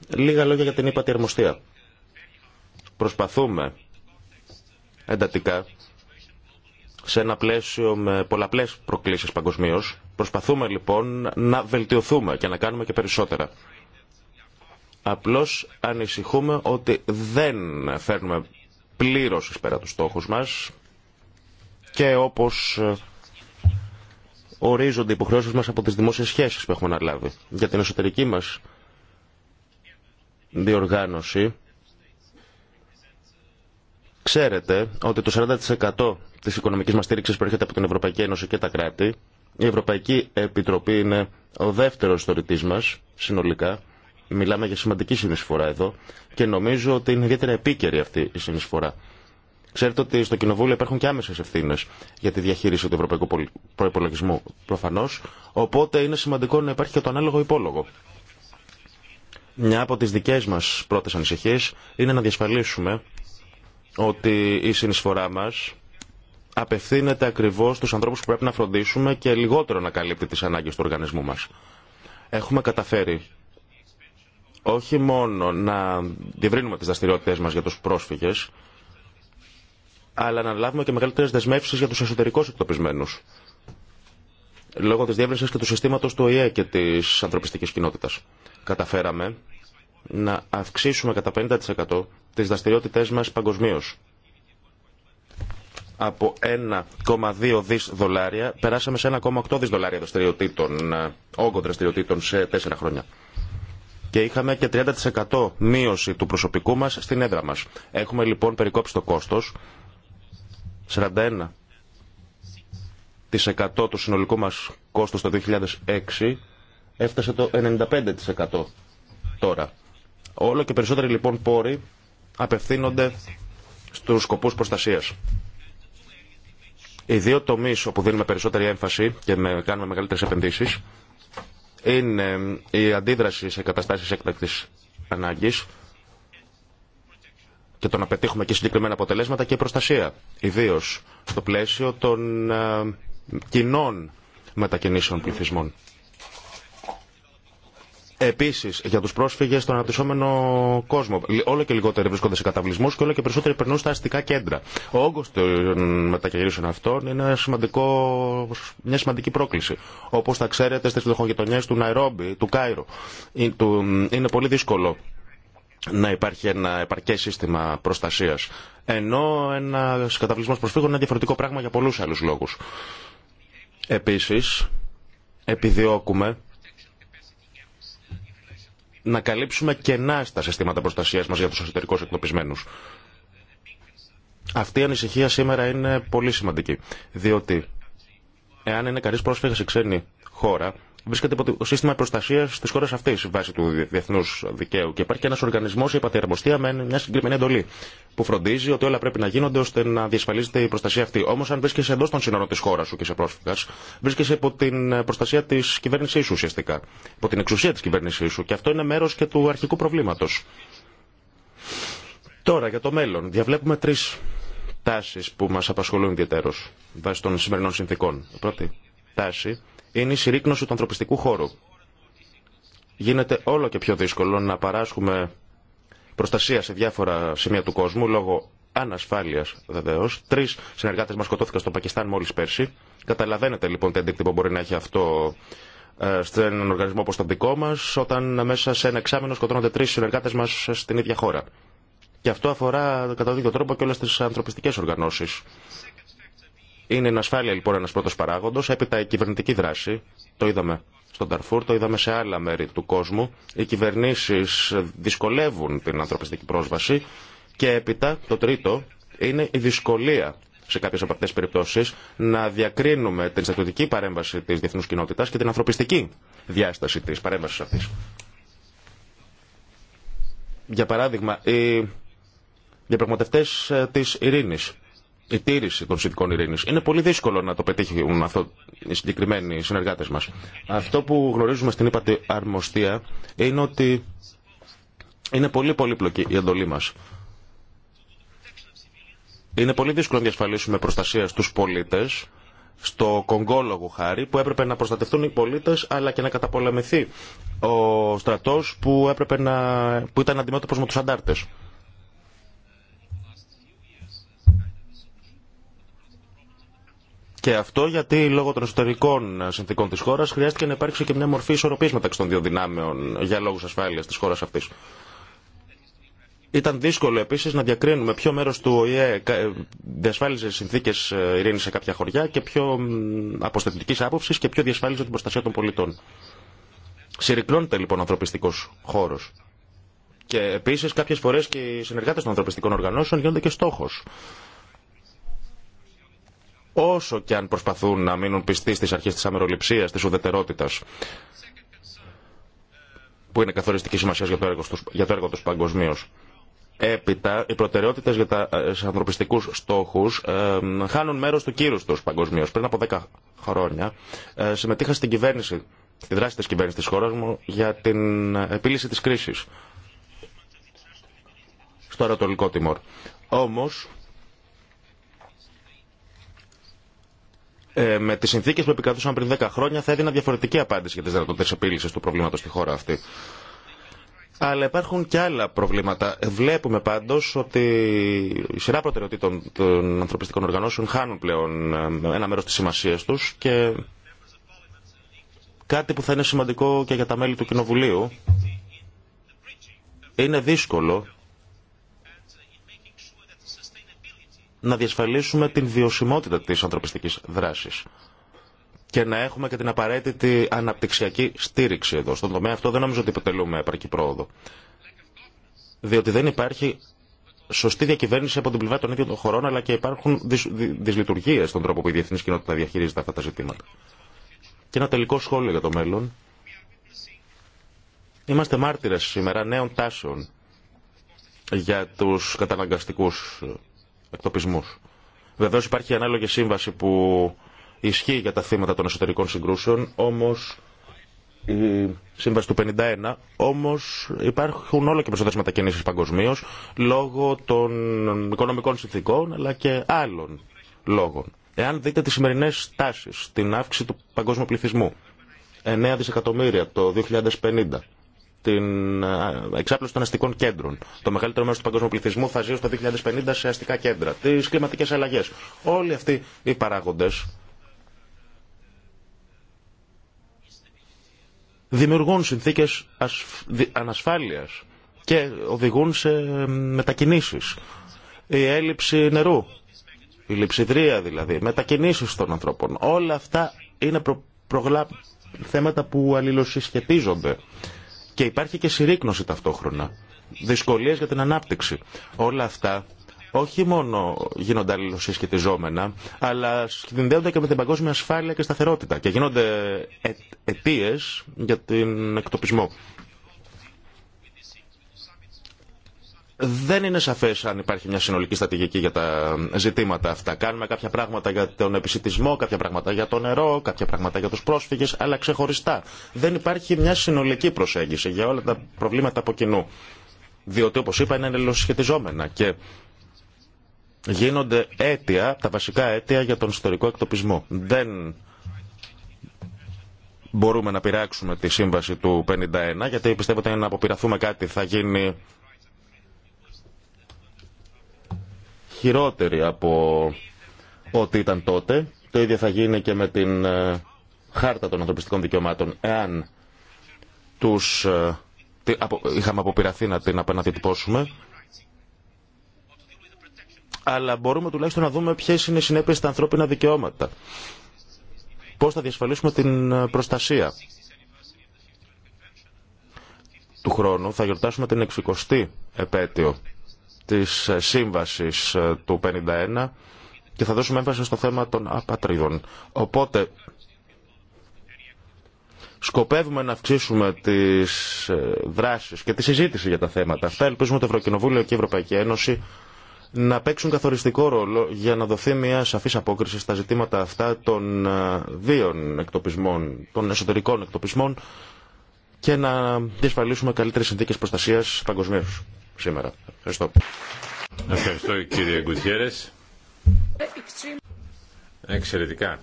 Λίγα λόγια για την ύπατη αρμοστία. Προσπαθούμε εντατικά σε ένα πλαίσιο με πολλαπλές προκλήσεις παγκοσμίω. Προσπαθούμε λοιπόν να βελτιωθούμε και να κάνουμε και περισσότερα. Απλώς ανησυχούμε ότι δεν φέρνουμε πλήρως εις πέρα τους στόχους μας, και όπως ε, ορίζονται οι υποχρεώσεις μας από τις δημόσιες σχέσεις που έχουμε αναλάβει. Για την εσωτερική μας διοργάνωση, ξέρετε ότι το 40% της οικονομικής μας στήριξης προέρχεται από την Ευρωπαϊκή Ένωση και τα κράτη. Η Ευρωπαϊκή Επιτροπή είναι ο δεύτερος θεωρητής μας, συνολικά. Μιλάμε για σημαντική συνεισφορά εδώ και νομίζω ότι είναι ιδιαίτερα επίκαιρη αυτή η συνεισφορά. Ξέρετε ότι στο Κοινοβούλιο υπάρχουν και άμεσε ευθύνε για τη διαχείριση του ευρωπαϊκού προπολογισμού προφανώ. Οπότε είναι σημαντικό να υπάρχει και το ανάλογο υπόλογο. Μια από τι δικέ μα πρώτε ανησυχίε είναι να διασφαλίσουμε ότι η συνεισφορά μα απευθύνεται ακριβώ στου ανθρώπου που πρέπει να φροντίσουμε και λιγότερο να καλύπτει τι ανάγκε του οργανισμού μα. Έχουμε καταφέρει όχι μόνο να διευρύνουμε τι δραστηριότητέ μα για του πρόσφυγε, αλλά να λάβουμε και μεγαλύτερε δεσμεύσει για του εσωτερικού εκτοπισμένου. Λόγω τη διεύρυνση και του συστήματο του ΟΗΕ και τη ανθρωπιστική κοινότητα. Καταφέραμε να αυξήσουμε κατά 50% τις δραστηριότητέ μα παγκοσμίω. Από 1,2 δι δολάρια περάσαμε σε 1,8 δι δολάρια δραστηριοτήτων, όγκο δραστηριοτήτων σε 4 χρόνια. Και είχαμε και 30% μείωση του προσωπικού μα στην έδρα μα. Έχουμε λοιπόν περικόψει το κόστο 41% του συνολικού μας κόστος το 2006 έφτασε το 95% τώρα. Όλο και περισσότεροι λοιπόν πόροι απευθύνονται στους σκοπούς προστασίας. Οι δύο τομείς όπου δίνουμε περισσότερη έμφαση και με, κάνουμε μεγαλύτερες επενδύσεις είναι η αντίδραση σε καταστάσεις έκτακτης ανάγκης και το να πετύχουμε και συγκεκριμένα αποτελέσματα και προστασία. Ιδίω στο πλαίσιο των ε, κοινών μετακινήσεων πληθυσμών. Επίση, για του πρόσφυγε στον αναπτυσσόμενο κόσμο. Όλο και λιγότεροι βρίσκονται σε καταβλισμού και όλο και περισσότεροι περνούν στα αστικά κέντρα. Ο όγκο των μετακινήσεων αυτών είναι σημαντικό, μια σημαντική πρόκληση. Όπω θα ξέρετε, στι φτωχογειτονιέ του Ναϊρόμπι, του Κάιρο, ε, ε, είναι πολύ δύσκολο να υπάρχει ένα επαρκέ σύστημα προστασία. Ενώ ένα καταβλισμό προσφύγων είναι διαφορετικό πράγμα για πολλού άλλου λόγου. Επίση, επιδιώκουμε να καλύψουμε κενά στα συστήματα προστασίας μας για τους εσωτερικούς εκτοπισμένους. Αυτή η ανησυχία σήμερα είναι πολύ σημαντική, διότι εάν είναι κανεί πρόσφυγα σε ξένη χώρα, βρίσκεται υπό το σύστημα προστασία τη χώρα αυτή βάσει του διεθνού δικαίου. Και υπάρχει ένα οργανισμό η επατερμοστία με μια συγκεκριμένη εντολή που φροντίζει ότι όλα πρέπει να γίνονται ώστε να διασφαλίζεται η προστασία αυτή. Όμω, αν βρίσκεσαι εντό των σύνορων τη χώρα σου και σε πρόσφυγα, βρίσκεσαι υπό την ε, προστασία τη κυβέρνησή σου ουσιαστικά. Υπό την εξουσία τη κυβέρνησή σου. Και αυτό είναι μέρο και του αρχικού προβλήματο. Τώρα για το μέλλον. Διαβλέπουμε τρει τάσει που μα απασχολούν ιδιαίτερω βάσει των σημερινών συνθήκων. πρώτη τάση είναι η συρρήκνωση του ανθρωπιστικού χώρου. Γίνεται όλο και πιο δύσκολο να παράσχουμε προστασία σε διάφορα σημεία του κόσμου λόγω ανασφάλεια βεβαίω. Τρει συνεργάτε μα σκοτώθηκαν στο Πακιστάν μόλι πέρσι. Καταλαβαίνετε λοιπόν τι αντίκτυπο μπορεί να έχει αυτό σε έναν οργανισμό όπω τον δικό μα, όταν μέσα σε ένα εξάμεινο σκοτώνονται τρει συνεργάτε μα στην ίδια χώρα. Και αυτό αφορά κατά τον τρόπο και όλε τι ανθρωπιστικέ οργανώσει είναι η ασφάλεια λοιπόν ένα πρώτο παράγοντο, έπειτα η κυβερνητική δράση. Το είδαμε στον Ταρφούρ, το είδαμε σε άλλα μέρη του κόσμου. Οι κυβερνήσει δυσκολεύουν την ανθρωπιστική πρόσβαση. Και έπειτα το τρίτο είναι η δυσκολία σε κάποιε από αυτέ τι περιπτώσει να διακρίνουμε την στατιωτική παρέμβαση τη διεθνού κοινότητα και την ανθρωπιστική διάσταση τη παρέμβαση αυτή. Για παράδειγμα, οι διαπραγματευτέ ε, τη ειρήνη η τήρηση των συνδικών ειρήνη. Είναι πολύ δύσκολο να το πετύχουν αυτό οι συγκεκριμένοι συνεργάτε μα. Αυτό που γνωρίζουμε στην ύπατη αρμοστία είναι ότι είναι πολύ πολύπλοκη η εντολή μα. Είναι πολύ δύσκολο να διασφαλίσουμε προστασία στου πολίτες, στο Κονγκόλογο χάρη, που έπρεπε να προστατευτούν οι πολίτε, αλλά και να καταπολεμηθεί ο στρατό που, που ήταν αντιμέτωπος με του αντάρτε. Και αυτό γιατί λόγω των εσωτερικών συνθήκων τη χώρα χρειάστηκε να υπάρξει και μια μορφή ισορροπή μεταξύ των δύο δυνάμεων για λόγου ασφάλεια τη χώρα αυτή. Ήταν δύσκολο επίση να διακρίνουμε ποιο μέρο του ΟΗΕ διασφάλιζε συνθήκε ειρήνη σε κάποια χωριά και ποιο αποστατική άποψη και ποιο διασφάλιζε την προστασία των πολιτών. Συρρυκνώνεται λοιπόν ο ανθρωπιστικό χώρο. Και επίση κάποιε φορέ και οι συνεργάτε των ανθρωπιστικών οργανώσεων γίνονται και στόχο όσο και αν προσπαθούν να μείνουν πιστοί στις αρχές της αμεροληψίας, της ουδετερότητας, που είναι καθοριστική σημασία για το έργο, για το έργο τους παγκοσμίως. Έπειτα, οι προτεραιότητε για του ε, ανθρωπιστικού στόχου ε, χάνουν μέρο του κύρου του παγκοσμίω. Πριν από 10 χρόνια ε, συμμετείχα στην κυβέρνηση, στη δράση τη κυβέρνηση τη χώρα μου για την επίλυση τη κρίση στο Ανατολικό Τιμόρ. Όμω, ε, με τι συνθήκε που επικρατούσαν πριν 10 χρόνια θα έδινα διαφορετική απάντηση για τι δυνατότητε επίλυση του προβλήματο στη χώρα αυτή. Αλλά υπάρχουν και άλλα προβλήματα. Βλέπουμε πάντω ότι η σειρά προτεραιοτήτων των ανθρωπιστικών οργανώσεων χάνουν πλέον ε, ένα μέρο τη σημασία του και κάτι που θα είναι σημαντικό και για τα μέλη του Κοινοβουλίου. Είναι δύσκολο να διασφαλίσουμε την βιωσιμότητα της ανθρωπιστικής δράσης και να έχουμε και την απαραίτητη αναπτυξιακή στήριξη εδώ. Στον τομέα αυτό δεν νομίζω ότι επιτελούμε επαρκή πρόοδο. Διότι δεν υπάρχει σωστή διακυβέρνηση από την πλευρά των ίδιων των χωρών, αλλά και υπάρχουν δυσλειτουργίε στον τρόπο που η διεθνή κοινότητα διαχειρίζεται αυτά τα ζητήματα. Και ένα τελικό σχόλιο για το μέλλον. Είμαστε μάρτυρες σήμερα νέων τάσεων για τους καταναγκαστικούς εκτοπισμού. Βεβαίως υπάρχει ανάλογη σύμβαση που ισχύει για τα θύματα των εσωτερικών συγκρούσεων, όμως η σύμβαση του 51, όμως υπάρχουν όλο και περισσότερε μετακινήσει παγκοσμίω λόγω των οικονομικών συνθήκων αλλά και άλλων λόγων. Εάν δείτε τις σημερινές τάσεις, την αύξηση του παγκόσμιου πληθυσμού, 9 δισεκατομμύρια το 2050, την ε, εξάπλωση των αστικών κέντρων. Το μεγαλύτερο μέρο του παγκόσμιου πληθυσμού θα ζει ω το 2050 σε αστικά κέντρα. Τι κλιματικέ αλλαγέ. Όλοι αυτοί οι παράγοντε δημιουργούν συνθήκε ανασφάλεια και οδηγούν σε μετακινήσει. Η έλλειψη νερού, η λειψιδρία δηλαδή, μετακινήσει των ανθρώπων. Όλα αυτά είναι προ... θέματα που αλληλοσυσχετίζονται και υπάρχει και συρρήκνωση ταυτόχρονα. Δυσκολίες για την ανάπτυξη. Όλα αυτά όχι μόνο γίνονται αλληλοσυσχετιζόμενα, αλλά συνδέονται και με την παγκόσμια ασφάλεια και σταθερότητα και γίνονται ε, αιτίε για την εκτοπισμό. δεν είναι σαφέ αν υπάρχει μια συνολική στρατηγική για τα ζητήματα αυτά. Κάνουμε κάποια πράγματα για τον επισητισμό, κάποια πράγματα για το νερό, κάποια πράγματα για του πρόσφυγε, αλλά ξεχωριστά. Δεν υπάρχει μια συνολική προσέγγιση για όλα τα προβλήματα από κοινού. Διότι, όπω είπα, είναι ελληνοσχετιζόμενα και γίνονται αίτια, τα βασικά αίτια για τον ιστορικό εκτοπισμό. Δεν μπορούμε να πειράξουμε τη σύμβαση του 51, γιατί πιστεύω ότι αν αποπειραθούμε κάτι θα γίνει χειρότερη από ό,τι ήταν τότε. Το ίδιο θα γίνει και με την ε, χάρτα των ανθρωπιστικών δικαιωμάτων. Εάν τους ε, είχαμε αποπειραθεί να την απαναδιτυπώσουμε, αλλά μπορούμε τουλάχιστον να δούμε ποιε είναι οι συνέπειε στα ανθρώπινα δικαιώματα. Πώ θα διασφαλίσουμε την ε, προστασία του χρόνου. Θα γιορτάσουμε την 60η επέτειο της σύμβασης ε, του 51 και θα δώσουμε έμφαση στο θέμα των απατρίδων. Οπότε σκοπεύουμε να αυξήσουμε τις ε, δράσεις και τη συζήτηση για τα θέματα αυτά. Ελπίζουμε το Ευρωκοινοβούλιο και η Ευρωπαϊκή Ένωση να παίξουν καθοριστικό ρόλο για να δοθεί μια σαφής απόκριση στα ζητήματα αυτά των ε, δύο εκτοπισμών, των εσωτερικών εκτοπισμών και να διασφαλίσουμε καλύτερες συνθήκες προστασίας παγκοσμίως σήμερα. Ευχαριστώ. Ευχαριστώ κύριε Γκουτιέρες. Εξαιρετικά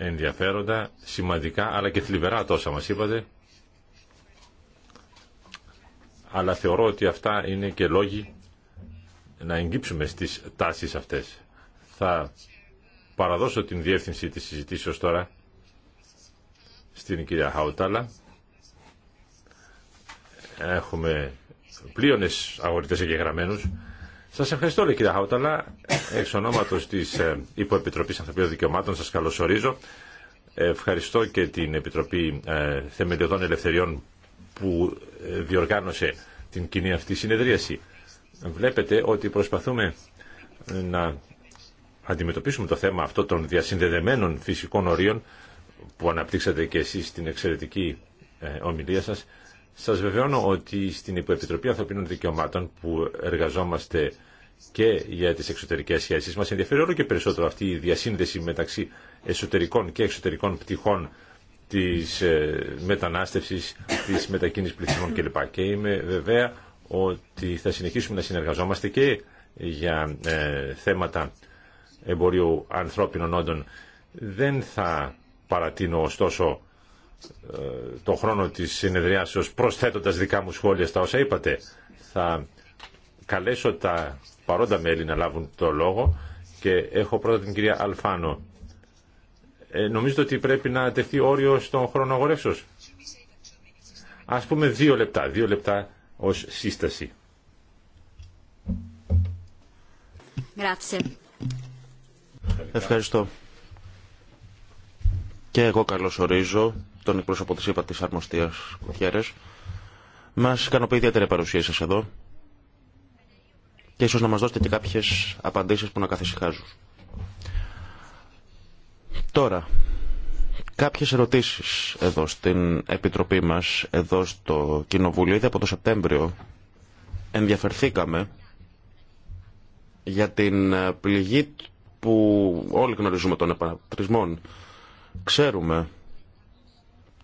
ενδιαφέροντα, σημαντικά αλλά και θλιβερά τόσα μας είπατε. Αλλά θεωρώ ότι αυτά είναι και λόγοι να εγκύψουμε στις τάσεις αυτές. Θα παραδώσω την διεύθυνση της συζητήσεως τώρα στην κυρία Χαουτάλα. Έχουμε πλήρωνε αγορητέ εγγεγραμμένου. Σας ευχαριστώ, λέει κυρία Χαουταλά. Εξ ονόματο της ε, Υποεπιτροπή Ανθρωπίνων Δικαιωμάτων σα καλωσορίζω. Ευχαριστώ και την Επιτροπή ε, Θεμελιωδών Ελευθεριών που ε, διοργάνωσε την κοινή αυτή συνεδρίαση. Βλέπετε ότι προσπαθούμε να αντιμετωπίσουμε το θέμα αυτό των διασυνδεδεμένων φυσικών ορίων που αναπτύξατε και εσείς στην εξαιρετική ομιλία σας σας βεβαιώνω ότι στην Υποεπιτροπή Ανθρωπίνων Δικαιωμάτων που εργαζόμαστε και για τις εξωτερικές σχέσει μας ενδιαφέρει όλο και περισσότερο αυτή η διασύνδεση μεταξύ εσωτερικών και εξωτερικών πτυχών της ε, μετανάστευση, της μετακίνησης πληθυσμών κλπ. Και είμαι βεβαία ότι θα συνεχίσουμε να συνεργαζόμαστε και για ε, θέματα εμπορίου ανθρώπινων όντων. Δεν θα παρατείνω ωστόσο ε, το χρόνο της συνεδριάσεως προσθέτοντας δικά μου σχόλια στα όσα είπατε. Θα καλέσω τα παρόντα μέλη να λάβουν το λόγο και έχω πρώτα την κυρία Αλφάνο. Ε, νομίζω ότι πρέπει να τεθεί όριο στον χρόνο αγορεύσεως. Ας πούμε δύο λεπτά, δύο λεπτά ως σύσταση. Ευχαριστώ. Και εγώ καλωσορίζω τον εκπρόσωπο της ΕΠΑ της Αρμοστίας Μας ικανοποιεί ιδιαίτερη παρουσία σας εδώ και ίσως να μας δώσετε και κάποιες απαντήσεις που να καθησυχάζουν. Τώρα, κάποιες ερωτήσεις εδώ στην Επιτροπή μας, εδώ στο Κοινοβούλιο, ήδη από το Σεπτέμβριο ενδιαφερθήκαμε για την πληγή που όλοι γνωρίζουμε των επανατρισμών. Ξέρουμε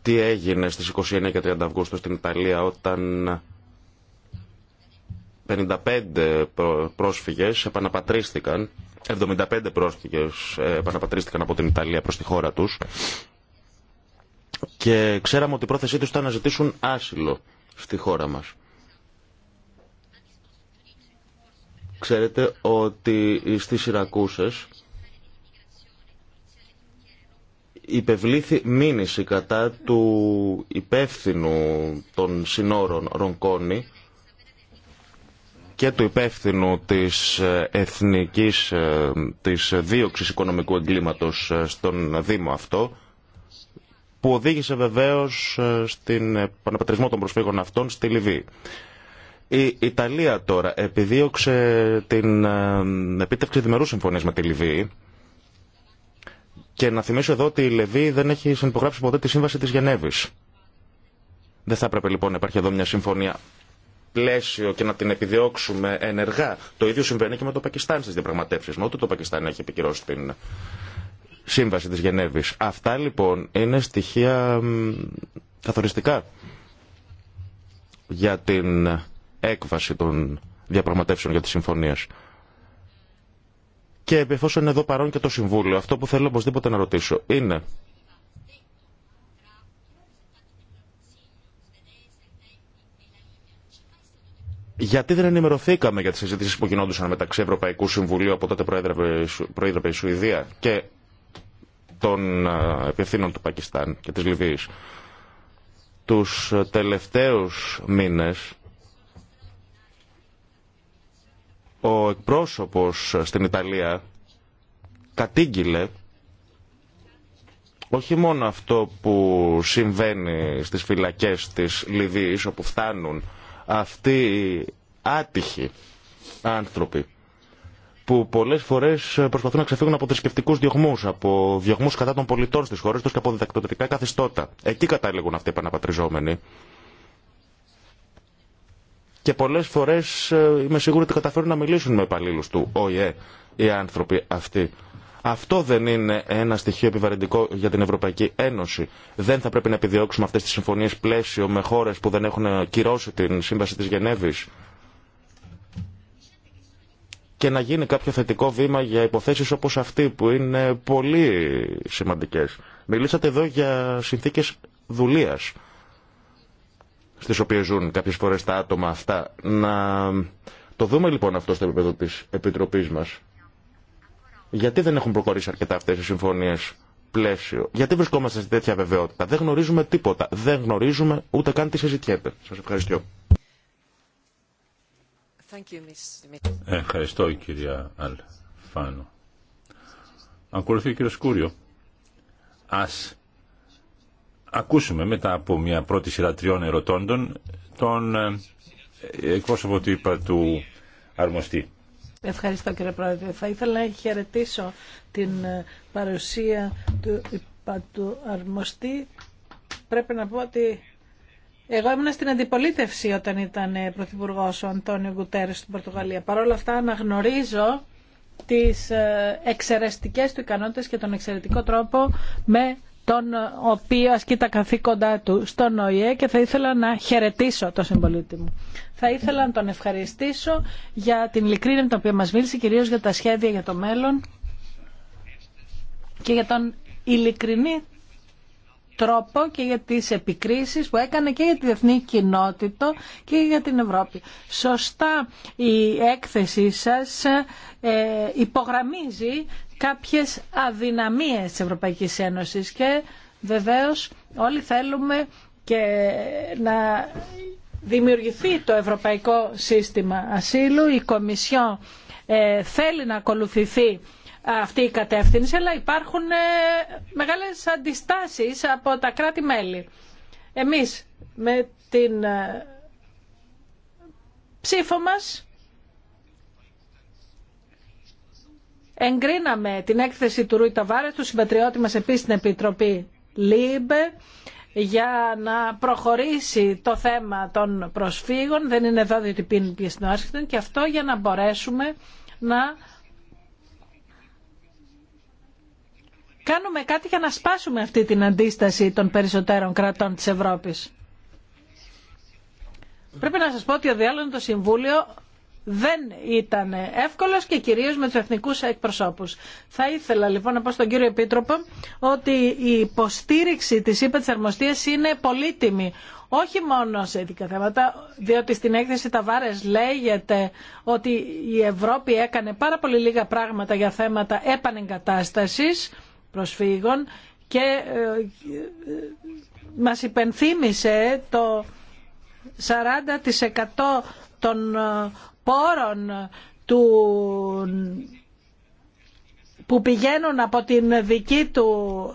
τι έγινε στις 29 και 30 Αυγούστου στην Ιταλία όταν 55 πρόσφυγες επαναπατρίστηκαν 75 πρόσφυγες ε, επαναπατρίστηκαν από την Ιταλία προς τη χώρα τους και ξέραμε ότι η πρόθεσή τους ήταν να ζητήσουν άσυλο στη χώρα μας. Ξέρετε ότι στις Σιρακούσες υπευλήθη μήνυση κατά του υπεύθυνου των συνόρων Ρονκόνη και του υπεύθυνου της ε, εθνικής ε, της δίωξης οικονομικού εγκλήματος ε, στον Δήμο αυτό που οδήγησε βεβαίως στην επαναπατρισμό των προσφύγων αυτών στη Λιβύη. Η Ιταλία τώρα επιδίωξε την επίτευξη διμερού συμφωνίας με τη Λιβύη και να θυμίσω εδώ ότι η Λεβή δεν έχει συνυπογράψει ποτέ τη σύμβαση της Γενέβη. Δεν θα έπρεπε λοιπόν να υπάρχει εδώ μια συμφωνία πλαίσιο και να την επιδιώξουμε ενεργά. Το ίδιο συμβαίνει και με το Πακιστάν στις διαπραγματεύσει, Μα ούτε το Πακιστάν έχει επικυρώσει την σύμβαση της Γενέβης. Αυτά λοιπόν είναι στοιχεία καθοριστικά για την έκβαση των διαπραγματεύσεων για τη συμφωνίες και εφόσον είναι εδώ παρόν και το Συμβούλιο, αυτό που θέλω οπωσδήποτε να ρωτήσω είναι Γιατί δεν ενημερωθήκαμε για τις συζητήσει που γινόντουσαν μεταξύ Ευρωπαϊκού Συμβουλίου από τότε προέδρευε η Σουηδία και των ε, επιευθύνων του Πακιστάν και της Λιβύης. Τους ε, τελευταίους μήνες Ο εκπρόσωπος στην Ιταλία κατήγγειλε όχι μόνο αυτό που συμβαίνει στις φυλακές της Λιβύης όπου φτάνουν αυτοί οι άτυχοι άνθρωποι που πολλές φορές προσπαθούν να ξεφύγουν από θρησκευτικού διωγμούς, από διωγμούς κατά των πολιτών στις χώρες τους και από διδακτοτερικά καθεστώτα. Εκεί καταλήγουν αυτοί οι επαναπατριζόμενοι και πολλές φορές ε, είμαι σίγουρο ότι καταφέρουν να μιλήσουν με υπαλλήλου του ΟΗΕ οι άνθρωποι αυτοί. Αυτό δεν είναι ένα στοιχείο επιβαρυντικό για την Ευρωπαϊκή Ένωση. Δεν θα πρέπει να επιδιώξουμε αυτέ τι συμφωνίε πλαίσιο με χώρε που δεν έχουν ε, κυρώσει την Σύμβαση τη Γενέβη. και να γίνει κάποιο θετικό βήμα για υποθέσεις όπως αυτή που είναι πολύ σημαντικές. Μιλήσατε εδώ για συνθήκες δουλείας στις οποίες ζουν κάποιες φορές τα άτομα αυτά. Να το δούμε λοιπόν αυτό στο επίπεδο της Επιτροπής μας. Γιατί δεν έχουν προχωρήσει αρκετά αυτές οι συμφωνίες πλαίσιο. Γιατί βρισκόμαστε σε τέτοια βεβαιότητα. Δεν γνωρίζουμε τίποτα. Δεν γνωρίζουμε ούτε καν τι συζητιέται. Σας ευχαριστώ. Ε, ευχαριστώ κυρία Αλφάνο. Ακολουθεί ο κύριος Κούριο. Ας ακούσουμε μετά από μια πρώτη σειρά τριών ερωτώντων τον ε, εκπρόσωπο του είπα του αρμοστή. Ευχαριστώ κύριε Πρόεδρε. Θα ήθελα να χαιρετήσω την ε, παρουσία του είπα του αρμοστή. Πρέπει να πω ότι εγώ ήμουν στην αντιπολίτευση όταν ήταν ε, Πρωθυπουργό ο Αντώνιο Γκουτέρε στην Πορτογαλία. Παρ' όλα αυτά αναγνωρίζω τις εξαιρεστικές του ικανότητες και τον εξαιρετικό τρόπο με τον οποίο ασκεί τα καθήκοντά του στον ΟΗΕ και θα ήθελα να χαιρετήσω τον συμπολίτη μου. Θα ήθελα να τον ευχαριστήσω για την ειλικρίνη με την οποία μας μίλησε, κυρίως για τα σχέδια για το μέλλον και για τον ειλικρινή τρόπο και για τις επικρίσεις που έκανε και για τη διεθνή κοινότητα και για την Ευρώπη. Σωστά η έκθεσή σας ε, υπογραμμίζει κάποιες αδυναμίες της Ευρωπαϊκής Ένωσης και βεβαίως όλοι θέλουμε και να δημιουργηθεί το Ευρωπαϊκό Σύστημα Ασύλου. Η Κομισιό ε, θέλει να ακολουθηθεί αυτή η κατεύθυνση, αλλά υπάρχουν ε, μεγάλες αντιστάσεις από τα κράτη-μέλη. Εμείς με την ε, ψήφο μας εγκρίναμε την έκθεση του Ρούι Ταβάρε, του συμπατριώτη μας επίσης στην Επιτροπή ΛΥΜΠΕ, για να προχωρήσει το θέμα των προσφύγων. Δεν είναι εδώ διότι πίνει στην και αυτό για να μπορέσουμε να κάνουμε κάτι για να σπάσουμε αυτή την αντίσταση των περισσότερων κρατών της Ευρώπης. Πρέπει να σας πω ότι ο διάλογος το Συμβούλιο δεν ήταν εύκολος και κυρίως με τους εθνικούς εκπροσώπους. Θα ήθελα λοιπόν να πω στον κύριο Επίτροπο ότι η υποστήριξη της ΥΠΑ της είναι πολύτιμη. Όχι μόνο σε ειδικά θέματα, διότι στην έκθεση Βάρες λέγεται ότι η Ευρώπη έκανε πάρα πολύ λίγα πράγματα για θέματα επανεγκατάστασης προσφύγων και ε, ε, μας υπενθύμησε το 40% των ε, πόρων του που πηγαίνουν από την δική του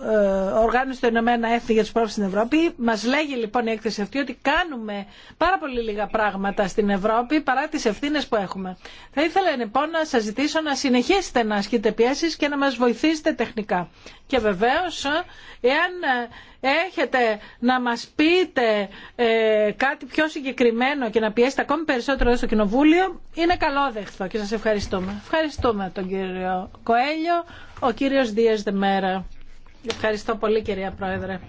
ε, οργάνωση των Ηνωμένων Έθνη για τους Πρόεδρους στην Ευρώπη. Μας λέγει λοιπόν η έκθεση αυτή ότι κάνουμε πάρα πολύ λίγα πράγματα στην Ευρώπη παρά τις ευθύνες που έχουμε. Θα ήθελα λοιπόν να σας ζητήσω να συνεχίσετε να ασκείτε πιέσεις και να μας βοηθήσετε τεχνικά. Και βεβαίως, εάν έχετε να μας πείτε ε, κάτι πιο συγκεκριμένο και να πιέσετε ακόμη περισσότερο στο Κοινοβούλιο, είναι δεχτό και σας ευχαριστούμε. Ευχαριστούμε τον κύριο Κοέλιο, ο κύριος Δίας Δεμέρα. Ευχαριστώ πολύ κυρία Πρόεδρε.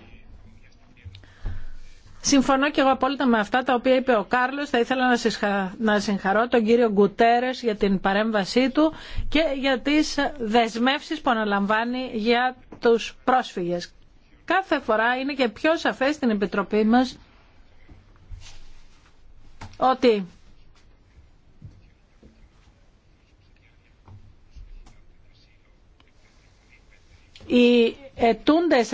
Συμφωνώ και εγώ απόλυτα με αυτά τα οποία είπε ο Κάρλος. Θα ήθελα να συγχαρώ τον κύριο Γκουτέρες για την παρέμβασή του και για τις δεσμεύσεις που αναλαμβάνει για τους πρόσφυγες κάθε φορά είναι και πιο σαφές στην Επιτροπή μας ότι οι ετούντες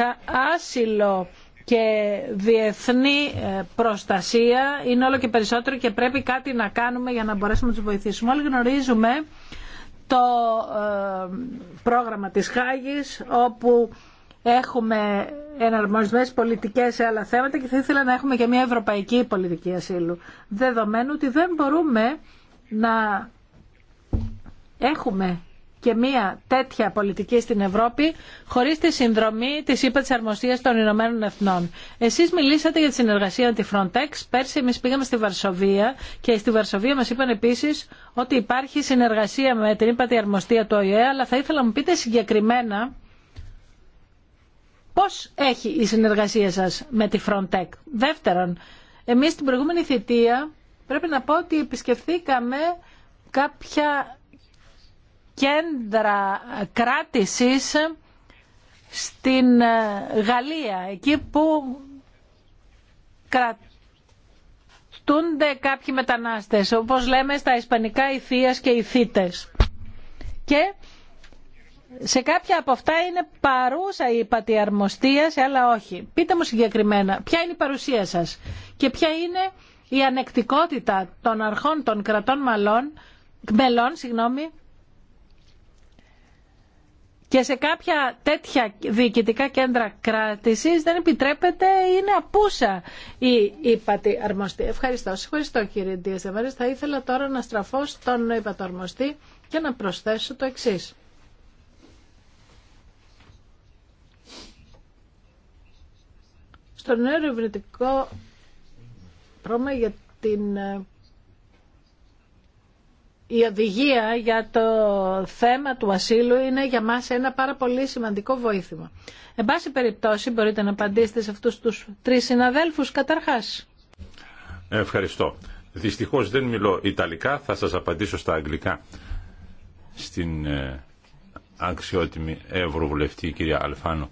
άσυλο και διεθνή ε, προστασία είναι όλο και περισσότερο και πρέπει κάτι να κάνουμε για να μπορέσουμε να τους βοηθήσουμε. Όλοι γνωρίζουμε το ε, πρόγραμμα της Χάγης όπου έχουμε εναρμοσμένες πολιτικές σε άλλα θέματα και θα ήθελα να έχουμε και μια ευρωπαϊκή πολιτική ασύλου. Δεδομένου ότι δεν μπορούμε να έχουμε και μια τέτοια πολιτική στην Ευρώπη χωρίς τη συνδρομή της ΥΠΑ της Αρμοστίας των Ηνωμένων Εθνών. Εσείς μιλήσατε για τη συνεργασία με τη Frontex. Πέρσι εμείς πήγαμε στη Βαρσοβία και στη Βαρσοβία μας είπαν επίσης ότι υπάρχει συνεργασία με την ΥΠΑ Αρμοστία του ΟΗΕ αλλά θα ήθελα να μου πείτε συγκεκριμένα Πώς έχει η συνεργασία σας με τη Frontec. Δεύτερον, εμείς την προηγούμενη θητεία πρέπει να πω ότι επισκεφθήκαμε κάποια κέντρα κράτησης στην ε, Γαλλία, εκεί που κρατούνται κάποιοι μετανάστες, όπως λέμε στα ισπανικά οι και οι θήτες. Και σε κάποια από αυτά είναι παρούσα η υπατιαρμοστία, σε άλλα όχι. Πείτε μου συγκεκριμένα, ποια είναι η παρουσία σας και ποια είναι η ανεκτικότητα των αρχών των κρατών μαλών, μελών συγγνώμη, και σε κάποια τέτοια διοικητικά κέντρα κράτησης δεν επιτρέπεται, είναι απούσα η ύπατη αρμοστία. Ευχαριστώ. Ευχαριστώ κύριε Ντίας Θα ήθελα τώρα να στραφώ στον υπατορμοστή και να προσθέσω το εξής. το νέο ερευνητικό πρόγραμμα για την ε, η οδηγία για το θέμα του ασύλου είναι για μας ένα πάρα πολύ σημαντικό βοήθημα. Εν πάση περιπτώσει μπορείτε να απαντήσετε σε αυτούς τους τρεις συναδέλφους καταρχάς. Ευχαριστώ. Δυστυχώς δεν μιλώ Ιταλικά, θα σας απαντήσω στα Αγγλικά. Στην ε, αξιότιμη Ευρωβουλευτή κυρία Αλφάνο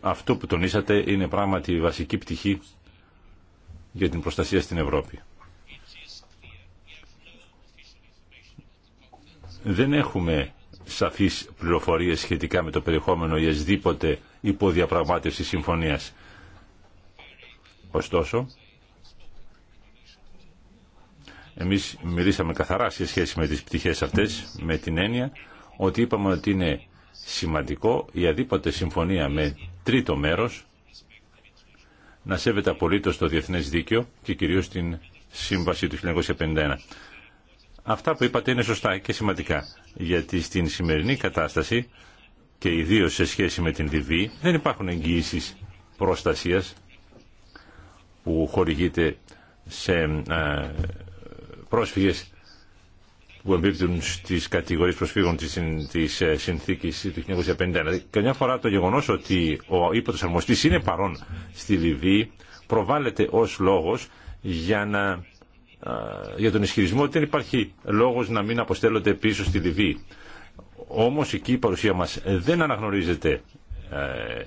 Αυτό που τονίσατε είναι πράγματι η βασική πτυχή για την προστασία στην Ευρώπη. Δεν έχουμε σαφείς πληροφορίες σχετικά με το περιεχόμενο ιασδήποτε υποδιαπραγμάτευση συμφωνίας. Ωστόσο, εμείς μιλήσαμε καθαρά σε σχέση με τις πτυχές αυτές, με την έννοια ότι είπαμε ότι είναι σημαντικό η αδίποτε συμφωνία με τρίτο μέρος να σέβεται απολύτως το διεθνές δίκαιο και κυρίως την Σύμβαση του 1951. Αυτά που είπατε είναι σωστά και σημαντικά, γιατί στην σημερινή κατάσταση και ιδίως σε σχέση με την Λιβύη δεν υπάρχουν εγγυήσεις προστασίας που χορηγείται σε ε, πρόσφυγες που εμπίπτουν στι κατηγορίε προσφύγων τη ε, συνθήκη του 1951. Δηλαδή, καμιά φορά το γεγονό ότι ο ύποτο αρμοστή είναι παρόν στη Λιβύη προβάλλεται ω λόγο για, να, για τον ισχυρισμό ότι δεν υπάρχει λόγος να μην αποστέλλονται πίσω στη Λιβύη. Όμως εκεί η παρουσία μας δεν αναγνωρίζεται ε,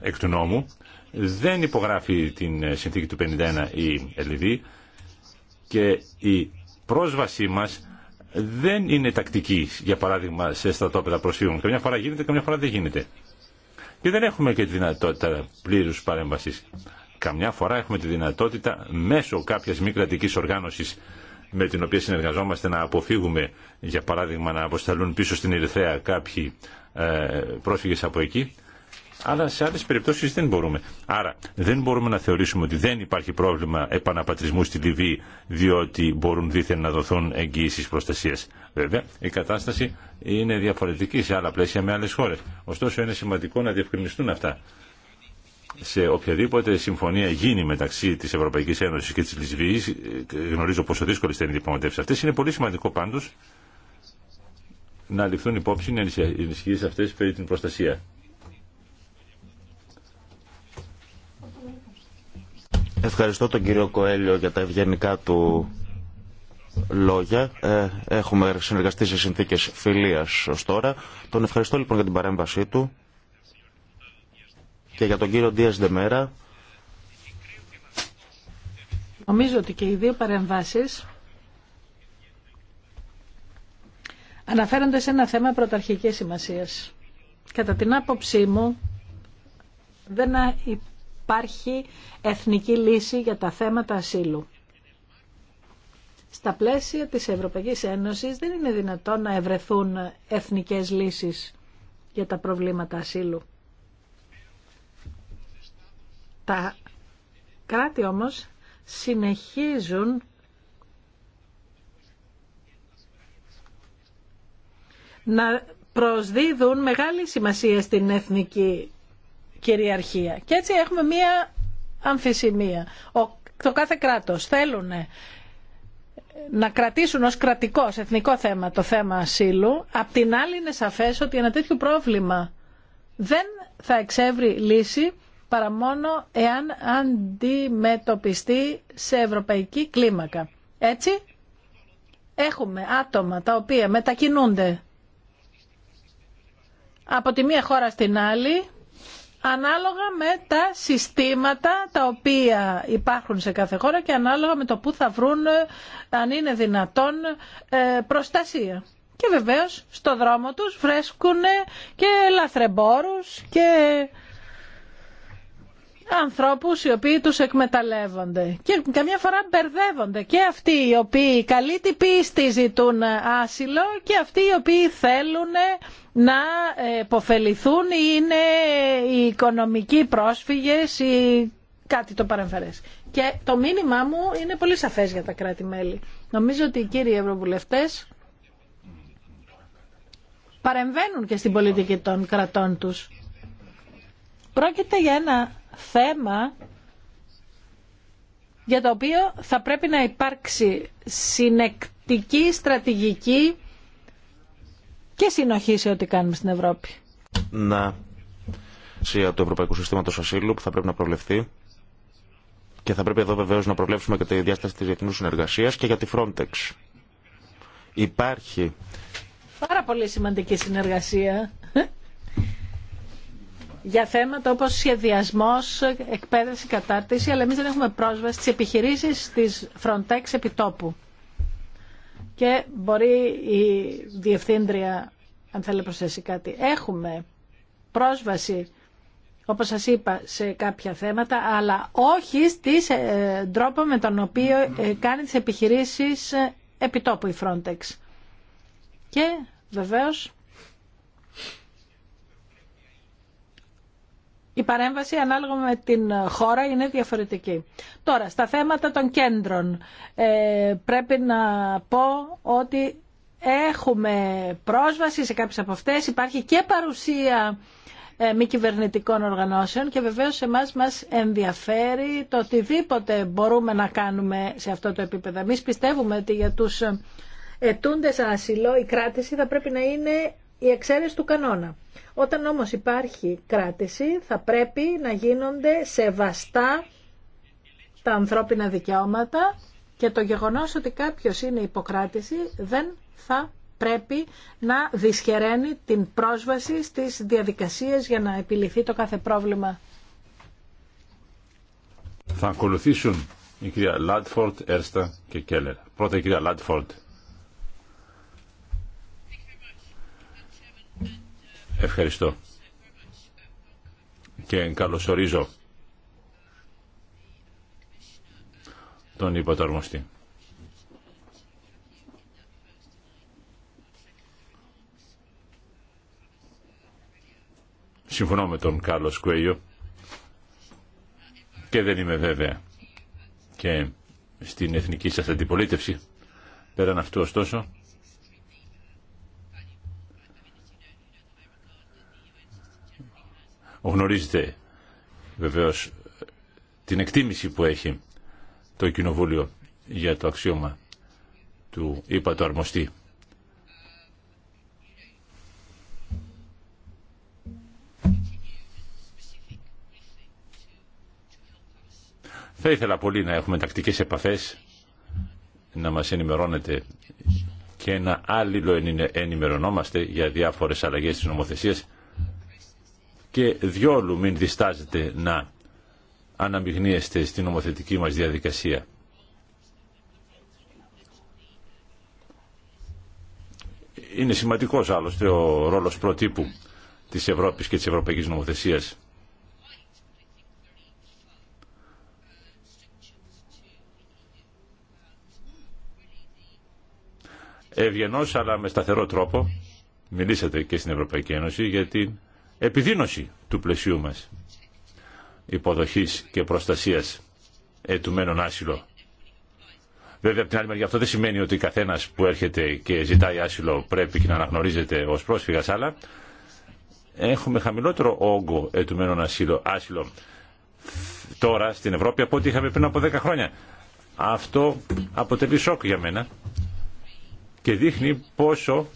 εκ του νόμου, δεν υπογράφει την συνθήκη του 51 η Λιβύη και η πρόσβασή μας δεν είναι τακτική, για παράδειγμα, σε στρατόπεδα προσφύγων. Καμιά φορά γίνεται, καμιά φορά δεν γίνεται. Και δεν έχουμε και τη δυνατότητα πλήρους παρέμβαση. Καμιά φορά έχουμε τη δυνατότητα μέσω κάποια μη κρατική οργάνωσης με την οποία συνεργαζόμαστε να αποφύγουμε, για παράδειγμα, να αποσταλούν πίσω στην Ερυθρέα κάποιοι ε, από εκεί αλλά σε άλλε περιπτώσει δεν μπορούμε. Άρα δεν μπορούμε να θεωρήσουμε ότι δεν υπάρχει πρόβλημα επαναπατρισμού στη Λιβύη διότι μπορούν δίθεν να δοθούν εγγυήσει προστασία. Βέβαια η κατάσταση είναι διαφορετική σε άλλα πλαίσια με άλλε χώρε. Ωστόσο είναι σημαντικό να διευκρινιστούν αυτά. Σε οποιαδήποτε συμφωνία γίνει μεταξύ τη Ευρωπαϊκή Ένωση και τη Λιβύη, γνωρίζω πόσο δύσκολε θα είναι οι διαπραγματεύσει αυτέ, είναι πολύ σημαντικό πάντω να ληφθούν υπόψη οι ενισχύσει αυτέ περί την προστασία. Ευχαριστώ τον κύριο Κοέλιο για τα ευγενικά του λόγια. Ε, έχουμε συνεργαστεί σε συνθήκες φιλίας ως τώρα. Τον ευχαριστώ λοιπόν για την παρέμβασή του και για τον κύριο Ντίας Δεμέρα. Νομίζω ότι και οι δύο παρεμβάσεις αναφέρονται σε ένα θέμα πρωταρχικής σημασίας. Κατά την άποψή μου δεν υπάρχει εθνική λύση για τα θέματα ασύλου. Στα πλαίσια της Ευρωπαϊκής Ένωσης δεν είναι δυνατόν να ευρεθούν εθνικές λύσεις για τα προβλήματα ασύλου. Τα κράτη όμως συνεχίζουν να προσδίδουν μεγάλη σημασία στην εθνική κυριαρχία. Και έτσι έχουμε μία αμφισημία. Το κάθε κράτος θέλουν να κρατήσουν ως κρατικό, εθνικό θέμα, το θέμα ασύλου. Απ' την άλλη είναι σαφές ότι ένα τέτοιο πρόβλημα δεν θα εξεύρει λύση παρά μόνο εάν αντιμετωπιστεί σε ευρωπαϊκή κλίμακα. Έτσι, έχουμε άτομα τα οποία μετακινούνται από τη μία χώρα στην άλλη ανάλογα με τα συστήματα τα οποία υπάρχουν σε κάθε χώρα και ανάλογα με το που θα βρουν, αν είναι δυνατόν, ε, προστασία. Και βεβαίως στο δρόμο τους βρέσκουν και λαθρεμπόρους και ανθρώπους οι οποίοι τους εκμεταλλεύονται και καμιά φορά μπερδεύονται και αυτοί οι οποίοι καλή την πίστη ζητούν άσυλο και αυτοί οι οποίοι θέλουν να υποφεληθούν είναι οι οικονομικοί πρόσφυγες ή κάτι το παρεμφερές. Και το μήνυμά μου είναι πολύ σαφές για τα κράτη-μέλη. Νομίζω ότι οι κύριοι ευρωβουλευτές παρεμβαίνουν και στην πολιτική των κρατών τους. Πρόκειται για ένα θέμα για το οποίο θα πρέπει να υπάρξει συνεκτική στρατηγική και συνοχή σε ό,τι κάνουμε στην Ευρώπη. Να, από του Ευρωπαϊκού Συστήματο Ασύλου που θα πρέπει να προβλεφθεί και θα πρέπει εδώ βεβαίω να προβλέψουμε και τη διάσταση τη διεθνού συνεργασία και για τη Frontex. Υπάρχει. Πάρα πολύ σημαντική συνεργασία για θέματα όπως σχεδιασμός, εκπαίδευση, κατάρτιση, αλλά εμείς δεν έχουμε πρόσβαση στις επιχειρήσεις της Frontex επιτόπου. Και μπορεί η Διευθύντρια, αν θέλει να προσθέσει κάτι, έχουμε πρόσβαση, όπως σας είπα, σε κάποια θέματα, αλλά όχι στις ε, τρόπο με τον οποίο ε, κάνει τις επιχειρήσεις ε, επιτόπου η Frontex. Και βεβαίως η παρέμβαση ανάλογα με την χώρα είναι διαφορετική. Τώρα, στα θέματα των κέντρων ε, πρέπει να πω ότι έχουμε πρόσβαση σε κάποιες από αυτές. Υπάρχει και παρουσία ε, μη κυβερνητικών οργανώσεων και βεβαίως εμάς μας ενδιαφέρει το οτιδήποτε μπορούμε να κάνουμε σε αυτό το επίπεδο. Εμείς πιστεύουμε ότι για τους ε, ετούντες άσυλο η κράτηση θα πρέπει να είναι η εξαίρεση του κανόνα. Όταν όμως υπάρχει κράτηση θα πρέπει να γίνονται σεβαστά τα ανθρώπινα δικαιώματα και το γεγονός ότι κάποιος είναι υποκράτηση δεν θα πρέπει να δυσχεραίνει την πρόσβαση στις διαδικασίες για να επιληθεί το κάθε πρόβλημα. Θα ακολουθήσουν η κυρία Λάτφορντ, Έρστα και Κέλλερ. Πρώτα η κυρία Λάτφορντ. Ευχαριστώ. Και καλωσορίζω τον υποταρμοστή. Συμφωνώ με τον Κάλλος Κουέιο και δεν είμαι βέβαια και στην εθνική σας αντιπολίτευση. Πέραν αυτού ωστόσο γνωρίζετε βεβαίως την εκτίμηση που έχει το Κοινοβούλιο για το αξίωμα του είπα το αρμοστή. Θα ήθελα πολύ να έχουμε τακτικές επαφές, να μας ενημερώνετε και να άλληλο ενημερωνόμαστε για διάφορες αλλαγές της νομοθεσίας και διόλου μην διστάζετε να αναμειγνύεστε στην νομοθετική μας διαδικασία. Είναι σημαντικός άλλωστε ο ρόλος προτύπου της Ευρώπης και της Ευρωπαϊκής Νομοθεσίας. Ευγενός αλλά με σταθερό τρόπο μιλήσατε και στην Ευρωπαϊκή Ένωση γιατί επιδείνωση του πλαισίου μας υποδοχής και προστασίας ετουμένων άσυλο. Βέβαια, από την άλλη μεριά, αυτό δεν σημαίνει ότι καθένας που έρχεται και ζητάει άσυλο πρέπει και να αναγνωρίζεται ως πρόσφυγας, αλλά έχουμε χαμηλότερο όγκο ετουμένων ασύλο, άσυλο τώρα στην Ευρώπη από ό,τι είχαμε πριν από 10 χρόνια. Αυτό αποτελεί σοκ για μένα και δείχνει πόσο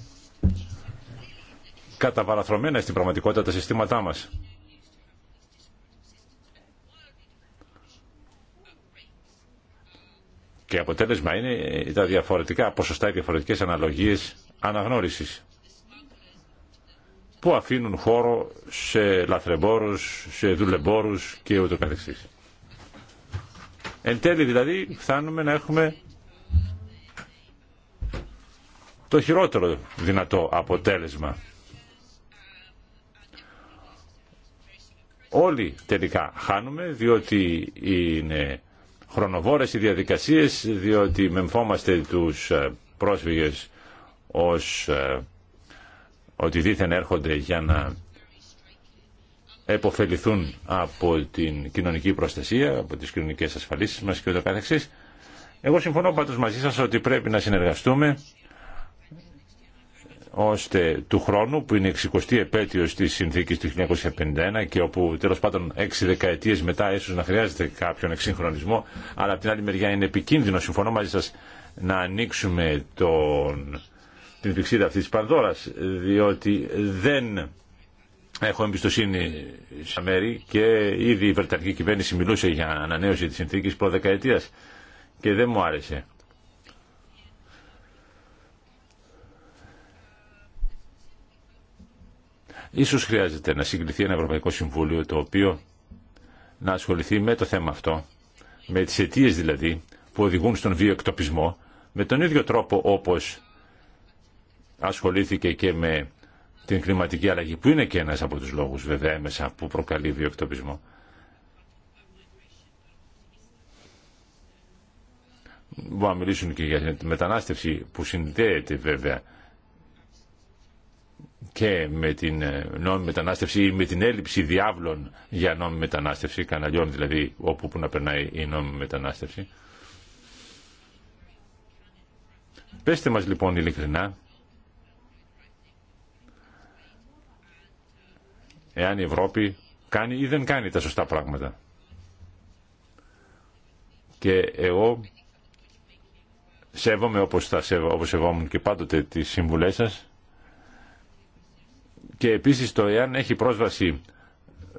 καταβαραθρωμένα στην πραγματικότητα τα συστήματά μας. Και αποτέλεσμα είναι τα διαφορετικά ποσοστά, οι διαφορετικές αναλογίες αναγνώρισης που αφήνουν χώρο σε λαθρεμπόρους, σε δουλεμπόρους και ούτω καθεξής. Εν τέλει δηλαδή φτάνουμε να έχουμε το χειρότερο δυνατό αποτέλεσμα. Όλοι τελικά χάνουμε διότι είναι χρονοβόρες οι διαδικασίες, διότι μεμφόμαστε τους ε, πρόσφυγες ως ε, ότι δήθεν έρχονται για να εποφεληθούν από την κοινωνική προστασία, από τις κοινωνικές ασφαλίσεις μας και ούτω Εγώ συμφωνώ πάντως μαζί σας ότι πρέπει να συνεργαστούμε ώστε του χρόνου που είναι 60η επέτειο της συνθήκη του 1951 και όπου τέλος πάντων 6 δεκαετίε μετά ίσως να χρειάζεται κάποιον εξυγχρονισμό αλλά από την άλλη μεριά είναι επικίνδυνο, συμφωνώ μαζί σας, να ανοίξουμε τον... την πηξίδα αυτής τη Πανδώρα, διότι δεν έχω εμπιστοσύνη σε μέρη και ήδη η Βρετανική κυβέρνηση μιλούσε για ανανέωση της συνθήκης προδεκαετίας και δεν μου άρεσε. Ίσως χρειάζεται να συγκριθεί ένα Ευρωπαϊκό Συμβούλιο το οποίο να ασχοληθεί με το θέμα αυτό, με τις αιτίε δηλαδή που οδηγούν στον βιοεκτοπισμό, με τον ίδιο τρόπο όπως ασχολήθηκε και με την κλιματική αλλαγή, που είναι και ένας από τους λόγους βέβαια έμεσα που προκαλεί βιοεκτοπισμό. Μπορούμε να μιλήσουν και για την μετανάστευση που συνδέεται βέβαια και με την ε, νόμιμη μετανάστευση ή με την έλλειψη διάβλων για νόμιμη μετανάστευση, καναλιών δηλαδή όπου που να περνάει η νόμιμη μετανάστευση. Πέστε μας λοιπόν ειλικρινά, εάν η Ευρώπη κάνει ή δεν κάνει τα σωστά πράγματα. Και εγώ σέβομαι όπως, θα σέβομαι, σεβόμουν και πάντοτε τις συμβουλές σας, και επίσης το εάν έχει πρόσβαση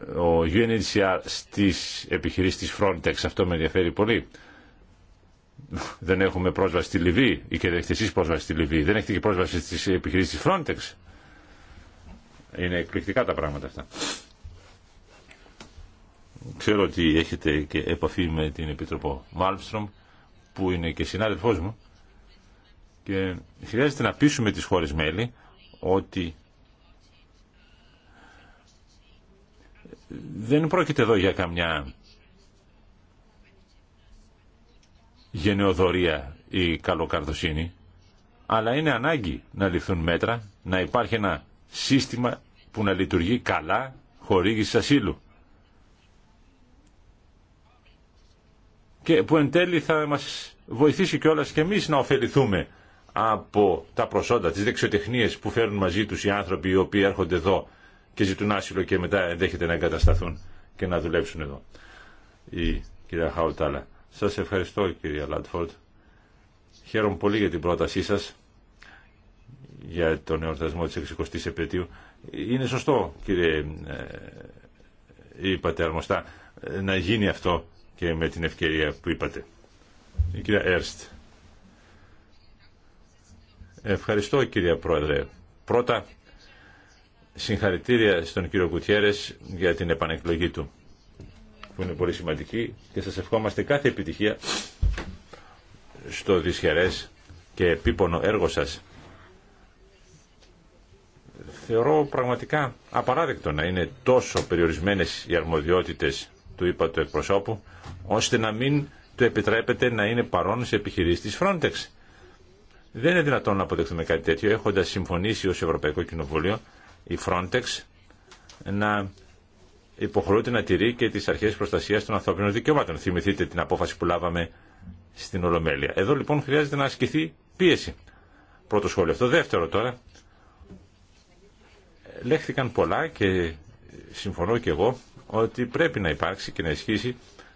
ε, ο UNHCR στις επιχειρήσεις της Frontex, αυτό με ενδιαφέρει πολύ. Δεν έχουμε πρόσβαση στη Λιβύη ή και δεν έχετε εσείς πρόσβαση στη Λιβύη. Δεν έχετε και πρόσβαση στις επιχειρήσεις της Frontex. Είναι εκπληκτικά τα πράγματα αυτά. Ξέρω ότι έχετε και επαφή με την Επίτροπο Μάλμστρομ που είναι και συνάδελφός μου και χρειάζεται να πείσουμε τις χώρες μέλη ότι δεν πρόκειται εδώ για καμιά γενεοδορία ή καλοκαρδοσύνη, αλλά είναι ανάγκη να ληφθούν μέτρα, να υπάρχει ένα σύστημα που να λειτουργεί καλά χορήγηση ασύλου. Και που εν τέλει θα μας βοηθήσει κιόλας και εμείς να ωφεληθούμε από τα προσόντα, τις δεξιοτεχνίες που φέρουν μαζί τους οι άνθρωποι οι οποίοι έρχονται εδώ και ζητούν άσυλο και μετά ενδέχεται να εγκατασταθούν και να δουλέψουν εδώ. Η κυρία Χαουτάλα. Σας ευχαριστώ κυρία Λάντφορντ. Χαίρομαι πολύ για την πρότασή σας για τον εορτασμό της 60ης επαιτίου. Είναι σωστό κύριε ε, είπατε αρμοστά να γίνει αυτό και με την ευκαιρία που είπατε. Η κυρία Έρστ. Ευχαριστώ κυρία Πρόεδρε. Πρώτα Συγχαρητήρια στον κύριο Κουτιέρες για την επανεκλογή του που είναι πολύ σημαντική και σας ευχόμαστε κάθε επιτυχία στο δυσχερές και επίπονο έργο σας. Θεωρώ πραγματικά απαράδεκτο να είναι τόσο περιορισμένες οι αρμοδιότητες του είπα του εκπροσώπου ώστε να μην του επιτρέπεται να είναι παρόν σε επιχειρήσεις Frontex. Δεν είναι δυνατόν να αποδεχθούμε κάτι τέτοιο έχοντας συμφωνήσει ως Ευρωπαϊκό Κοινοβούλιο η Frontex να υποχρεούται να τηρεί και τις αρχές προστασίας των ανθρώπινων δικαιωμάτων. Θυμηθείτε την απόφαση που λάβαμε στην Ολομέλεια. Εδώ λοιπόν χρειάζεται να ασκηθεί πίεση. Πρώτο σχόλιο αυτό. Δεύτερο τώρα. Λέχθηκαν πολλά και συμφωνώ και εγώ ότι πρέπει να υπάρξει και να ισχύσει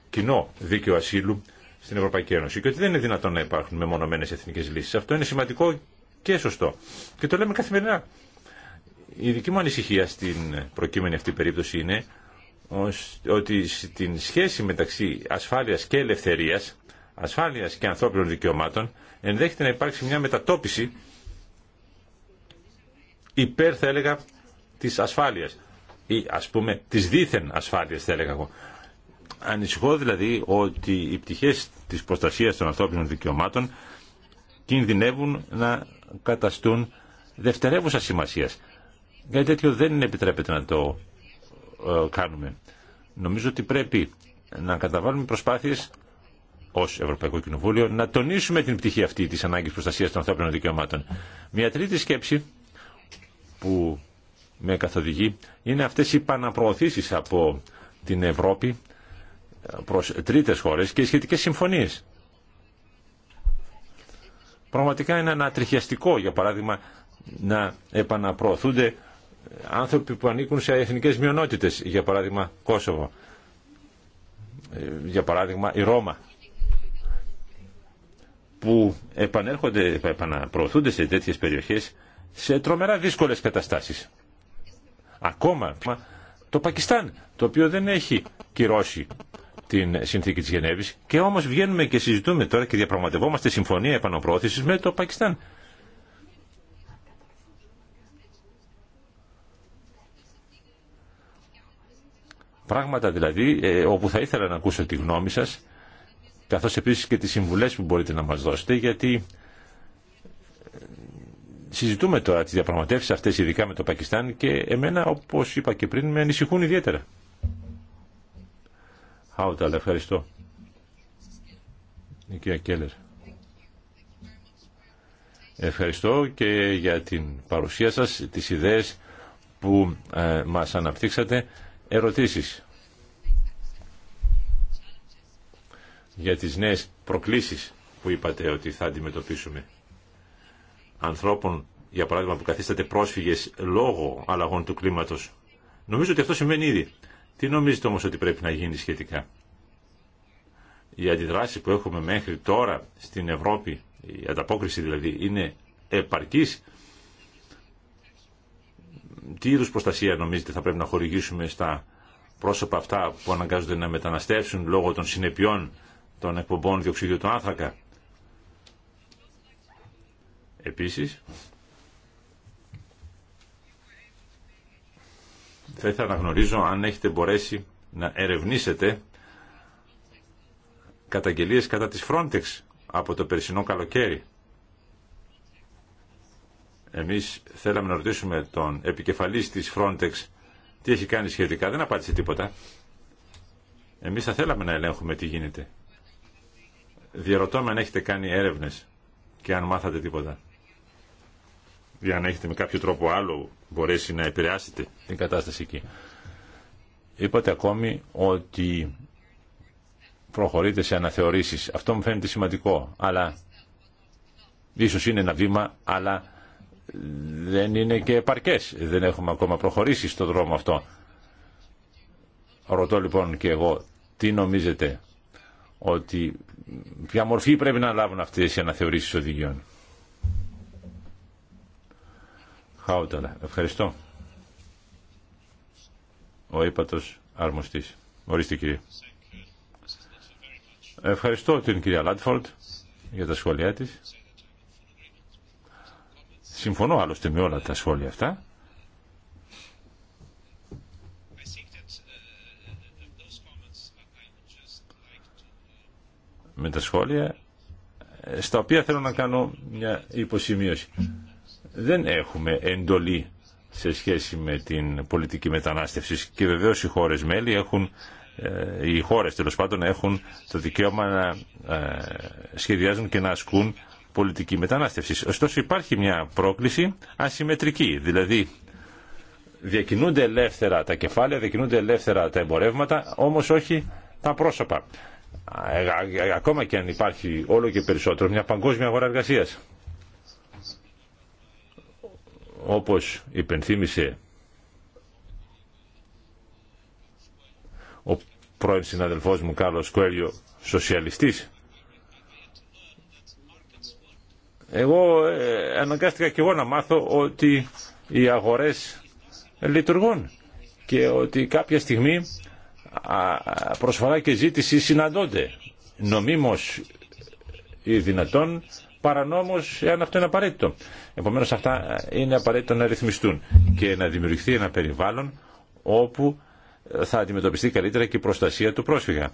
κοινό δίκαιο ασύλου στην Ευρωπαϊκή Ένωση και ότι δεν είναι δυνατόν να υπάρχουν μεμονωμένες εθνικές λύσεις. Αυτό είναι σημαντικό και σωστό. Και το λέμε καθημερινά. Η δική μου ανησυχία στην προκείμενη αυτή περίπτωση είναι ότι στην σχέση μεταξύ ασφάλειας και ελευθερίας, ασφάλειας και ανθρώπινων δικαιωμάτων, ενδέχεται να υπάρξει μια μετατόπιση υπέρ, θα έλεγα, της ασφάλειας ή ας πούμε της δίθεν ασφάλειας, θα έλεγα εγώ. Ανησυχώ δηλαδή ότι οι πτυχές της προστασίας των ανθρώπινων δικαιωμάτων κινδυνεύουν να καταστούν δευτερεύουσα σημασίας κάτι τέτοιο δεν επιτρέπεται να το ε, κάνουμε. Νομίζω ότι πρέπει να καταβάλουμε προσπάθειες ως Ευρωπαϊκό Κοινοβούλιο να τονίσουμε την πτυχή αυτή της ανάγκης προστασίας των ανθρώπινων δικαιωμάτων. Μια τρίτη σκέψη που με καθοδηγεί είναι αυτές οι παναπροωθήσεις από την Ευρώπη ε, προς τρίτες χώρες και οι σχετικές συμφωνίες. Πραγματικά είναι ανατριχιαστικό, για παράδειγμα, να επαναπροωθούνται άνθρωποι που ανήκουν σε εθνικές μειονότητες, για παράδειγμα Κόσοβο, ε, για παράδειγμα η Ρώμα, που επανέρχονται, επαναπροωθούνται σε τέτοιες περιοχές σε τρομερά δύσκολες καταστάσεις. Ακόμα το Πακιστάν, το οποίο δεν έχει κυρώσει την συνθήκη της Γενέβης και όμως βγαίνουμε και συζητούμε τώρα και διαπραγματευόμαστε συμφωνία επαναπροώθησης με το Πακιστάν. Πράγματα δηλαδή ε, όπου θα ήθελα να ακούσω τη γνώμη σας, καθώς επίσης και τις συμβουλές που μπορείτε να μας δώσετε, γιατί ε, συζητούμε τώρα τις διαπραγματεύσεις αυτές ειδικά με το Πακιστάν και εμένα όπως είπα και πριν με ανησυχούν ιδιαίτερα. ευχαριστώ. Η Κέλλερ. Ευχαριστώ και για την παρουσία σας, τις ιδέες που ε, μας αναπτύξατε ερωτήσεις για τις νέες προκλήσεις που είπατε ότι θα αντιμετωπίσουμε. Ανθρώπων, για παράδειγμα, που καθίσταται πρόσφυγες λόγω αλλαγών του κλίματος. Νομίζω ότι αυτό σημαίνει ήδη. Τι νομίζετε όμως ότι πρέπει να γίνει σχετικά. Η αντιδράση που έχουμε μέχρι τώρα στην Ευρώπη, η ανταπόκριση δηλαδή, είναι επαρκής τι είδου προστασία νομίζετε θα πρέπει να χορηγήσουμε στα πρόσωπα αυτά που αναγκάζονται να μεταναστεύσουν λόγω των συνεπειών των εκπομπών διοξιδίου του άνθρακα. Επίσης, θα ήθελα να γνωρίζω αν έχετε μπορέσει να ερευνήσετε καταγγελίες κατά της Frontex από το περσινό καλοκαίρι. Εμείς θέλαμε να ρωτήσουμε τον επικεφαλής της Frontex τι έχει κάνει σχετικά. Δεν απάντησε τίποτα. Εμείς θα θέλαμε να ελέγχουμε τι γίνεται. Διαρωτώ με αν έχετε κάνει έρευνες και αν μάθατε τίποτα. Για αν έχετε με κάποιο τρόπο άλλο μπορέσει να επηρεάσετε την κατάσταση εκεί. Είπατε ακόμη ότι προχωρείτε σε αναθεωρήσεις. Αυτό μου φαίνεται σημαντικό, αλλά ίσως είναι ένα βήμα, αλλά δεν είναι και επαρκές. Δεν έχουμε ακόμα προχωρήσει στον δρόμο αυτό. Ρωτώ λοιπόν και εγώ, τι νομίζετε ότι ποια μορφή πρέπει να λάβουν αυτές οι αναθεωρήσεις οδηγιών. Ευχαριστώ. Ο ύπατος αρμοστής. Ορίστε κύριε. Ευχαριστώ την κυρία Λάντφορντ για τα σχόλιά της. Συμφωνώ άλλωστε με όλα τα σχόλια αυτά. Με τα σχόλια ε, στα οποία θέλω να κάνω μια υποσημείωση. Δεν έχουμε εντολή σε σχέση με την πολιτική μετανάστευση και βεβαίω οι χώρες μέλη έχουν ε, οι χώρες τέλο πάντων έχουν το δικαίωμα να ε, σχεδιάζουν και να ασκούν πολιτική μετανάστευσης. Ωστόσο υπάρχει μια πρόκληση ασυμμετρική, δηλαδή διακινούνται ελεύθερα τα κεφάλαια, διακινούνται ελεύθερα τα εμπορεύματα, όμως όχι τα πρόσωπα. Ε, ε, ακόμα και αν υπάρχει όλο και περισσότερο μια παγκόσμια αγορά εργασία. Όπως υπενθύμησε ο πρώην συναδελφός μου Κάρλος Κουέλιο, σοσιαλιστής, Εγώ ε, αναγκάστηκα και εγώ να μάθω ότι οι αγορές λειτουργούν και ότι κάποια στιγμή προσφορά και ζήτηση συναντώνται νομίμως ή δυνατόν παρανόμως εάν αυτό είναι απαραίτητο. Επομένως αυτά είναι απαραίτητο να ρυθμιστούν και να δημιουργηθεί ένα περιβάλλον όπου θα αντιμετωπιστεί καλύτερα και η προστασία του πρόσφυγα.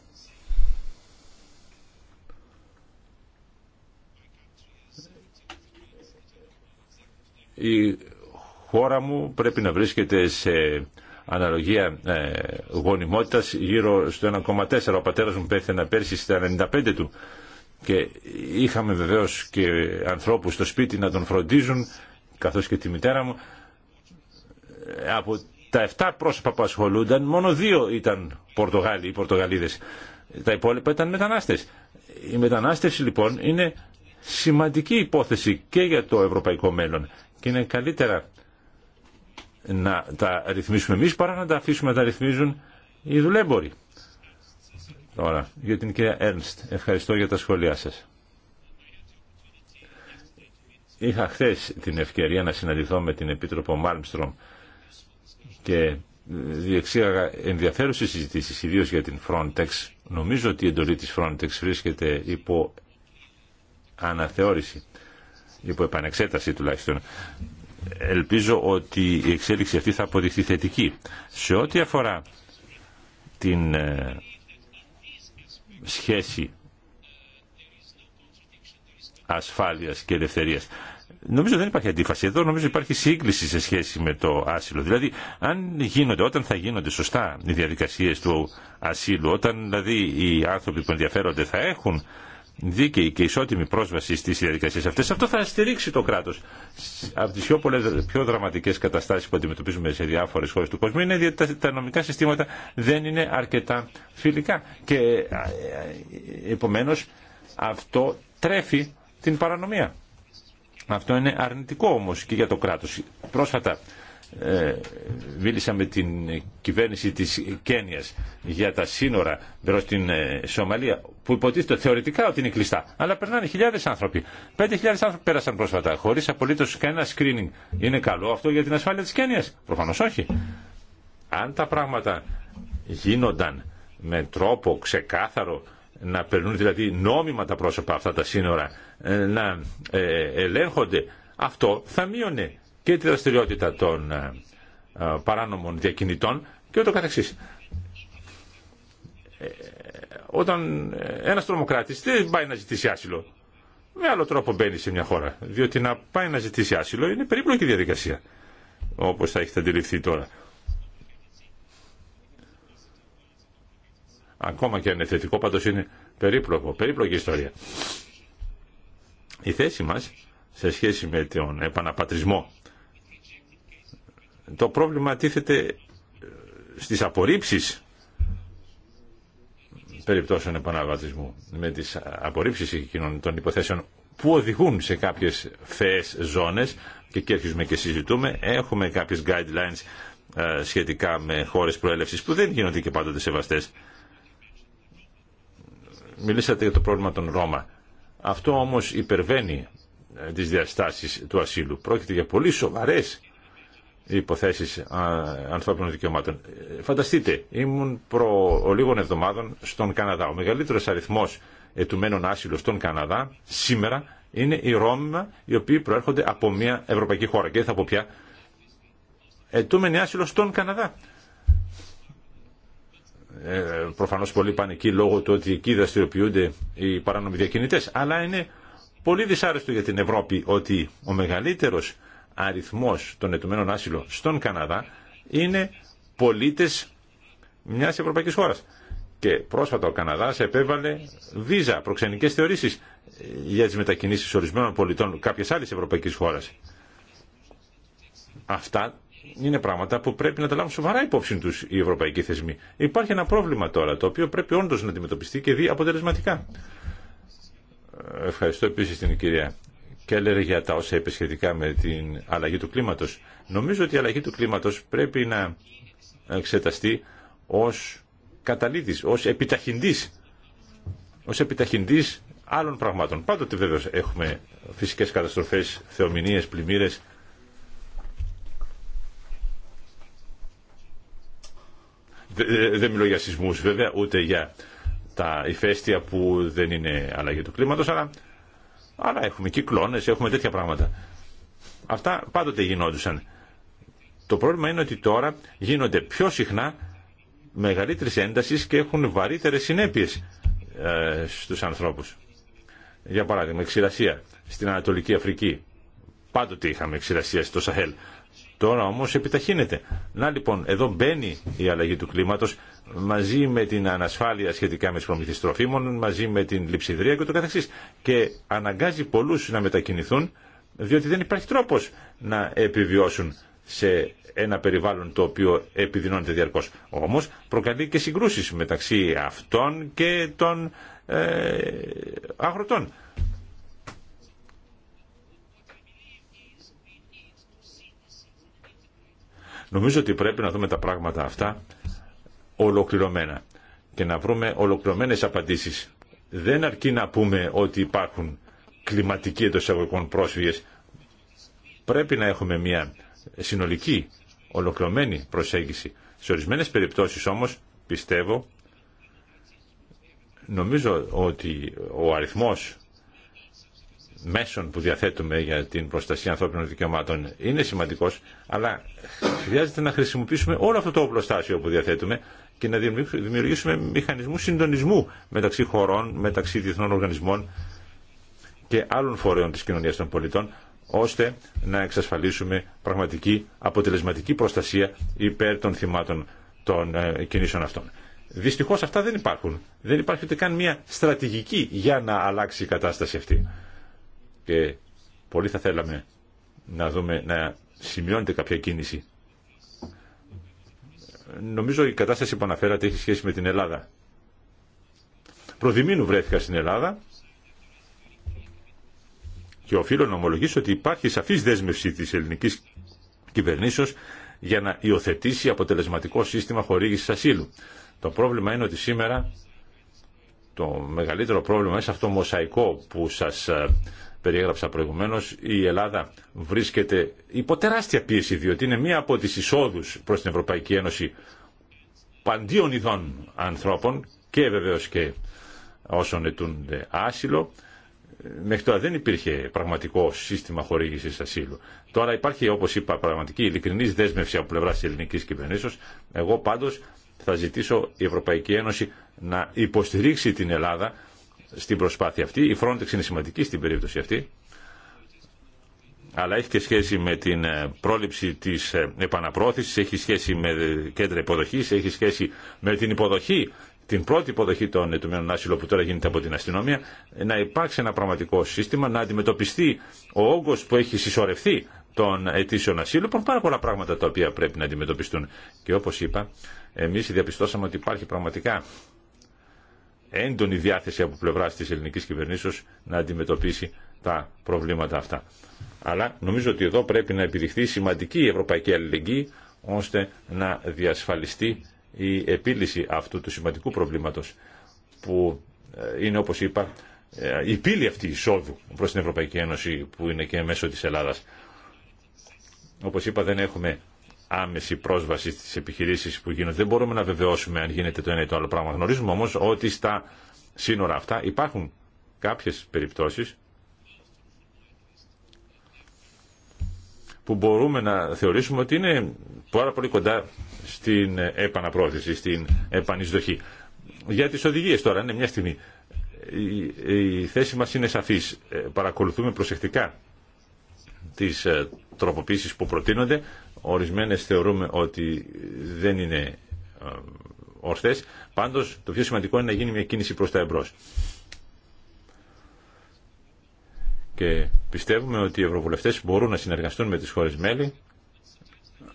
η χώρα μου πρέπει να βρίσκεται σε αναλογία ε, γονιμότητας γύρω στο 1,4. Ο πατέρας μου πέθανε πέρσι στα 95 του και είχαμε βεβαίως και ανθρώπους στο σπίτι να τον φροντίζουν καθώς και τη μητέρα μου. Από τα 7 πρόσωπα που ασχολούνταν μόνο δύο ήταν Πορτογάλοι ή Πορτογαλίδες. Τα υπόλοιπα ήταν μετανάστες. Η μετανάστευση λοιπόν είναι σημαντική υπόθεση και για το ευρωπαϊκό μέλλον και είναι καλύτερα να τα ρυθμίσουμε εμείς παρά να τα αφήσουμε να τα ρυθμίζουν οι δουλέμποροι. Τώρα, για την κυρία Έρνστ, ευχαριστώ για τα σχόλιά σας. Είχα χθε την ευκαιρία να συναντηθώ με την Επίτροπο Μάλμστρομ και διεξήγαγα ενδιαφέρουσες συζητήσεις, ιδίως για την Frontex. Νομίζω ότι η εντολή της Frontex βρίσκεται υπό αναθεώρηση, υπό επανεξέταση τουλάχιστον. Ελπίζω ότι η εξέλιξη αυτή θα αποδειχθεί θετική. Σε ό,τι αφορά την ε, σχέση ασφάλειας και ελευθερίας. Νομίζω δεν υπάρχει αντίφαση. Εδώ νομίζω υπάρχει σύγκληση σε σχέση με το άσυλο. Δηλαδή, αν γίνονται, όταν θα γίνονται σωστά οι διαδικασίες του ασύλου, όταν δηλαδή οι άνθρωποι που ενδιαφέρονται θα έχουν δίκαιη και ισότιμη πρόσβαση στις διαδικασίες αυτές, αυτό θα στηρίξει το κράτος. Από τις πιο, πιο δραματικές καταστάσεις που αντιμετωπίζουμε σε διάφορες χώρες του κόσμου είναι ότι τα νομικά συστήματα δεν είναι αρκετά φιλικά. Και ε, ε, επομένως αυτό τρέφει την παρανομία. Αυτό είναι αρνητικό όμως και για το κράτος. Πρόσφατα ε, μίλησα με την κυβέρνηση της Κένιας για τα σύνορα προς την ε, Σομαλία που υποτίθεται θεωρητικά ότι είναι κλειστά αλλά περνάνε χιλιάδες άνθρωποι πέντε χιλιάδες άνθρωποι πέρασαν πρόσφατα χωρίς απολύτως κανένα screening είναι καλό αυτό για την ασφάλεια της Κένιας προφανώς όχι αν τα πράγματα γίνονταν με τρόπο ξεκάθαρο να περνούν δηλαδή νόμιμα τα πρόσωπα αυτά τα σύνορα ε, να ε, ελέγχονται αυτό θα μείωνε και τη δραστηριότητα των ε, ε, παράνομων διακινητών και ούτω καθεξής. Ε, όταν ένας τρομοκράτης δεν πάει να ζητήσει άσυλο, με άλλο τρόπο μπαίνει σε μια χώρα, διότι να πάει να ζητήσει άσυλο είναι περίπλοκη διαδικασία, όπως θα έχετε αντιληφθεί τώρα. Ακόμα και αν πάντως είναι περίπλοκο, περίπλοκη ιστορία. Η θέση μας σε σχέση με τον επαναπατρισμό το πρόβλημα τίθεται ε, στις απορρίψεις περιπτώσεων επαναβατισμού με τις απορρίψεις εκείνων των υποθέσεων που οδηγούν σε κάποιες φαιές ζώνες και εκεί και συζητούμε έχουμε κάποιες guidelines ε, σχετικά με χώρες προέλευσης που δεν γίνονται και πάντοτε σεβαστές μιλήσατε για το πρόβλημα των Ρώμα αυτό όμως υπερβαίνει ε, τις διαστάσεις του ασύλου πρόκειται για πολύ σοβαρές Υποθέσει ανθρώπινων δικαιωμάτων. Ε, φανταστείτε, ήμουν προ λίγων εβδομάδων στον Καναδά. Ο μεγαλύτερο αριθμό ετουμένων άσυλο στον Καναδά σήμερα είναι οι Ρώμα οι οποίοι προέρχονται από μια ευρωπαϊκή χώρα. Και δεν θα πω πια ετούμενοι άσυλο στον Καναδά. Ε, Προφανώ πολλοί πάνε εκεί λόγω του ότι εκεί δραστηριοποιούνται οι παράνομοι διακινητέ. Αλλά είναι πολύ δυσάρεστο για την Ευρώπη ότι ο μεγαλύτερο αριθμός των ετουμένων άσυλο στον Καναδά είναι πολίτες μιας ευρωπαϊκής χώρας. Και πρόσφατα ο Καναδάς επέβαλε βίζα, προξενικές θεωρήσεις ε, για τις μετακινήσεις ορισμένων πολιτών κάποιες άλλες ευρωπαϊκής χώρας. Αυτά είναι πράγματα που πρέπει να τα λάβουν σοβαρά υπόψη τους οι ευρωπαϊκοί θεσμοί. Υπάρχει ένα πρόβλημα τώρα το οποίο πρέπει όντως να αντιμετωπιστεί και δει αποτελεσματικά. Ε, ευχαριστώ επίση την κυρία Κέλλερ για τα όσα είπε σχετικά με την αλλαγή του κλίματος. Νομίζω ότι η αλλαγή του κλίματος πρέπει να εξεταστεί ως καταλήτης, ως επιταχυντής, ως επιταχυντής άλλων πραγμάτων. Πάντοτε βέβαια έχουμε φυσικές καταστροφές, θεομηνίες, πλημμύρες. Δεν μιλώ για σεισμούς βέβαια, ούτε για τα ηφαίστεια που δεν είναι αλλαγή του κλίματος, αλλά αλλά έχουμε κυκλώνε, έχουμε τέτοια πράγματα. Αυτά πάντοτε γινόντουσαν. Το πρόβλημα είναι ότι τώρα γίνονται πιο συχνά μεγαλύτερη ένταση και έχουν βαρύτερε συνέπειες ε, στους ανθρώπους. Για παράδειγμα, ξηρασία στην Ανατολική Αφρική. Πάντοτε είχαμε ξηρασία στο Σαχέλ. Τώρα όμως επιταχύνεται. Να λοιπόν, εδώ μπαίνει η αλλαγή του κλίματο μαζί με την ανασφάλεια σχετικά με τις προμηθείς τροφίμων, μαζί με την λειψιδρία και το καθεξής. Και αναγκάζει πολλούς να μετακινηθούν, διότι δεν υπάρχει τρόπος να επιβιώσουν σε ένα περιβάλλον το οποίο επιδεινώνεται διαρκώς. Όμως προκαλεί και συγκρούσεις μεταξύ αυτών και των ε, αγροτών. Νομίζω ότι πρέπει να δούμε τα πράγματα αυτά ολοκληρωμένα και να βρούμε ολοκληρωμένες απαντήσεις. Δεν αρκεί να πούμε ότι υπάρχουν κλιματικοί εντό εγωγικών πρόσφυγες. Πρέπει να έχουμε μια συνολική, ολοκληρωμένη προσέγγιση. Σε ορισμένες περιπτώσεις όμως πιστεύω, νομίζω ότι ο αριθμός μέσων που διαθέτουμε για την προστασία ανθρώπινων δικαιωμάτων είναι σημαντικός, αλλά χρειάζεται να χρησιμοποιήσουμε όλο αυτό το οπλοστάσιο που διαθέτουμε και να δημιουργήσουμε μηχανισμού συντονισμού μεταξύ χωρών, μεταξύ διεθνών οργανισμών και άλλων φορέων της κοινωνίας των πολιτών, ώστε να εξασφαλίσουμε πραγματική αποτελεσματική προστασία υπέρ των θυμάτων των ε, κινήσεων αυτών. Δυστυχώ αυτά δεν υπάρχουν. Δεν υπάρχει ούτε καν μια στρατηγική για να αλλάξει η κατάσταση αυτή. Και πολύ θα θέλαμε να δούμε να σημειώνεται κάποια κίνηση Νομίζω η κατάσταση που αναφέρατε έχει σχέση με την Ελλάδα. Προδημήνου βρέθηκα στην Ελλάδα και οφείλω να ομολογήσω ότι υπάρχει σαφής δέσμευση της ελληνικής κυβερνήσεως για να υιοθετήσει αποτελεσματικό σύστημα χορήγησης ασύλου. Το πρόβλημα είναι ότι σήμερα το μεγαλύτερο πρόβλημα είναι αυτό το μοσαϊκό που σας ε, περιέγραψα προηγουμένως, η Ελλάδα βρίσκεται υπό τεράστια πίεση, διότι είναι μία από τις εισόδου προς την Ευρωπαϊκή Ένωση παντίων ειδών ανθρώπων και βεβαίω και όσων ετούνται άσυλο. Μέχρι τώρα δεν υπήρχε πραγματικό σύστημα χορήγηση ασύλου. Τώρα υπάρχει, όπω είπα, πραγματική ειλικρινή δέσμευση από πλευρά τη ελληνική κυβερνήσεω. Εγώ πάντω θα ζητήσω η Ευρωπαϊκή Ένωση να υποστηρίξει την Ελλάδα στην προσπάθεια αυτή. Η Frontex είναι σημαντική στην περίπτωση αυτή, αλλά έχει και σχέση με την ε, πρόληψη της ε, επαναπρόθεσης, έχει σχέση με ε, κέντρα υποδοχής, έχει σχέση με την υποδοχή, την πρώτη υποδοχή των ετουμένων άσυλων που τώρα γίνεται από την αστυνομία, να υπάρξει ένα πραγματικό σύστημα, να αντιμετωπιστεί ο όγκος που έχει συσσωρευτεί των αιτήσεων ασύλου. Υπάρχουν πάρα πολλά πράγματα τα οποία πρέπει να αντιμετωπιστούν. Και όπως είπα, εμείς διαπιστώσαμε ότι υπάρχει πραγματικά έντονη διάθεση από πλευρά τη ελληνικής κυβερνήσεως να αντιμετωπίσει τα προβλήματα αυτά. Αλλά νομίζω ότι εδώ πρέπει να επιδειχθεί σημαντική η ευρωπαϊκή αλληλεγγύη ώστε να διασφαλιστεί η επίλυση αυτού του σημαντικού προβλήματος που ε, είναι όπως είπα ε, η πύλη αυτή εισόδου προς την Ευρωπαϊκή Ένωση που είναι και μέσω της Ελλάδα, Όπως είπα δεν έχουμε άμεση πρόσβαση στις επιχειρήσεις που γίνονται. Δεν μπορούμε να βεβαιώσουμε αν γίνεται το ένα ή το άλλο πράγμα. Γνωρίζουμε όμως ότι στα σύνορα αυτά υπάρχουν κάποιες περιπτώσεις που μπορούμε να θεωρήσουμε ότι είναι πάρα πολύ κοντά στην επαναπρόθεση, στην επανεισδοχή. Για τις οδηγίες τώρα, είναι μια στιγμή. Η θέση μας είναι σαφής. Ε, παρακολουθούμε προσεκτικά τις ε, τροποποίησεις που προτείνονται Ορισμένες θεωρούμε ότι δεν είναι ε, ορθές. Πάντως το πιο σημαντικό είναι να γίνει μια κίνηση προς τα εμπρός. Και πιστεύουμε ότι οι ευρωβουλευτές μπορούν να συνεργαστούν με τις χώρες μέλη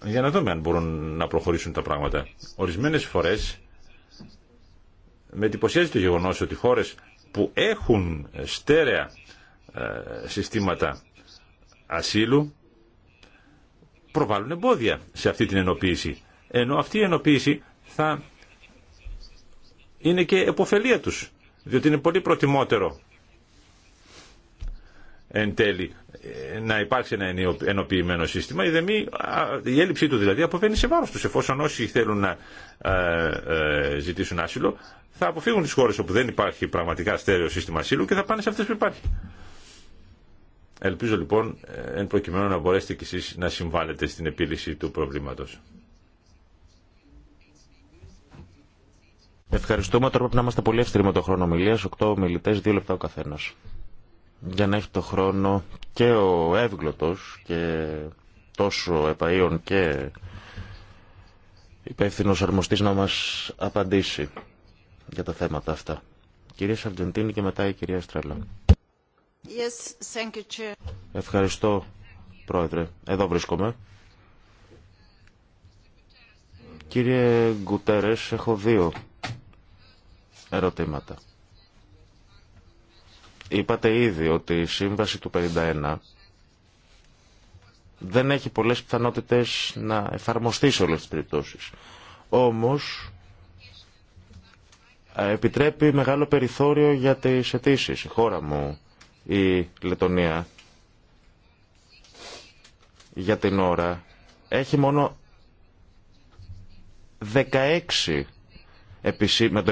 για να δούμε αν μπορούν να προχωρήσουν τα πράγματα. Ορισμένες φορές με εντυπωσιάζει το γεγονός ότι χώρες που έχουν στέρεα ε, συστήματα ασύλου προβάλλουν εμπόδια σε αυτή την ενοποίηση. Ενώ αυτή η ενοποίηση θα είναι και εποφελία τους, διότι είναι πολύ προτιμότερο εν τέλει ε, να υπάρξει ένα ενοποιημένο σύστημα, η, δεμή, η έλλειψή του δηλαδή αποβαίνει σε βάρος τους, εφόσον όσοι θέλουν να ε, ε, ζητήσουν άσυλο θα αποφύγουν τις χώρες όπου δεν υπάρχει πραγματικά στέρεο σύστημα ασύλου και θα πάνε σε αυτές που υπάρχει. Ελπίζω λοιπόν ε, εν προκειμένου να μπορέσετε κι εσείς να συμβάλλετε στην επίλυση του προβλήματος. Ευχαριστούμε. Τώρα πρέπει να είμαστε πολύ εύστηροι με το χρόνο ομιλία. Οκτώ ομιλητέ, δύο λεπτά ο καθένα. Για να έχει το χρόνο και ο εύγλωτο και τόσο επαείων και υπεύθυνο αρμοστής να μα απαντήσει για τα θέματα αυτά. Κυρία Σαρτζεντίνη και μετά η κυρία Στρέλα. Ευχαριστώ, Πρόεδρε. Εδώ βρίσκομαι. Κύριε Γκουτέρες, έχω δύο ερωτήματα. Είπατε ήδη ότι η σύμβαση του 51 δεν έχει πολλές πιθανότητες να εφαρμοστεί σε όλες τις περιπτώσεις. Όμως, επιτρέπει μεγάλο περιθώριο για τις αιτήσει. Η χώρα μου η Λετωνία για την ώρα έχει μόνο 16 με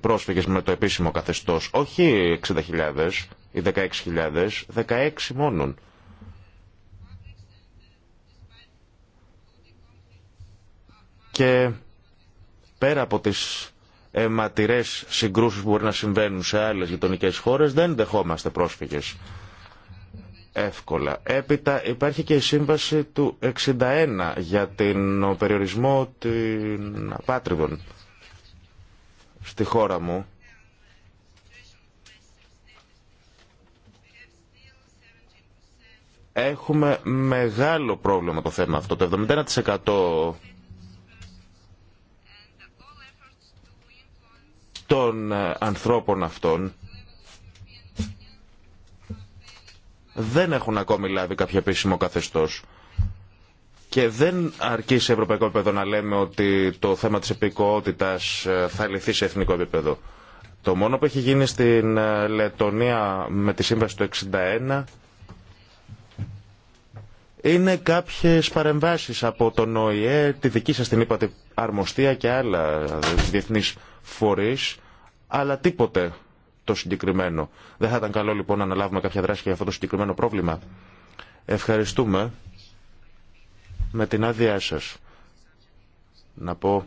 πρόσφυγες με το επίσημο καθεστώς. Όχι 60.000 ή 16.000, 16 μόνον. Και πέρα από τις αιματηρέ συγκρούσει που μπορεί να συμβαίνουν σε άλλες γειτονικέ χώρε δεν δεχόμαστε πρόσφυγες εύκολα. Έπειτα υπάρχει και η σύμβαση του 61 για τον περιορισμό των απάτριδων στη χώρα μου. Έχουμε μεγάλο πρόβλημα το θέμα αυτό. Το 71% των ε, ανθρώπων αυτών δεν έχουν ακόμη λάβει κάποιο επίσημο καθεστώς. Και δεν αρκεί σε ευρωπαϊκό επίπεδο να λέμε ότι το θέμα της επικοότητας ε, θα λυθεί σε εθνικό επίπεδο. Το μόνο που έχει γίνει στην ε, Λετωνία με τη σύμβαση του 61 είναι κάποιες παρεμβάσεις από τον ΟΗΕ, τη δική σας την είπατε αρμοστία και άλλα διεθνείς φορείς, αλλά τίποτε το συγκεκριμένο. Δεν θα ήταν καλό λοιπόν να αναλάβουμε κάποια δράση για αυτό το συγκεκριμένο πρόβλημα. Ευχαριστούμε με την άδειά σας. Να πω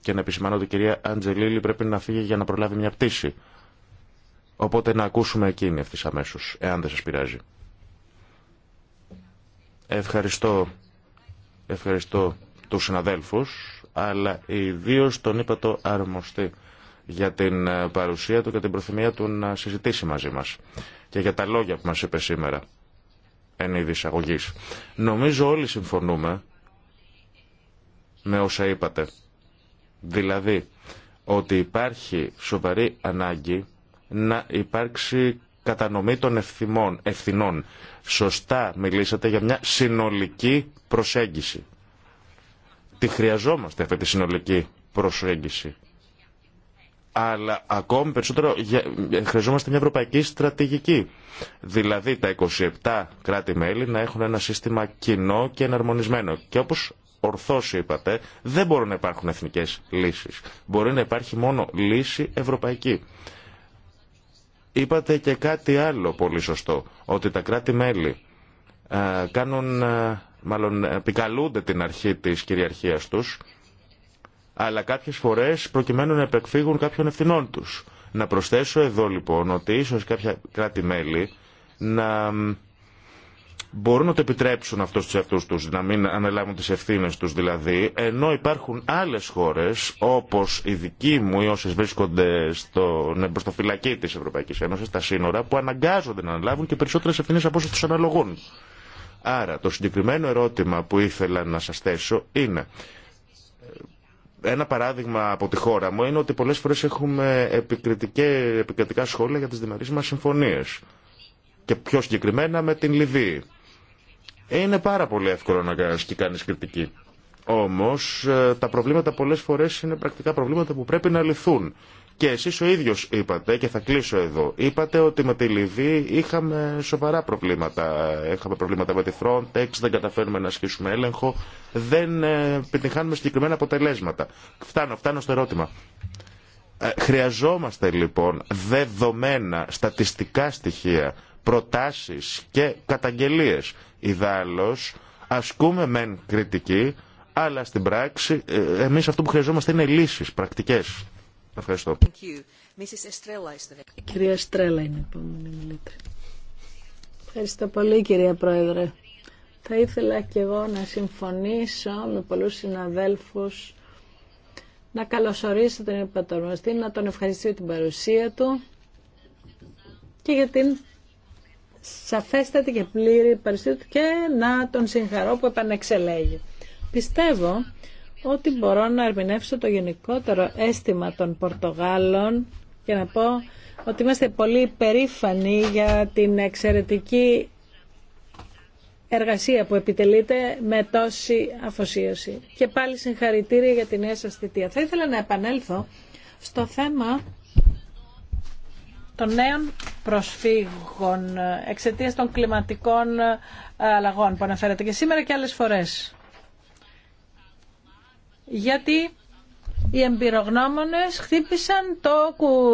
και να επισημάνω ότι η κυρία Αντζελίλη πρέπει να φύγει για να προλάβει μια πτήση. Οπότε να ακούσουμε εκείνη αυτή αμέσω, εάν δεν σας πειράζει. Ευχαριστώ, ευχαριστώ τους συναδέλφους αλλά ιδίω τον ύπατο αρμοστή για την ε, παρουσία του και την προθυμία του να συζητήσει μαζί μας και για τα λόγια που μας είπε σήμερα εν είδη εισαγωγής. Νομίζω όλοι συμφωνούμε με όσα είπατε. Δηλαδή ότι υπάρχει σοβαρή ανάγκη να υπάρξει κατανομή των ευθυμών, ευθυνών. Σωστά μιλήσατε για μια συνολική προσέγγιση τη χρειαζόμαστε αυτή τη συνολική προσέγγιση. Αλλά ακόμη περισσότερο χρειαζόμαστε μια ευρωπαϊκή στρατηγική. Δηλαδή τα 27 κράτη-μέλη να έχουν ένα σύστημα κοινό και εναρμονισμένο. Και όπως ορθώς είπατε, δεν μπορούν να υπάρχουν εθνικές λύσεις. Μπορεί να υπάρχει μόνο λύση ευρωπαϊκή. Είπατε και κάτι άλλο πολύ σωστό, ότι τα κράτη-μέλη κάνουν μάλλον ε, επικαλούνται την αρχή της κυριαρχίας τους, αλλά κάποιες φορές προκειμένου να επεκφύγουν κάποιων ευθυνών τους. Να προσθέσω εδώ λοιπόν ότι ίσως κάποια κράτη-μέλη να μπορούν να το επιτρέψουν αυτού του εαυτού του, να μην αναλάβουν τι ευθύνε του, δηλαδή, ενώ υπάρχουν άλλε χώρε όπω η δική μου ή όσε βρίσκονται στο ναι, φυλακή τη Ευρωπαϊκή Ένωση, τα σύνορα, που αναγκάζονται να αναλάβουν και περισσότερες ευθύνε από όσε τους αναλογούν. Άρα το συγκεκριμένο ερώτημα που ήθελα να σας θέσω είναι ένα παράδειγμα από τη χώρα μου είναι ότι πολλές φορές έχουμε επικριτικά σχόλια για τις δημαρίες μας συμφωνίες και πιο συγκεκριμένα με την Λιβύη. Είναι πάρα πολύ εύκολο να κάνει κανείς κριτική. Όμως ε, τα προβλήματα πολλές φορές είναι πρακτικά προβλήματα που πρέπει να λυθούν και εσεί ο ίδιος είπατε, και θα κλείσω εδώ, είπατε ότι με τη Λιβύη είχαμε σοβαρά προβλήματα. Είχαμε προβλήματα με τη Frontex, δεν καταφέρουμε να ασκήσουμε έλεγχο, δεν ε, επιτυχάνουμε συγκεκριμένα αποτελέσματα. Φτάνω, φτάνω στο ερώτημα. Ε, χρειαζόμαστε λοιπόν δεδομένα, στατιστικά στοιχεία, προτάσεις και καταγγελίε. Ιδάλω, ασκούμε μεν κριτική, αλλά στην πράξη ε, εμεί αυτό που χρειαζόμαστε είναι λύσει πρακτικέ. Ευχαριστώ. Κυρία Στρέλα είναι η επόμενη μιλήτρια. Ευχαριστώ πολύ κυρία Πρόεδρε. Θα ήθελα και εγώ να συμφωνήσω με πολλούς συναδέλφους να καλωσορίσω τον υπατορμαστή, να τον ευχαριστήσω την παρουσία του και για την σαφέστατη και πλήρη παρουσία του και να τον συγχαρώ που επανεξελέγει. Πιστεύω ότι μπορώ να ερμηνεύσω το γενικότερο αίσθημα των Πορτογάλων και να πω ότι είμαστε πολύ περήφανοι για την εξαιρετική εργασία που επιτελείται με τόση αφοσίωση. Και πάλι συγχαρητήρια για την νέα σας θητεία. Θα ήθελα να επανέλθω στο θέμα των νέων προσφύγων εξαιτία των κλιματικών ε, αλλαγών που αναφέρατε και σήμερα και άλλες φορές γιατί οι εμπειρογνώμονες χτύπησαν το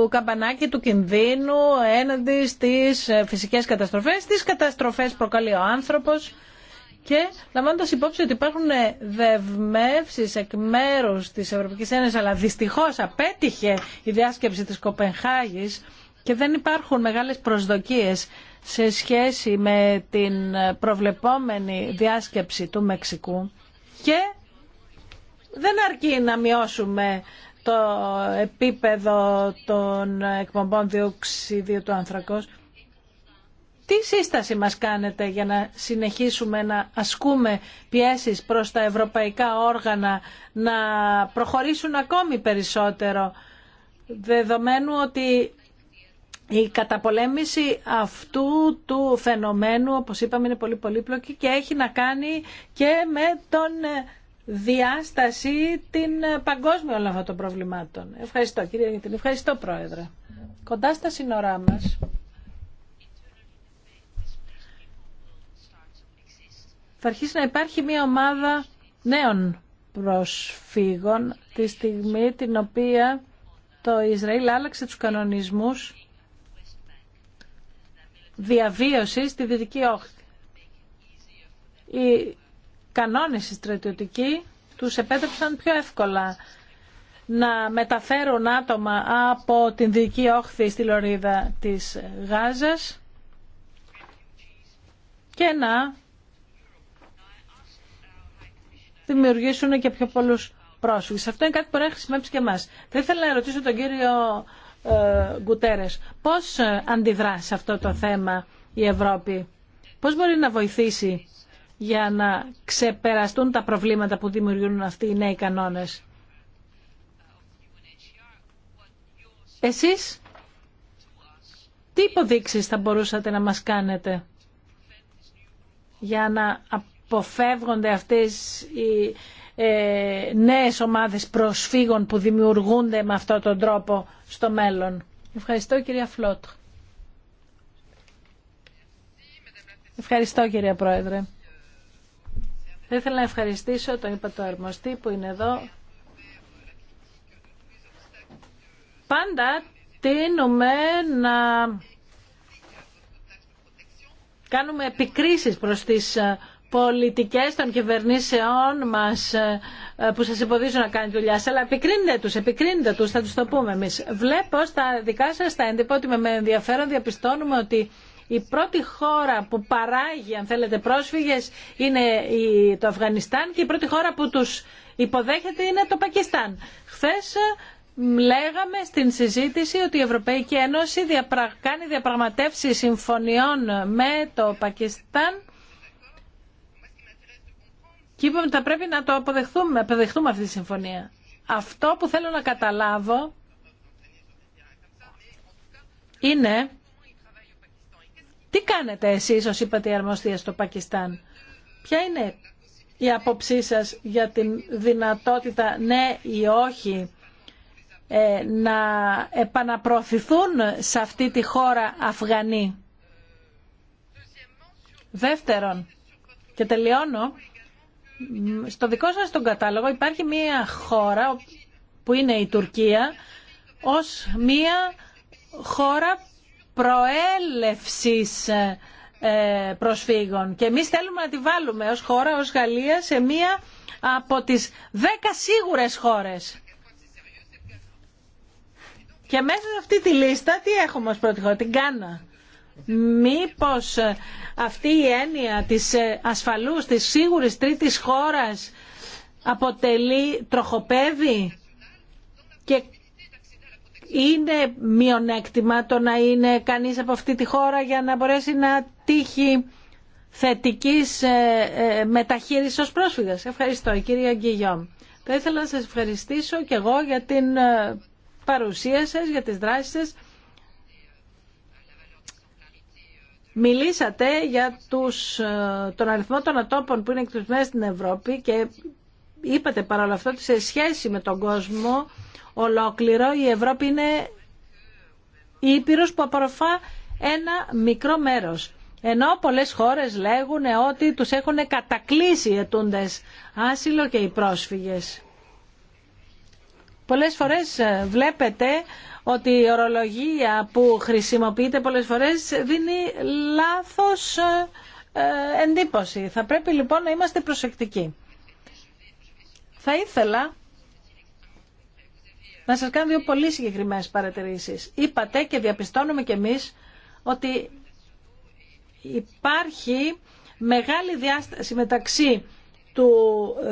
καμπανάκι του κινδύνου έναντι στις ε, φυσικές καταστροφές, στις καταστροφές προκαλεί ο άνθρωπος και λαμβάνοντα υπόψη ότι υπάρχουν ε, δευμεύσει εκ μέρου τη Ευρωπαϊκή Ένωση, αλλά δυστυχώ απέτυχε η διάσκεψη τη Κοπενχάγη και δεν υπάρχουν μεγάλες προσδοκίες σε σχέση με την ε, προβλεπόμενη διάσκεψη του Μεξικού και δεν αρκεί να μειώσουμε το επίπεδο των εκπομπών διοξιδίου του άνθρακος. Τι σύσταση μας κάνετε για να συνεχίσουμε να ασκούμε πιέσεις προς τα ευρωπαϊκά όργανα να προχωρήσουν ακόμη περισσότερο δεδομένου ότι η καταπολέμηση αυτού του φαινομένου, όπως είπαμε, είναι πολύ πολύπλοκη και έχει να κάνει και με τον διάσταση την ε, παγκόσμια όλων αυτών των προβλημάτων. Ευχαριστώ κύριε την Ευχαριστώ Πρόεδρε. Κοντά στα σύνορά μας θα αρχίσει να υπάρχει μια ομάδα νέων προσφύγων τη στιγμή την οποία το Ισραήλ άλλαξε τους κανονισμούς διαβίωσης στη Δυτική Όχθη κανόνες οι στρατιωτικοί τους επέτρεψαν πιο εύκολα να μεταφέρουν άτομα από την δική όχθη στη λωρίδα της Γάζας και να δημιουργήσουν και πιο πολλούς πρόσφυγες. Αυτό είναι κάτι που μπορεί να χρησιμεύσει και εμάς. Θα ήθελα να ρωτήσω τον κύριο ε, Γκουτέρες, πώς αντιδρά σε αυτό το θέμα η Ευρώπη, πώς μπορεί να βοηθήσει για να ξεπεραστούν τα προβλήματα που δημιουργούν αυτοί οι νέοι κανόνες. Εσείς τι υποδείξεις θα μπορούσατε να μας κάνετε για να αποφεύγονται αυτές οι ε, νέες ομάδες προσφύγων που δημιουργούνται με αυτόν τον τρόπο στο μέλλον. Ευχαριστώ κυρία Φλότ. Ευχαριστώ κυρία Πρόεδρε. Θα ήθελα να ευχαριστήσω τον είπα το αρμοστή που είναι εδώ. Πάντα τίνουμε να κάνουμε επικρίσεις προς τις ε, πολιτικές των κυβερνήσεών μας ε, ε, που σας υποδίζουν να κάνει δουλειά σας, αλλά επικρίνετε τους, επικρίνετε τους, θα τους το πούμε εμείς. Βλέπω στα δικά σας τα έντυπα ότι με ενδιαφέρον διαπιστώνουμε ότι η πρώτη χώρα που παράγει, αν θέλετε, πρόσφυγες είναι το Αφγανιστάν και η πρώτη χώρα που τους υποδέχεται είναι το Πακιστάν. Χθες ε, λέγαμε στην συζήτηση ότι η Ευρωπαϊκή Ένωση κάνει διαπραγματεύσεις συμφωνιών με το Πακιστάν και είπαμε ότι θα πρέπει να το αποδεχθούμε, αποδεχθούμε αυτή τη συμφωνία. Αυτό που θέλω να καταλάβω είναι τι κάνετε εσείς ως είπατε αρμοστία στο Πακιστάν. Ποια είναι η άποψή σας για την δυνατότητα ναι ή όχι ε, να επαναπροωθηθούν σε αυτή τη χώρα Αφγανοί. Δεύτερον, και τελειώνω, στο δικό σας τον κατάλογο υπάρχει μία χώρα που είναι η Τουρκία ως μία χώρα προέλευσης ε, προσφύγων. Και εμείς θέλουμε να τη βάλουμε ως χώρα, ως Γαλλία, σε μία από τις δέκα σίγουρες χώρες. Και μέσα σε αυτή τη λίστα τι έχουμε ως πρώτη χώρα, την Κάνα. Μήπως ε, αυτή η έννοια της ε, ασφαλούς, της σίγουρης τρίτης χώρας αποτελεί τροχοπέδι και είναι μειονέκτημα το να είναι κανείς από αυτή τη χώρα για να μπορέσει να τύχει θετικής ε, ε, μεταχείρισης ως πρόσφυγας. Ευχαριστώ κυρία Γκυγιόμ. Θα ήθελα να σας ευχαριστήσω και εγώ για την ε, παρουσία σας, για τις δράσεις σας. Μιλήσατε για τους, τον αριθμό των ατόπων που είναι εκτουσμένοι στην Ευρώπη και είπατε παρόλα αυτό ότι σε σχέση με τον κόσμο ολόκληρο. Η Ευρώπη είναι Ήπειρος που απορροφά ένα μικρό μέρος. Ενώ πολλές χώρες λέγουν ότι τους έχουν κατακλείσει οι ετούντες άσυλο και οι πρόσφυγες. Πολλές φορές ε, βλέπετε ότι η ορολογία που χρησιμοποιείται πολλές φορές δίνει λάθος ε, ε, εντύπωση. Θα πρέπει λοιπόν να είμαστε προσεκτικοί. Θα ήθελα να σας κάνω δύο πολύ συγκεκριμένες παρατηρήσεις. Είπατε και διαπιστώνουμε και εμείς ότι υπάρχει μεγάλη διάσταση μεταξύ του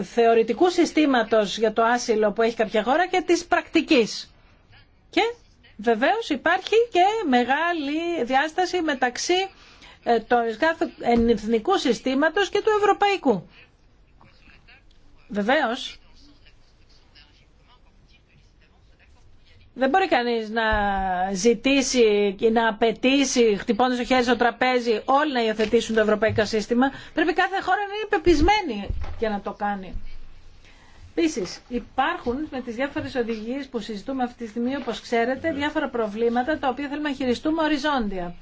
θεωρητικού συστήματος για το άσυλο που έχει κάποια χώρα και της πρακτικής. Και βεβαίως υπάρχει και μεγάλη διάσταση μεταξύ ε, του εθνικού συστήματος και του ευρωπαϊκού. Βεβαίως, Δεν μπορεί κανείς να ζητήσει και να απαιτήσει, χτυπώντα το χέρι στο τραπέζι, όλοι να υιοθετήσουν το ευρωπαϊκό σύστημα. Πρέπει κάθε χώρα να είναι πεπισμένη για να το κάνει. Επίση, υπάρχουν με τι διάφορε οδηγίε που συζητούμε αυτή τη στιγμή, όπω ξέρετε, διάφορα προβλήματα τα οποία θέλουμε να χειριστούμε οριζόντια.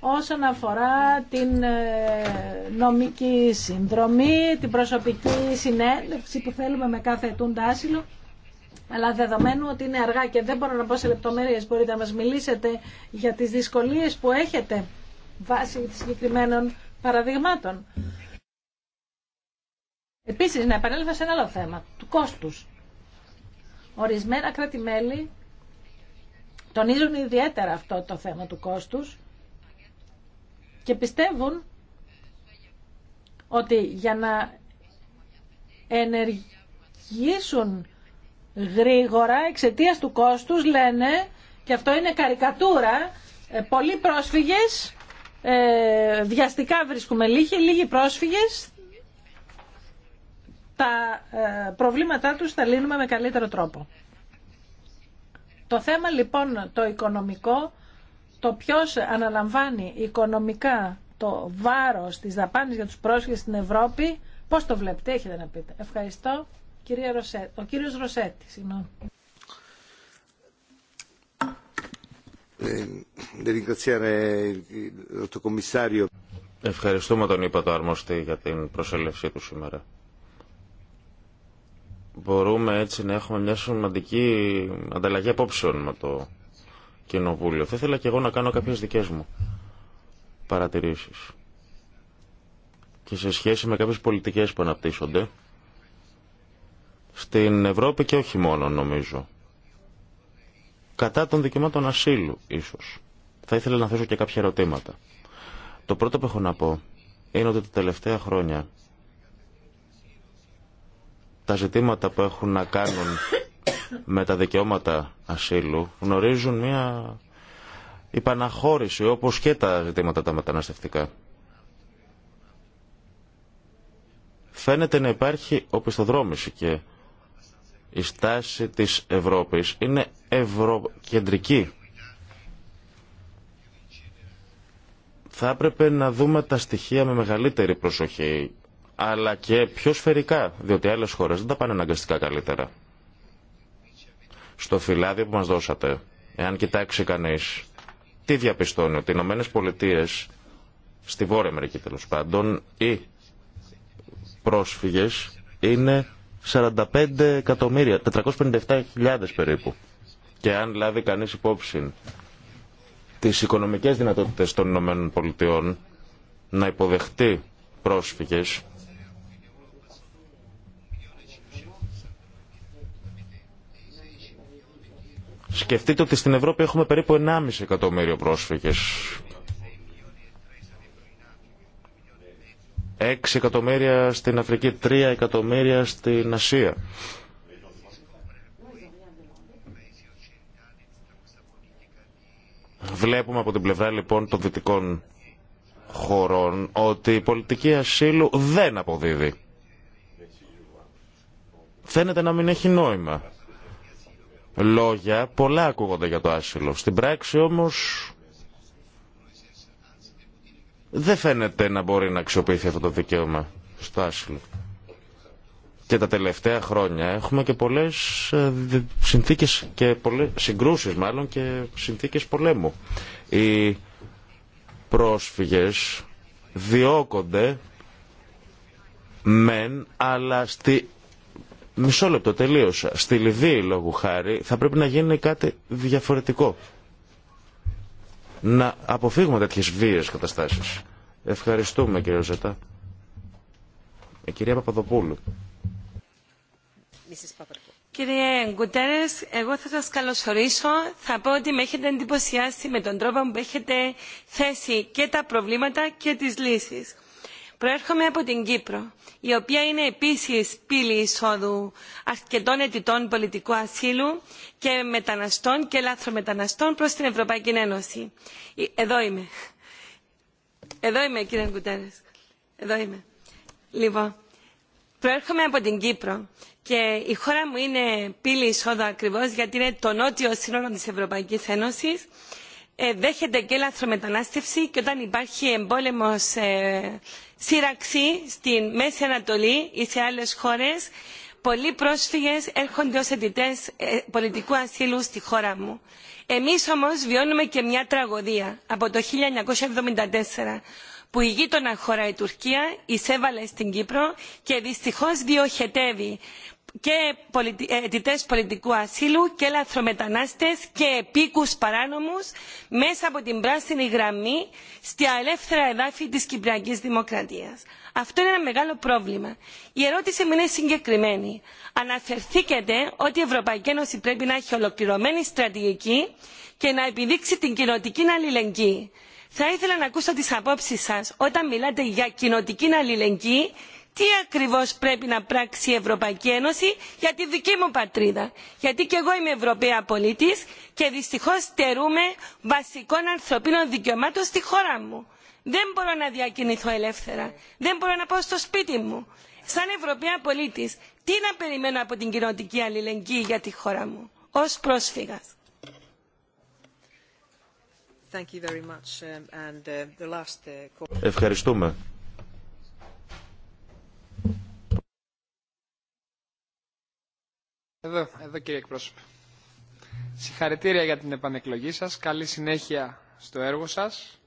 Όσον αφορά την ε, νομική συνδρομή, την προσωπική συνέντευξη που θέλουμε με κάθε ετούντα άσυλο αλλά δεδομένου ότι είναι αργά και δεν μπορώ να πω σε λεπτομέρειες, μπορείτε να μας μιλήσετε για τις δυσκολίες που έχετε βάσει συγκεκριμένων παραδειγμάτων. Επίσης, να επανέλθω σε ένα άλλο θέμα, του κόστους. Ορισμένα κράτη-μέλη τονίζουν ιδιαίτερα αυτό το θέμα του κόστους και πιστεύουν ότι για να ενεργήσουν γρήγορα εξαιτία του κόστους λένε, και αυτό είναι καρικατούρα, ε, πολλοί πρόσφυγες, ε, βιαστικά βρίσκουμε λίγοι, λίγοι πρόσφυγες, τα ε, προβλήματά τους θα λύνουμε με καλύτερο τρόπο. Το θέμα λοιπόν το οικονομικό, το ποιος αναλαμβάνει οικονομικά το βάρος της δαπάνης για τους πρόσφυγες στην Ευρώπη, πώς το βλέπετε, έχετε να πείτε. Ευχαριστώ ο κύριος Ρωσέτη, ε, Ευχαριστούμε τον είπα το αρμοστή για την προσέλευσή του σήμερα. Μπορούμε έτσι να έχουμε μια σημαντική ανταλλαγή απόψεων με το Κοινοβούλιο. Θα ήθελα και εγώ να κάνω κάποιες δικές μου παρατηρήσεις. Και σε σχέση με κάποιες πολιτικές που αναπτύσσονται, στην Ευρώπη και όχι μόνο νομίζω. Κατά των δικαιωμάτων ασύλου ίσως. Θα ήθελα να θέσω και κάποια ερωτήματα. Το πρώτο που έχω να πω είναι ότι τα τελευταία χρόνια τα ζητήματα που έχουν να κάνουν με τα δικαιώματα ασύλου γνωρίζουν μια υπαναχώρηση όπως και τα ζητήματα τα μεταναστευτικά. Φαίνεται να υπάρχει οπισθοδρόμηση και η στάση της Ευρώπης είναι ευρωκεντρική. Θα έπρεπε να δούμε τα στοιχεία με μεγαλύτερη προσοχή, αλλά και πιο σφαιρικά, διότι άλλες χώρες δεν τα πάνε αναγκαστικά καλύτερα. Στο φυλάδι που μας δώσατε, εάν κοιτάξει κανείς, τι διαπιστώνει, ότι οι Ηνωμένε Πολιτείε στη Βόρεια Αμερική τέλο πάντων, οι πρόσφυγες είναι 45 εκατομμύρια, 457.000 περίπου. Και αν λάβει κανείς υπόψη τις οικονομικές δυνατότητες των Ηνωμένων Πολιτειών να υποδεχτεί πρόσφυγες, Σκεφτείτε ότι στην Ευρώπη έχουμε περίπου 1,5 εκατομμύριο πρόσφυγες 6 εκατομμύρια στην Αφρική, 3 εκατομμύρια στην Ασία. Βλέπουμε από την πλευρά λοιπόν των δυτικών χωρών ότι η πολιτική ασύλου δεν αποδίδει. Φαίνεται να μην έχει νόημα. Λόγια πολλά ακούγονται για το άσυλο. Στην πράξη όμως δεν φαίνεται να μπορεί να αξιοποιηθεί αυτό το δικαίωμα στο άσυλο. Και τα τελευταία χρόνια έχουμε και πολλές ε, συνθήκες και πολλές συγκρούσεις μάλλον και συνθήκες πολέμου. Οι πρόσφυγες διώκονται μεν, αλλά στη μισό λεπτό τελείωσα. Στη Λιβύη λόγου χάρη θα πρέπει να γίνει κάτι διαφορετικό να αποφύγουμε τέτοιε βίε καταστάσει. Ευχαριστούμε κύριε Ζέτα. Ε κυρία Παπαδοπούλου. Κύριε Γκουτέρε, εγώ θα σα καλωσορίσω. Θα πω ότι με έχετε εντυπωσιάσει με τον τρόπο που έχετε θέσει και τα προβλήματα και τι λύσει. Προέρχομαι από την Κύπρο, η οποία είναι επίσης πύλη εισόδου αρκετών αιτητών πολιτικού ασύλου και μεταναστών και λάθρομεταναστών προς την Ευρωπαϊκή Ένωση. Εδώ είμαι. Εδώ είμαι κύριε Κουτέρες. Εδώ είμαι. Λοιπόν, προέρχομαι από την Κύπρο και η χώρα μου είναι πύλη εισόδου ακριβώς γιατί είναι το νότιο σύνολο της Ευρωπαϊκής Ένωσης ε, δέχεται και λαθρομετανάστευση και όταν υπάρχει εμπόλεμο ε, σύραξη στη Μέση Ανατολή ή σε άλλες χώρες, πολλοί πρόσφυγες έρχονται ως αιτητές ε, πολιτικού ασύλου στη χώρα μου. Εμείς όμως βιώνουμε και μια τραγωδία από το 1974 που η γείτονα χώρα η Τουρκία εισέβαλε στην Κύπρο και δυστυχώς διοχετεύει και ε, αιτητέ πολιτικού ασύλου και λαθρομετανάστε και επίκου παράνομού μέσα από την πράσινη γραμμή στα ελεύθερα εδάφη τη Κυπριακή Δημοκρατία. Αυτό είναι ένα μεγάλο πρόβλημα. Η ερώτηση μου είναι συγκεκριμένη. Αναφερθήκατε ότι η Ευρωπαϊκή Ένωση πρέπει να έχει ολοκληρωμένη στρατηγική και να επιδείξει την κοινοτική αλληλεγγύη. Θα ήθελα να ακούσω τις απόψεις σας όταν μιλάτε για κοινοτική αλληλεγγύη τι ακριβώ πρέπει να πράξει η Ευρωπαϊκή Ένωση για τη δική μου πατρίδα. Γιατί και εγώ είμαι Ευρωπαία πολίτη και δυστυχώ στερούμε βασικών ανθρωπίνων δικαιωμάτων στη χώρα μου. Δεν μπορώ να διακινηθώ ελεύθερα. Δεν μπορώ να πάω στο σπίτι μου. Σαν Ευρωπαία πολίτη, τι να περιμένω από την κοινωτική αλληλεγγύη για τη χώρα μου, Ω πρόσφυγα. Um, uh, uh, Ευχαριστούμε. Εδώ, εδώ κύριε εκπρόσωπε. Συγχαρητήρια για την επανεκλογή σας. Καλή συνέχεια στο έργο σας.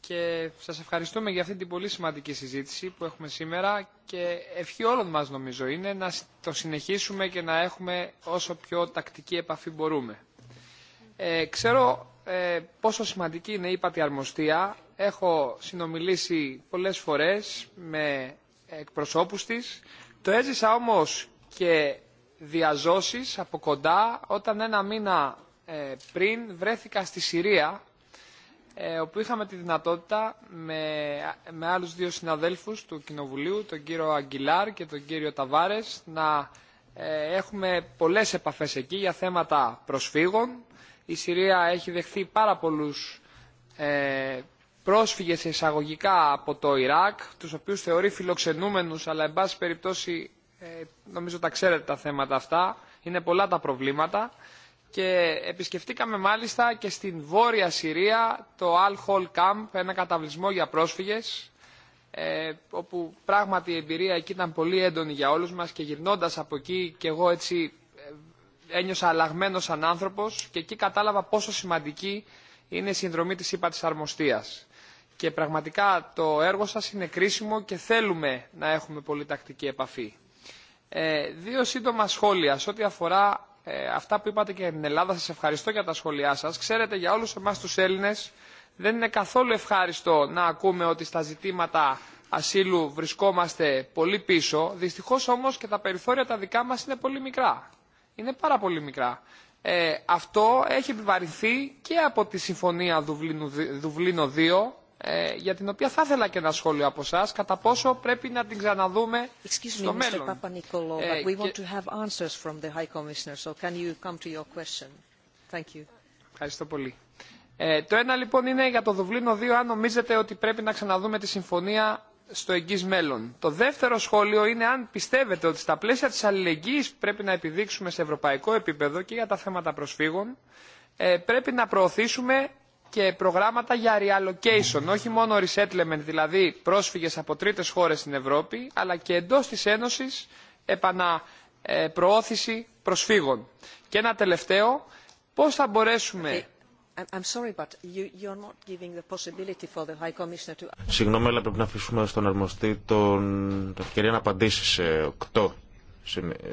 Και σας ευχαριστούμε για αυτή την πολύ σημαντική συζήτηση που έχουμε σήμερα και ευχή όλων μας νομίζω είναι να το συνεχίσουμε και να έχουμε όσο πιο τακτική επαφή μπορούμε. Ε, ξέρω ε, πόσο σημαντική είναι η πατιαρμοστία. Έχω συνομιλήσει πολλές φορές με εκπροσώπους της. Το έζησα όμως και διαζώσεις από κοντά όταν ένα μήνα ε, πριν βρέθηκα στη Συρία ε, όπου είχαμε τη δυνατότητα με, με άλλους δύο συναδέλφους του Κοινοβουλίου, τον κύριο Αγγιλάρ και τον κύριο Ταβάρες, να ε, έχουμε πολλές επαφές εκεί για θέματα προσφύγων. Η Συρία έχει δεχθεί πάρα πολλούς ε, πρόσφυγες εισαγωγικά από το Ιράκ, τους οποίους θεωρεί φιλοξενούμενους, αλλά εν πάση περιπτώσει ε, νομίζω τα ξέρετε τα θέματα αυτά, είναι πολλά τα προβλήματα και επισκεφτήκαμε μάλιστα και στην Βόρεια Συρία το Al Hol Camp, ένα καταβλισμό για πρόσφυγες, ε, όπου πράγματι η εμπειρία εκεί ήταν πολύ έντονη για όλους μας και γυρνώντας από εκεί και εγώ έτσι ε, ένιωσα αλλαγμένο σαν άνθρωπος και εκεί κατάλαβα πόσο σημαντική είναι η συνδρομή της ΥΠΑ της Αρμοστίας. Και πραγματικά το έργο σας είναι κρίσιμο και θέλουμε να έχουμε πολύ τακτική επαφή. Ε, δύο σύντομα σχόλια σε ό,τι αφορά ε, αυτά που είπατε και για την Ελλάδα. Σας ευχαριστώ για τα σχόλιά σας. Ξέρετε, για όλους εμάς τους Έλληνες δεν είναι καθόλου ευχάριστο να ακούμε ότι στα ζητήματα ασύλου βρισκόμαστε πολύ πίσω. Δυστυχώς όμως και τα περιθώρια τα δικά μας είναι πολύ μικρά. Είναι πάρα πολύ μικρά. Ε, αυτό έχει επιβαρυνθεί και από τη Συμφωνία Δουβλίνο 2 ε, για την οποία θα ήθελα και ένα σχόλιο από εσά, κατά πόσο πρέπει να την ξαναδούμε στο μέλλον. Ευχαριστώ πολύ. Ε, το ένα λοιπόν είναι για το Δουβλίνο 2, αν νομίζετε ότι πρέπει να ξαναδούμε τη συμφωνία στο εγγύς μέλλον. Το δεύτερο σχόλιο είναι αν πιστεύετε ότι στα πλαίσια της αλληλεγγύης πρέπει να επιδείξουμε σε ευρωπαϊκό επίπεδο και για τα θέματα προσφύγων, ε, πρέπει να προωθήσουμε και προγράμματα για reallocation, όχι μόνο resettlement, δηλαδή πρόσφυγες από τρίτες χώρες στην Ευρώπη, αλλά και εντός της Ένωσης επαναπροώθηση ε, προσφύγων. Και ένα τελευταίο, πώς θα μπορέσουμε... Συγγνώμη, αλλά πρέπει να αφήσουμε στον αρμοστή τον... την ευκαιρία να απαντήσει σε οκτώ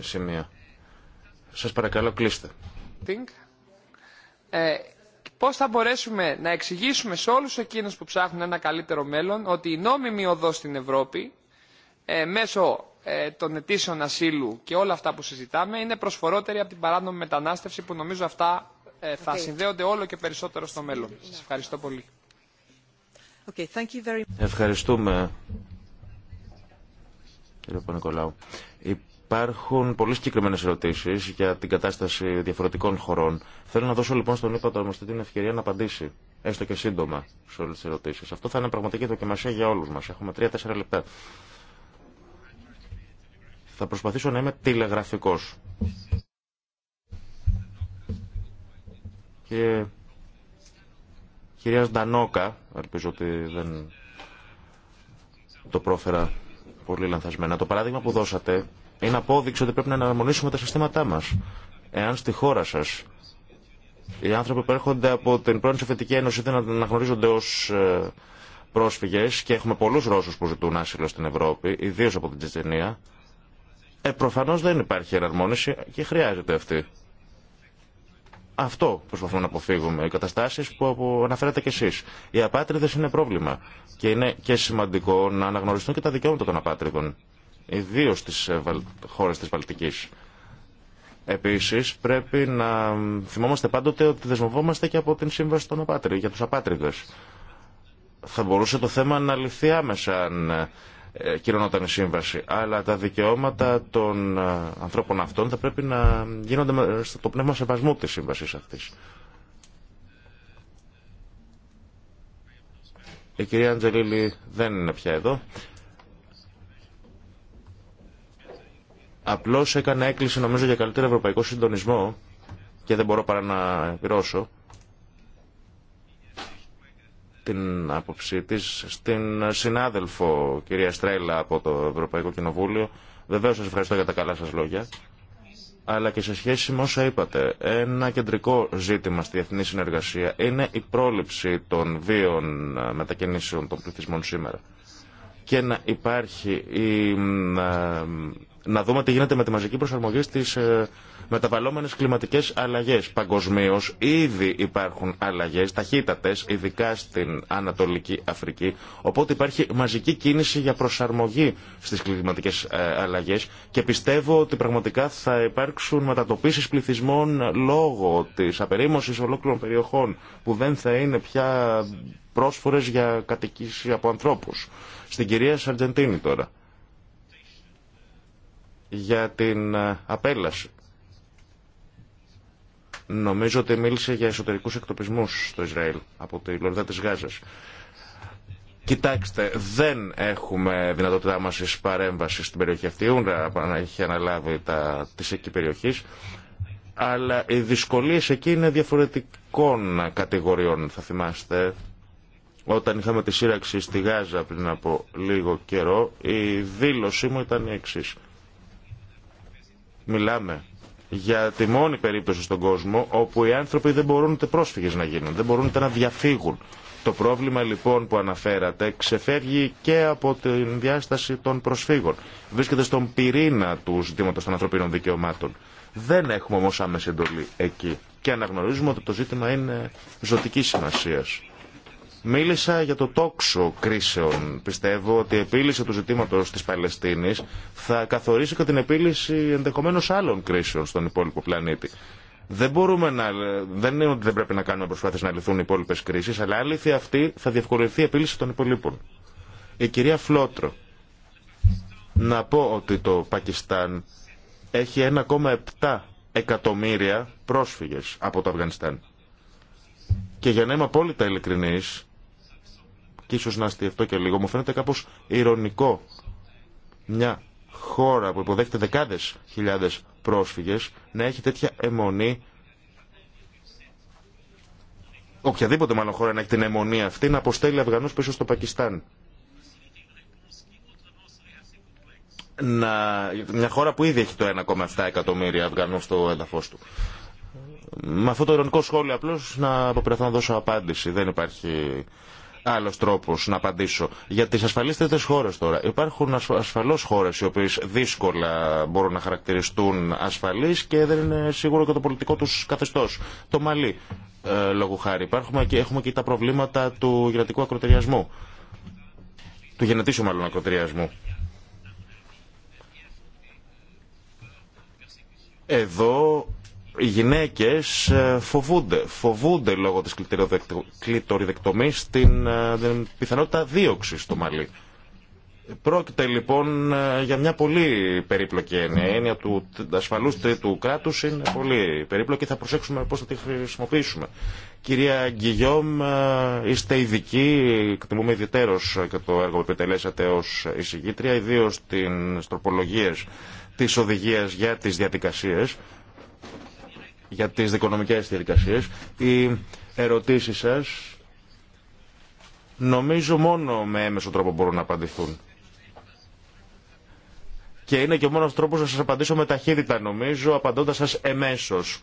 σημεία. Σας παρακαλώ, κλείστε. Ε, πώς θα μπορέσουμε να εξηγήσουμε σε όλους εκείνους που ψάχνουν ένα καλύτερο μέλλον ότι η νόμιμη οδός στην Ευρώπη ε, μέσω ε, των αιτήσεων ασύλου και όλα αυτά που συζητάμε είναι προσφορότερη από την παράνομη μετανάστευση που νομίζω αυτά ε, θα συνδέονται όλο και περισσότερο στο μέλλον. Σας ευχαριστώ πολύ. Okay, thank you very Ευχαριστούμε κύριε Υπάρχουν πολύ συγκεκριμένε ερωτήσει για την κατάσταση διαφορετικών χωρών. Θέλω να δώσω λοιπόν στον ύπατο μα την ευκαιρία να απαντήσει, έστω και σύντομα, σε όλε τι ερωτήσει. Αυτό θα είναι πραγματική δοκιμασία για όλου μα. Έχουμε τρία-τέσσερα λεπτά. Θα προσπαθήσω να είμαι τηλεγραφικό. Και κυρία Ντανόκα, ελπίζω ότι δεν το πρόφερα πολύ λανθασμένα. Το παράδειγμα που δώσατε είναι απόδειξη ότι πρέπει να αναρμονίσουμε τα συστήματά μα. Εάν στη χώρα σα, οι άνθρωποι που έρχονται από την πρώην Σοβιετική Ένωση δεν αναγνωρίζονται ω ε, πρόσφυγε και έχουμε πολλού Ρώσου που ζητούν άσυλο στην Ευρώπη, ιδίω από την Τσετσενία, ε, δεν υπάρχει εναρμόνιση και χρειάζεται αυτή. Αυτό προσπαθούμε να αποφύγουμε. Οι καταστάσει που αναφέρατε κι εσεί. Οι απάτριδε είναι πρόβλημα. Και είναι και σημαντικό να αναγνωριστούν και τα δικαιώματα των απάτριδων ιδίως στις ε, χώρες της Βαλτικής. Επίσης πρέπει να θυμόμαστε πάντοτε ότι δεσμευόμαστε και από την Σύμβαση των Απάτρι, για τους απάτριδες. Θα μπορούσε το θέμα να λυθεί άμεσα αν ε, κυρωνόταν η Σύμβαση, αλλά τα δικαιώματα των ε, ανθρώπων αυτών θα πρέπει να γίνονται στο πνεύμα σεβασμού της Σύμβασης αυτής. Η κυρία Αντζελίλη δεν είναι πια εδώ. Απλώ έκανε έκκληση νομίζω για καλύτερο ευρωπαϊκό συντονισμό και δεν μπορώ παρά να γρώσω την άποψή τη στην συνάδελφο κυρία Στρέλα από το Ευρωπαϊκό Κοινοβούλιο. Βεβαίω σα ευχαριστώ για τα καλά σα λόγια. Αλλά και σε σχέση με όσα είπατε, ένα κεντρικό ζήτημα στη διεθνή συνεργασία είναι η πρόληψη των βίων μετακινήσεων των πληθυσμών σήμερα. Και να υπάρχει η ε, να δούμε τι γίνεται με τη μαζική προσαρμογή στις ε, μεταβαλλόμενες κλιματικέ αλλαγέ. παγκοσμίω. Ήδη υπάρχουν αλλαγέ, ταχύτατε, ειδικά στην Ανατολική Αφρική, οπότε υπάρχει μαζική κίνηση για προσαρμογή στις κλιματικές ε, αλλαγέ και πιστεύω ότι πραγματικά θα υπάρξουν μετατοπίσεις πληθυσμών λόγω τη απερίμωση ολόκληρων περιοχών που δεν θα είναι πια πρόσφορε για κατοικήσει από ανθρώπου. Στην κυρία Σαρτζεντίνη τώρα για την ε, απέλαση. Νομίζω ότι μίλησε για εσωτερικούς εκτοπισμούς στο Ισραήλ από τη Λορδά της Γάζας. Κοιτάξτε, δεν έχουμε δυνατότητά μας εις παρέμβαση στην περιοχή αυτή. Η να έχει αναλάβει τα, της εκεί περιοχής. Αλλά οι δυσκολίες εκεί είναι διαφορετικών κατηγοριών, θα θυμάστε. Όταν είχαμε τη σύραξη στη Γάζα πριν από λίγο καιρό, η δήλωσή μου ήταν η εξής. Μιλάμε για τη μόνη περίπτωση στον κόσμο όπου οι άνθρωποι δεν μπορούν ούτε πρόσφυγες να γίνουν, δεν μπορούν ούτε να διαφύγουν. Το πρόβλημα λοιπόν που αναφέρατε ξεφεύγει και από την διάσταση των προσφύγων. Βρίσκεται στον πυρήνα του ζητήματος των ανθρωπίνων δικαιωμάτων. Δεν έχουμε όμως άμεση εντολή εκεί. Και αναγνωρίζουμε ότι το ζήτημα είναι ζωτική σημασίας. Μίλησα για το τόξο κρίσεων. Πιστεύω ότι η επίλυση του ζητήματο τη Παλαιστίνη θα καθορίσει και την επίλυση ενδεχομένω άλλων κρίσεων στον υπόλοιπο πλανήτη. Δεν, μπορούμε να, δεν είναι ότι δεν πρέπει να κάνουμε προσπάθειε να λυθούν οι υπόλοιπε κρίσει, αλλά αλήθεια αυτή θα διευκολυνθεί η επίλυση των υπολείπων. Η κυρία Φλότρο, να πω ότι το Πακιστάν έχει 1,7 εκατομμύρια πρόσφυγες από το Αφγανιστάν. Και για να είμαι απόλυτα ειλικρινής, και ίσως να αυτό και λίγο, μου φαίνεται κάπως ηρωνικό μια χώρα που υποδέχεται δεκάδες χιλιάδες πρόσφυγες να έχει τέτοια αιμονή οποιαδήποτε μάλλον χώρα να έχει την αιμονή αυτή να αποστέλει Αφγανούς πίσω στο Πακιστάν. Να, μια χώρα που ήδη έχει το 1,7 εκατομμύρια Αφγανούς στο έδαφος του. Με αυτό το ειρωνικό σχόλιο απλώς να αποπειραθώ να δώσω απάντηση. Δεν υπάρχει άλλο τρόπο να απαντήσω. Για τι ασφαλεί χώρες χώρε τώρα. Υπάρχουν ασφαλώ χώρε οι οποίε δύσκολα μπορούν να χαρακτηριστούν ασφαλείς και δεν είναι σίγουρο και το πολιτικό του καθεστώ. Το Μαλί, ε, λόγου χάρη. Υπάρχουμε και, έχουμε και τα προβλήματα του γενετικού ακροτηριασμού. Του γενετήσου μάλλον ακροτηριασμού. Εδώ οι γυναίκες ε, φοβούνται, φοβούνται λόγω της κλειτοριδεκτομής ε, την, πιθανότητα δίωξης στο μαλλί. Πρόκειται λοιπόν ε, για μια πολύ περίπλοκη έννοια. Η έννοια του ασφαλούς τρίτου κράτους είναι πολύ περίπλοκη. Θα προσέξουμε πώς θα τη χρησιμοποιήσουμε. Κυρία Γκυγιόμ, είστε ειδικοί, εκτιμούμε ιδιαίτερως και το έργο που επιτελέσατε ως εισηγήτρια, ιδίως στις τροπολογίες της οδηγίας για τις διαδικασίες για τις δικονομικές διαδικασίες. Οι ερωτήσεις σας νομίζω μόνο με έμεσο τρόπο μπορούν να απαντηθούν. Και είναι και ο μόνος τρόπος να σας απαντήσω με ταχύτητα νομίζω, απαντώντας σας εμέσως.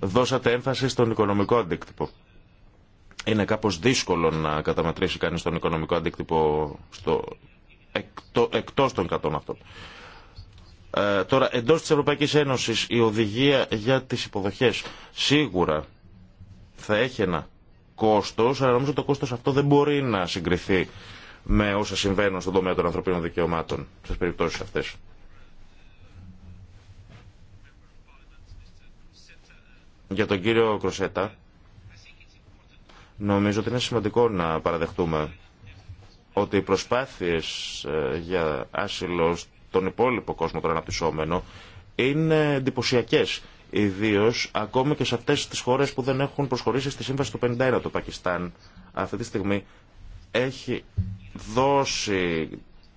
Δώσατε έμφαση στον οικονομικό αντίκτυπο. Είναι κάπως δύσκολο να καταμετρήσει κανείς τον οικονομικό αντίκτυπο στο, εκτός των κατών αυτών. Ε, τώρα, εντός της Ευρωπαϊκής Ένωσης η οδηγία για τις υποδοχές σίγουρα θα έχει ένα κόστος, αλλά νομίζω το κόστος αυτό δεν μπορεί να συγκριθεί με όσα συμβαίνουν στον τομέα των ανθρωπίνων δικαιωμάτων στις περιπτώσεις αυτές. Για τον κύριο Κροσέτα, νομίζω ότι είναι σημαντικό να παραδεχτούμε ότι οι προσπάθειες ε, για άσυλο τον υπόλοιπο κόσμο, τον αναπτυσσόμενο, είναι εντυπωσιακέ. Ιδίω ακόμη και σε αυτέ τι χώρε που δεν έχουν προσχωρήσει στη σύμβαση του 51 το Πακιστάν. Αυτή τη στιγμή έχει δώσει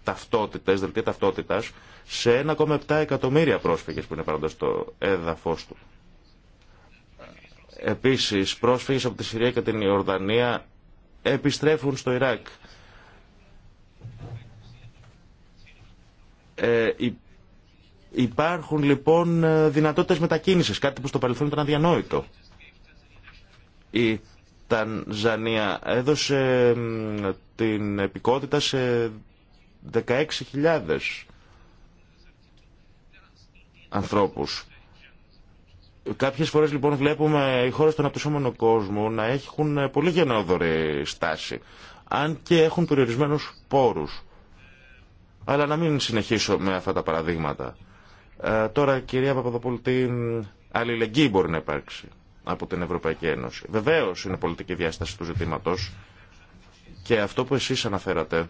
ταυτότητε, δελτία ταυτότητας, σε 1,7 εκατομμύρια πρόσφυγες που είναι παρόντα στο έδαφος του. Επίσης, πρόσφυγες από τη Συρία και την Ιορδανία επιστρέφουν στο Ιράκ Ε, υπάρχουν λοιπόν ε, δυνατότητες μετακίνησης, κάτι που στο παρελθόν ήταν αδιανόητο. Η Τανζανία έδωσε την επικότητα σε 16.000 ανθρώπους. Κάποιες φορές λοιπόν βλέπουμε οι χώρες των αναπτυσσόμενου κόσμου να έχουν πολύ γενναιόδορη στάση, αν και έχουν περιορισμένους πόρους. Αλλά να μην συνεχίσω με αυτά τα παραδείγματα. Ε, τώρα, κυρία Παπαδοπούλου, αλληλεγγύη μπορεί να υπάρξει από την Ευρωπαϊκή Ένωση. Βεβαίω είναι πολιτική διάσταση του ζητήματο και αυτό που εσεί αναφέρατε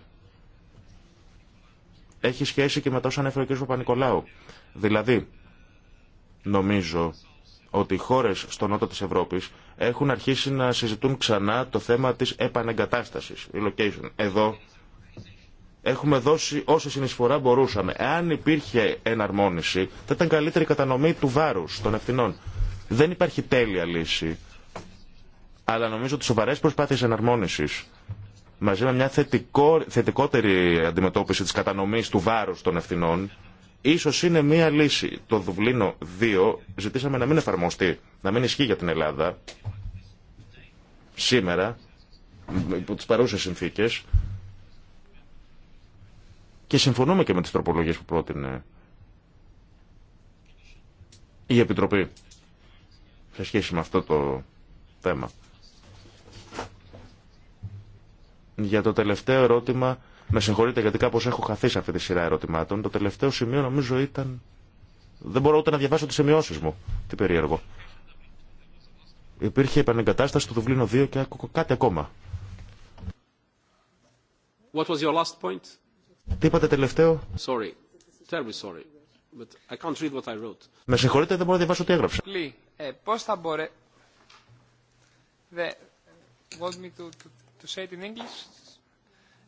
έχει σχέση και με τα όσα ανέφερε ο κ. Παπα-Νικολάου. Δηλαδή, νομίζω ότι οι χώρε στο νότο τη Ευρώπη έχουν αρχίσει να συζητούν ξανά το θέμα τη επανεγκατάσταση, Εδώ Έχουμε δώσει όσα συνεισφορά μπορούσαμε. Εάν υπήρχε εναρμόνιση, θα ήταν καλύτερη κατανομή του βάρου των ευθυνών. Δεν υπάρχει τέλεια λύση. Αλλά νομίζω ότι σοβαρέ προσπάθειε εναρμόνιση μαζί με μια θετικότερη αντιμετώπιση τη κατανομή του βάρου των ευθυνών, ίσω είναι μια λύση. Το Δουβλίνο 2 ζητήσαμε να μην εφαρμοστεί, να μην ισχύει για την Ελλάδα σήμερα, υπό τι παρούσε συνθήκε, και συμφωνούμε και με τις τροπολογίες που πρότεινε η Επιτροπή σε σχέση με αυτό το θέμα. Για το τελευταίο ερώτημα, με συγχωρείτε γιατί κάπως έχω χαθεί σε αυτή τη σειρά ερωτημάτων, το τελευταίο σημείο νομίζω ήταν... Δεν μπορώ ούτε να διαβάσω τις σημειώσεις μου. Τι περίεργο. Υπήρχε επανεγκατάσταση του Δουβλίνο 2 και κάτι ακόμα. What was your last point? Τι είπατε τελευταίο? Με συγχωρείτε, δεν μπορώ να διαβάσω τι έγραψα. Ε, Πώ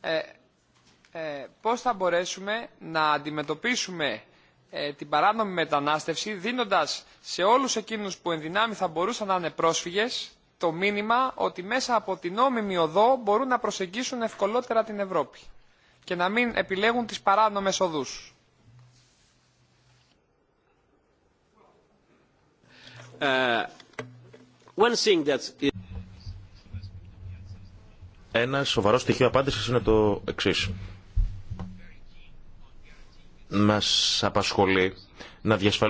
ε, ε, πώς θα μπορέσουμε να αντιμετωπίσουμε την παράνομη μετανάστευση δίνοντας σε όλους εκείνους που ενδυνάμει θα μπορούσαν να είναι πρόσφυγες το μήνυμα ότι μέσα από την νόμιμη οδό μπορούν να προσεγγίσουν ευκολότερα την Ευρώπη και να μην επιλέγουν τις παράνομες οδούς. Uh, that... Ένα σοβαρό στοιχείο απάντησης είναι το εξής. Μας απασχολεί να διασφαλίσουμε